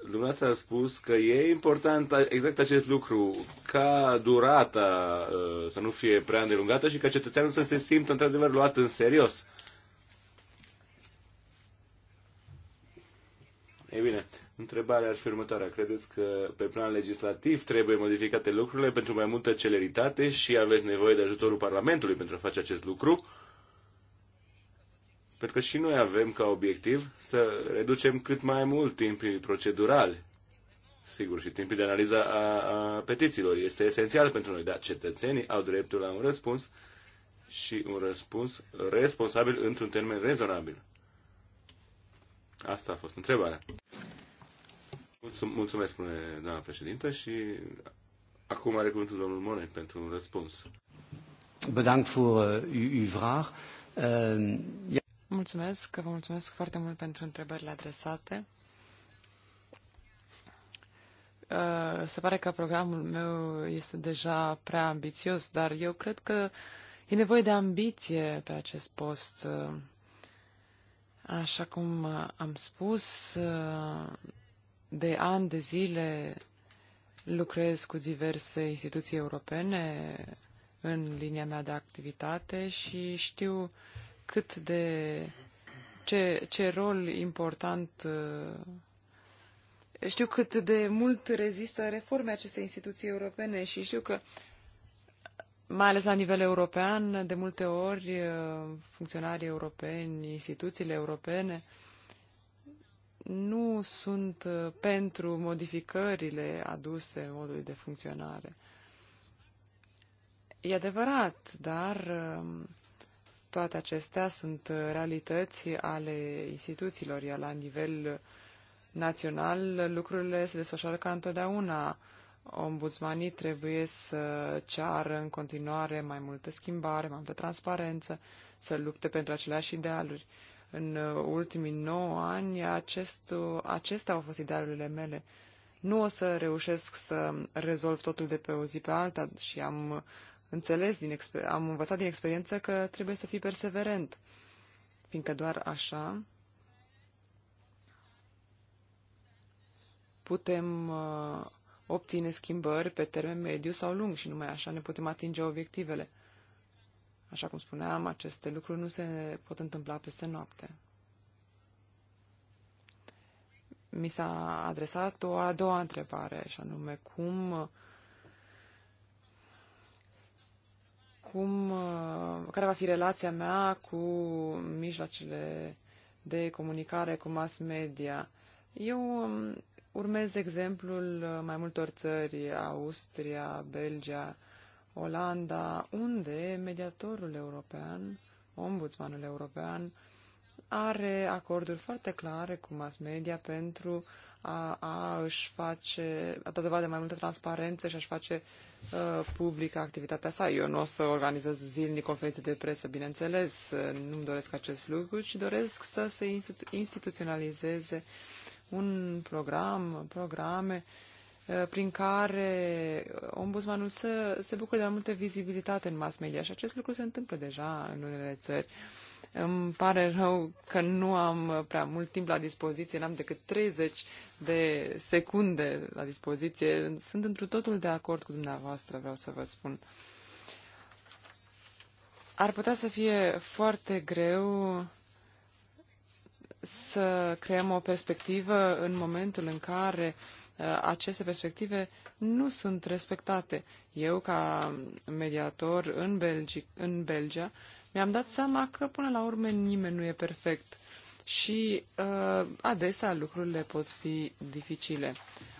dumneavoastră a spus că e important exact acest lucru, ca durata uh, să nu fie prea îndelungată și ca cetățeanul să se simtă într-adevăr luat în serios. E bine, întrebarea ar fi următoarea. Credeți că pe plan legislativ trebuie modificate lucrurile pentru mai multă celeritate și aveți nevoie de ajutorul Parlamentului pentru a face acest lucru? Pentru că și noi avem ca obiectiv să reducem cât mai mult timpii procedurali. Sigur, și timpii de analiză a, a petițiilor este esențial pentru noi, dar cetățenii au dreptul la un răspuns și un răspuns responsabil într-un termen rezonabil. Asta a fost întrebarea. Mulțumesc, spune doamna președintă, și acum are cuvântul domnul Monet pentru un răspuns. Bedankt voor eh, uw vraag. Uh, Mulțumesc, vă mulțumesc foarte mult pentru întrebările adresate. Uh, se pare că programul meu este deja prea ambițios, dar eu cred că e nevoie de ambiție pe acest post. Așa cum am spus, uh, de ani de zile lucrez cu diverse instituții europene în linia mea de activitate și știu uh, cât de ce, ce rol important uh, știu cât de mult rezistă reforme aceste instituții europene și știu că mai ales la nivel european, de multe ori uh, funcționarii europeni, instituțiile europene nu sunt uh, pentru modificările aduse modului de funcționare. E adevărat, dar um, toate acestea sunt uh, realități ale instituțiilor, iar la nivel național lucrurile se desfășoară ca întotdeauna. Ombudsmanii trebuie să ceară în continuare mai multă schimbare, mai multă transparență, să lupte pentru aceleași idealuri. În uh, ultimii 9 ani, acest, uh, acestea au fost idealurile mele. Nu o să reușesc să rezolv totul de pe o zi pe alta și am înțeles, din am învățat din experiență că trebuie să fii perseverent, fiindcă doar așa putem uh, obține schimbări pe termen mediu sau lung și numai așa ne putem atinge obiectivele. Așa cum spuneam, aceste lucruri nu se pot întâmpla peste noapte. Mi s-a adresat o a doua întrebare, și anume cum cum, uh, care va fi relația mea cu mijloacele de comunicare, cu mass media. Eu um, urmez exemplul uh, mai multor țări, Austria, Belgia, Olanda, unde mediatorul european, ombudsmanul european, are acorduri foarte clare cu mass media pentru a, a își face, a da dovadă mai multă transparență și a-și face uh, Uh, publică activitatea sa. Eu nu o să organizez zilnic conferințe de presă, bineînțeles, uh, nu-mi doresc acest lucru, ci doresc să se instituționalizeze un program, programe uh, prin care ombudsmanul să se bucure de mai multă vizibilitate în mass media și acest lucru se întâmplă deja în unele țări. Uh, îmi pare rău că nu am prea mult timp la dispoziție, n-am decât 30 de secunde la dispoziție. Sunt într totul de acord cu dumneavoastră, vreau să vă spun. Ar putea să fie foarte greu să creăm o perspectivă în momentul în care uh, aceste perspective nu sunt respectate. Eu, ca mediator în, Belgi- în Belgia, mi-am dat seama că până la urmă nimeni nu e perfect și uh, adesea lucrurile pot fi dificile.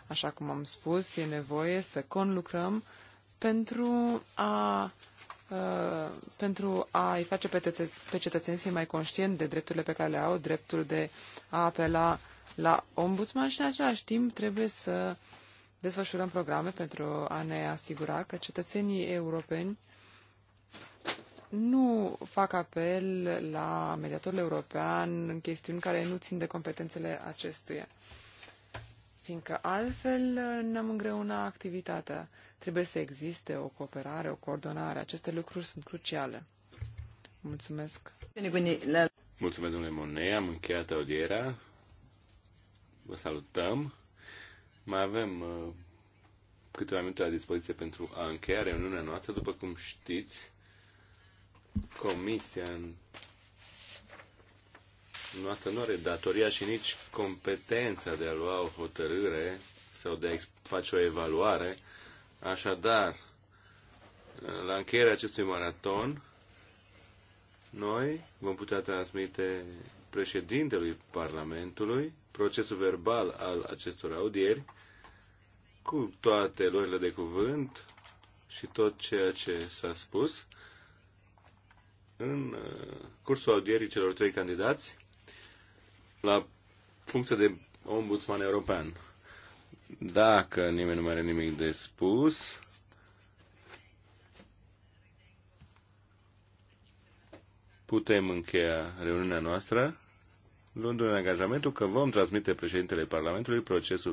Așa cum am spus, e nevoie să conlucrăm pentru a uh, pentru a-i face pe, tățe- pe cetățeni să fie mai conștient de drepturile pe care le au, dreptul de a apela la ombudsman și în același timp trebuie să desfășurăm programe pentru a ne asigura că cetățenii europeni nu fac apel la mediatorul european în chestiuni care nu țin de competențele acestuia, fiindcă altfel ne-am îngreuna activitatea. Trebuie să existe o cooperare, o coordonare. Aceste lucruri sunt cruciale. Mulțumesc. Mulțumesc, domnule Monet. Am încheiat audiera. Vă salutăm. Mai avem uh, câteva minute la dispoziție pentru a încheia reuniunea noastră. După cum știți, Comisia noastră nu are datoria și nici competența de a lua o hotărâre sau de a face o evaluare. Așadar, la încheierea acestui maraton, noi vom putea transmite președintelui Parlamentului procesul verbal al acestor audieri cu toate luările de cuvânt și tot ceea ce s-a spus în uh, cursul audierii celor trei candidați la funcția de ombudsman european. Dacă nimeni nu mai are nimic de spus, putem încheia reuniunea noastră luându-ne angajamentul că vom transmite președintele Parlamentului procesul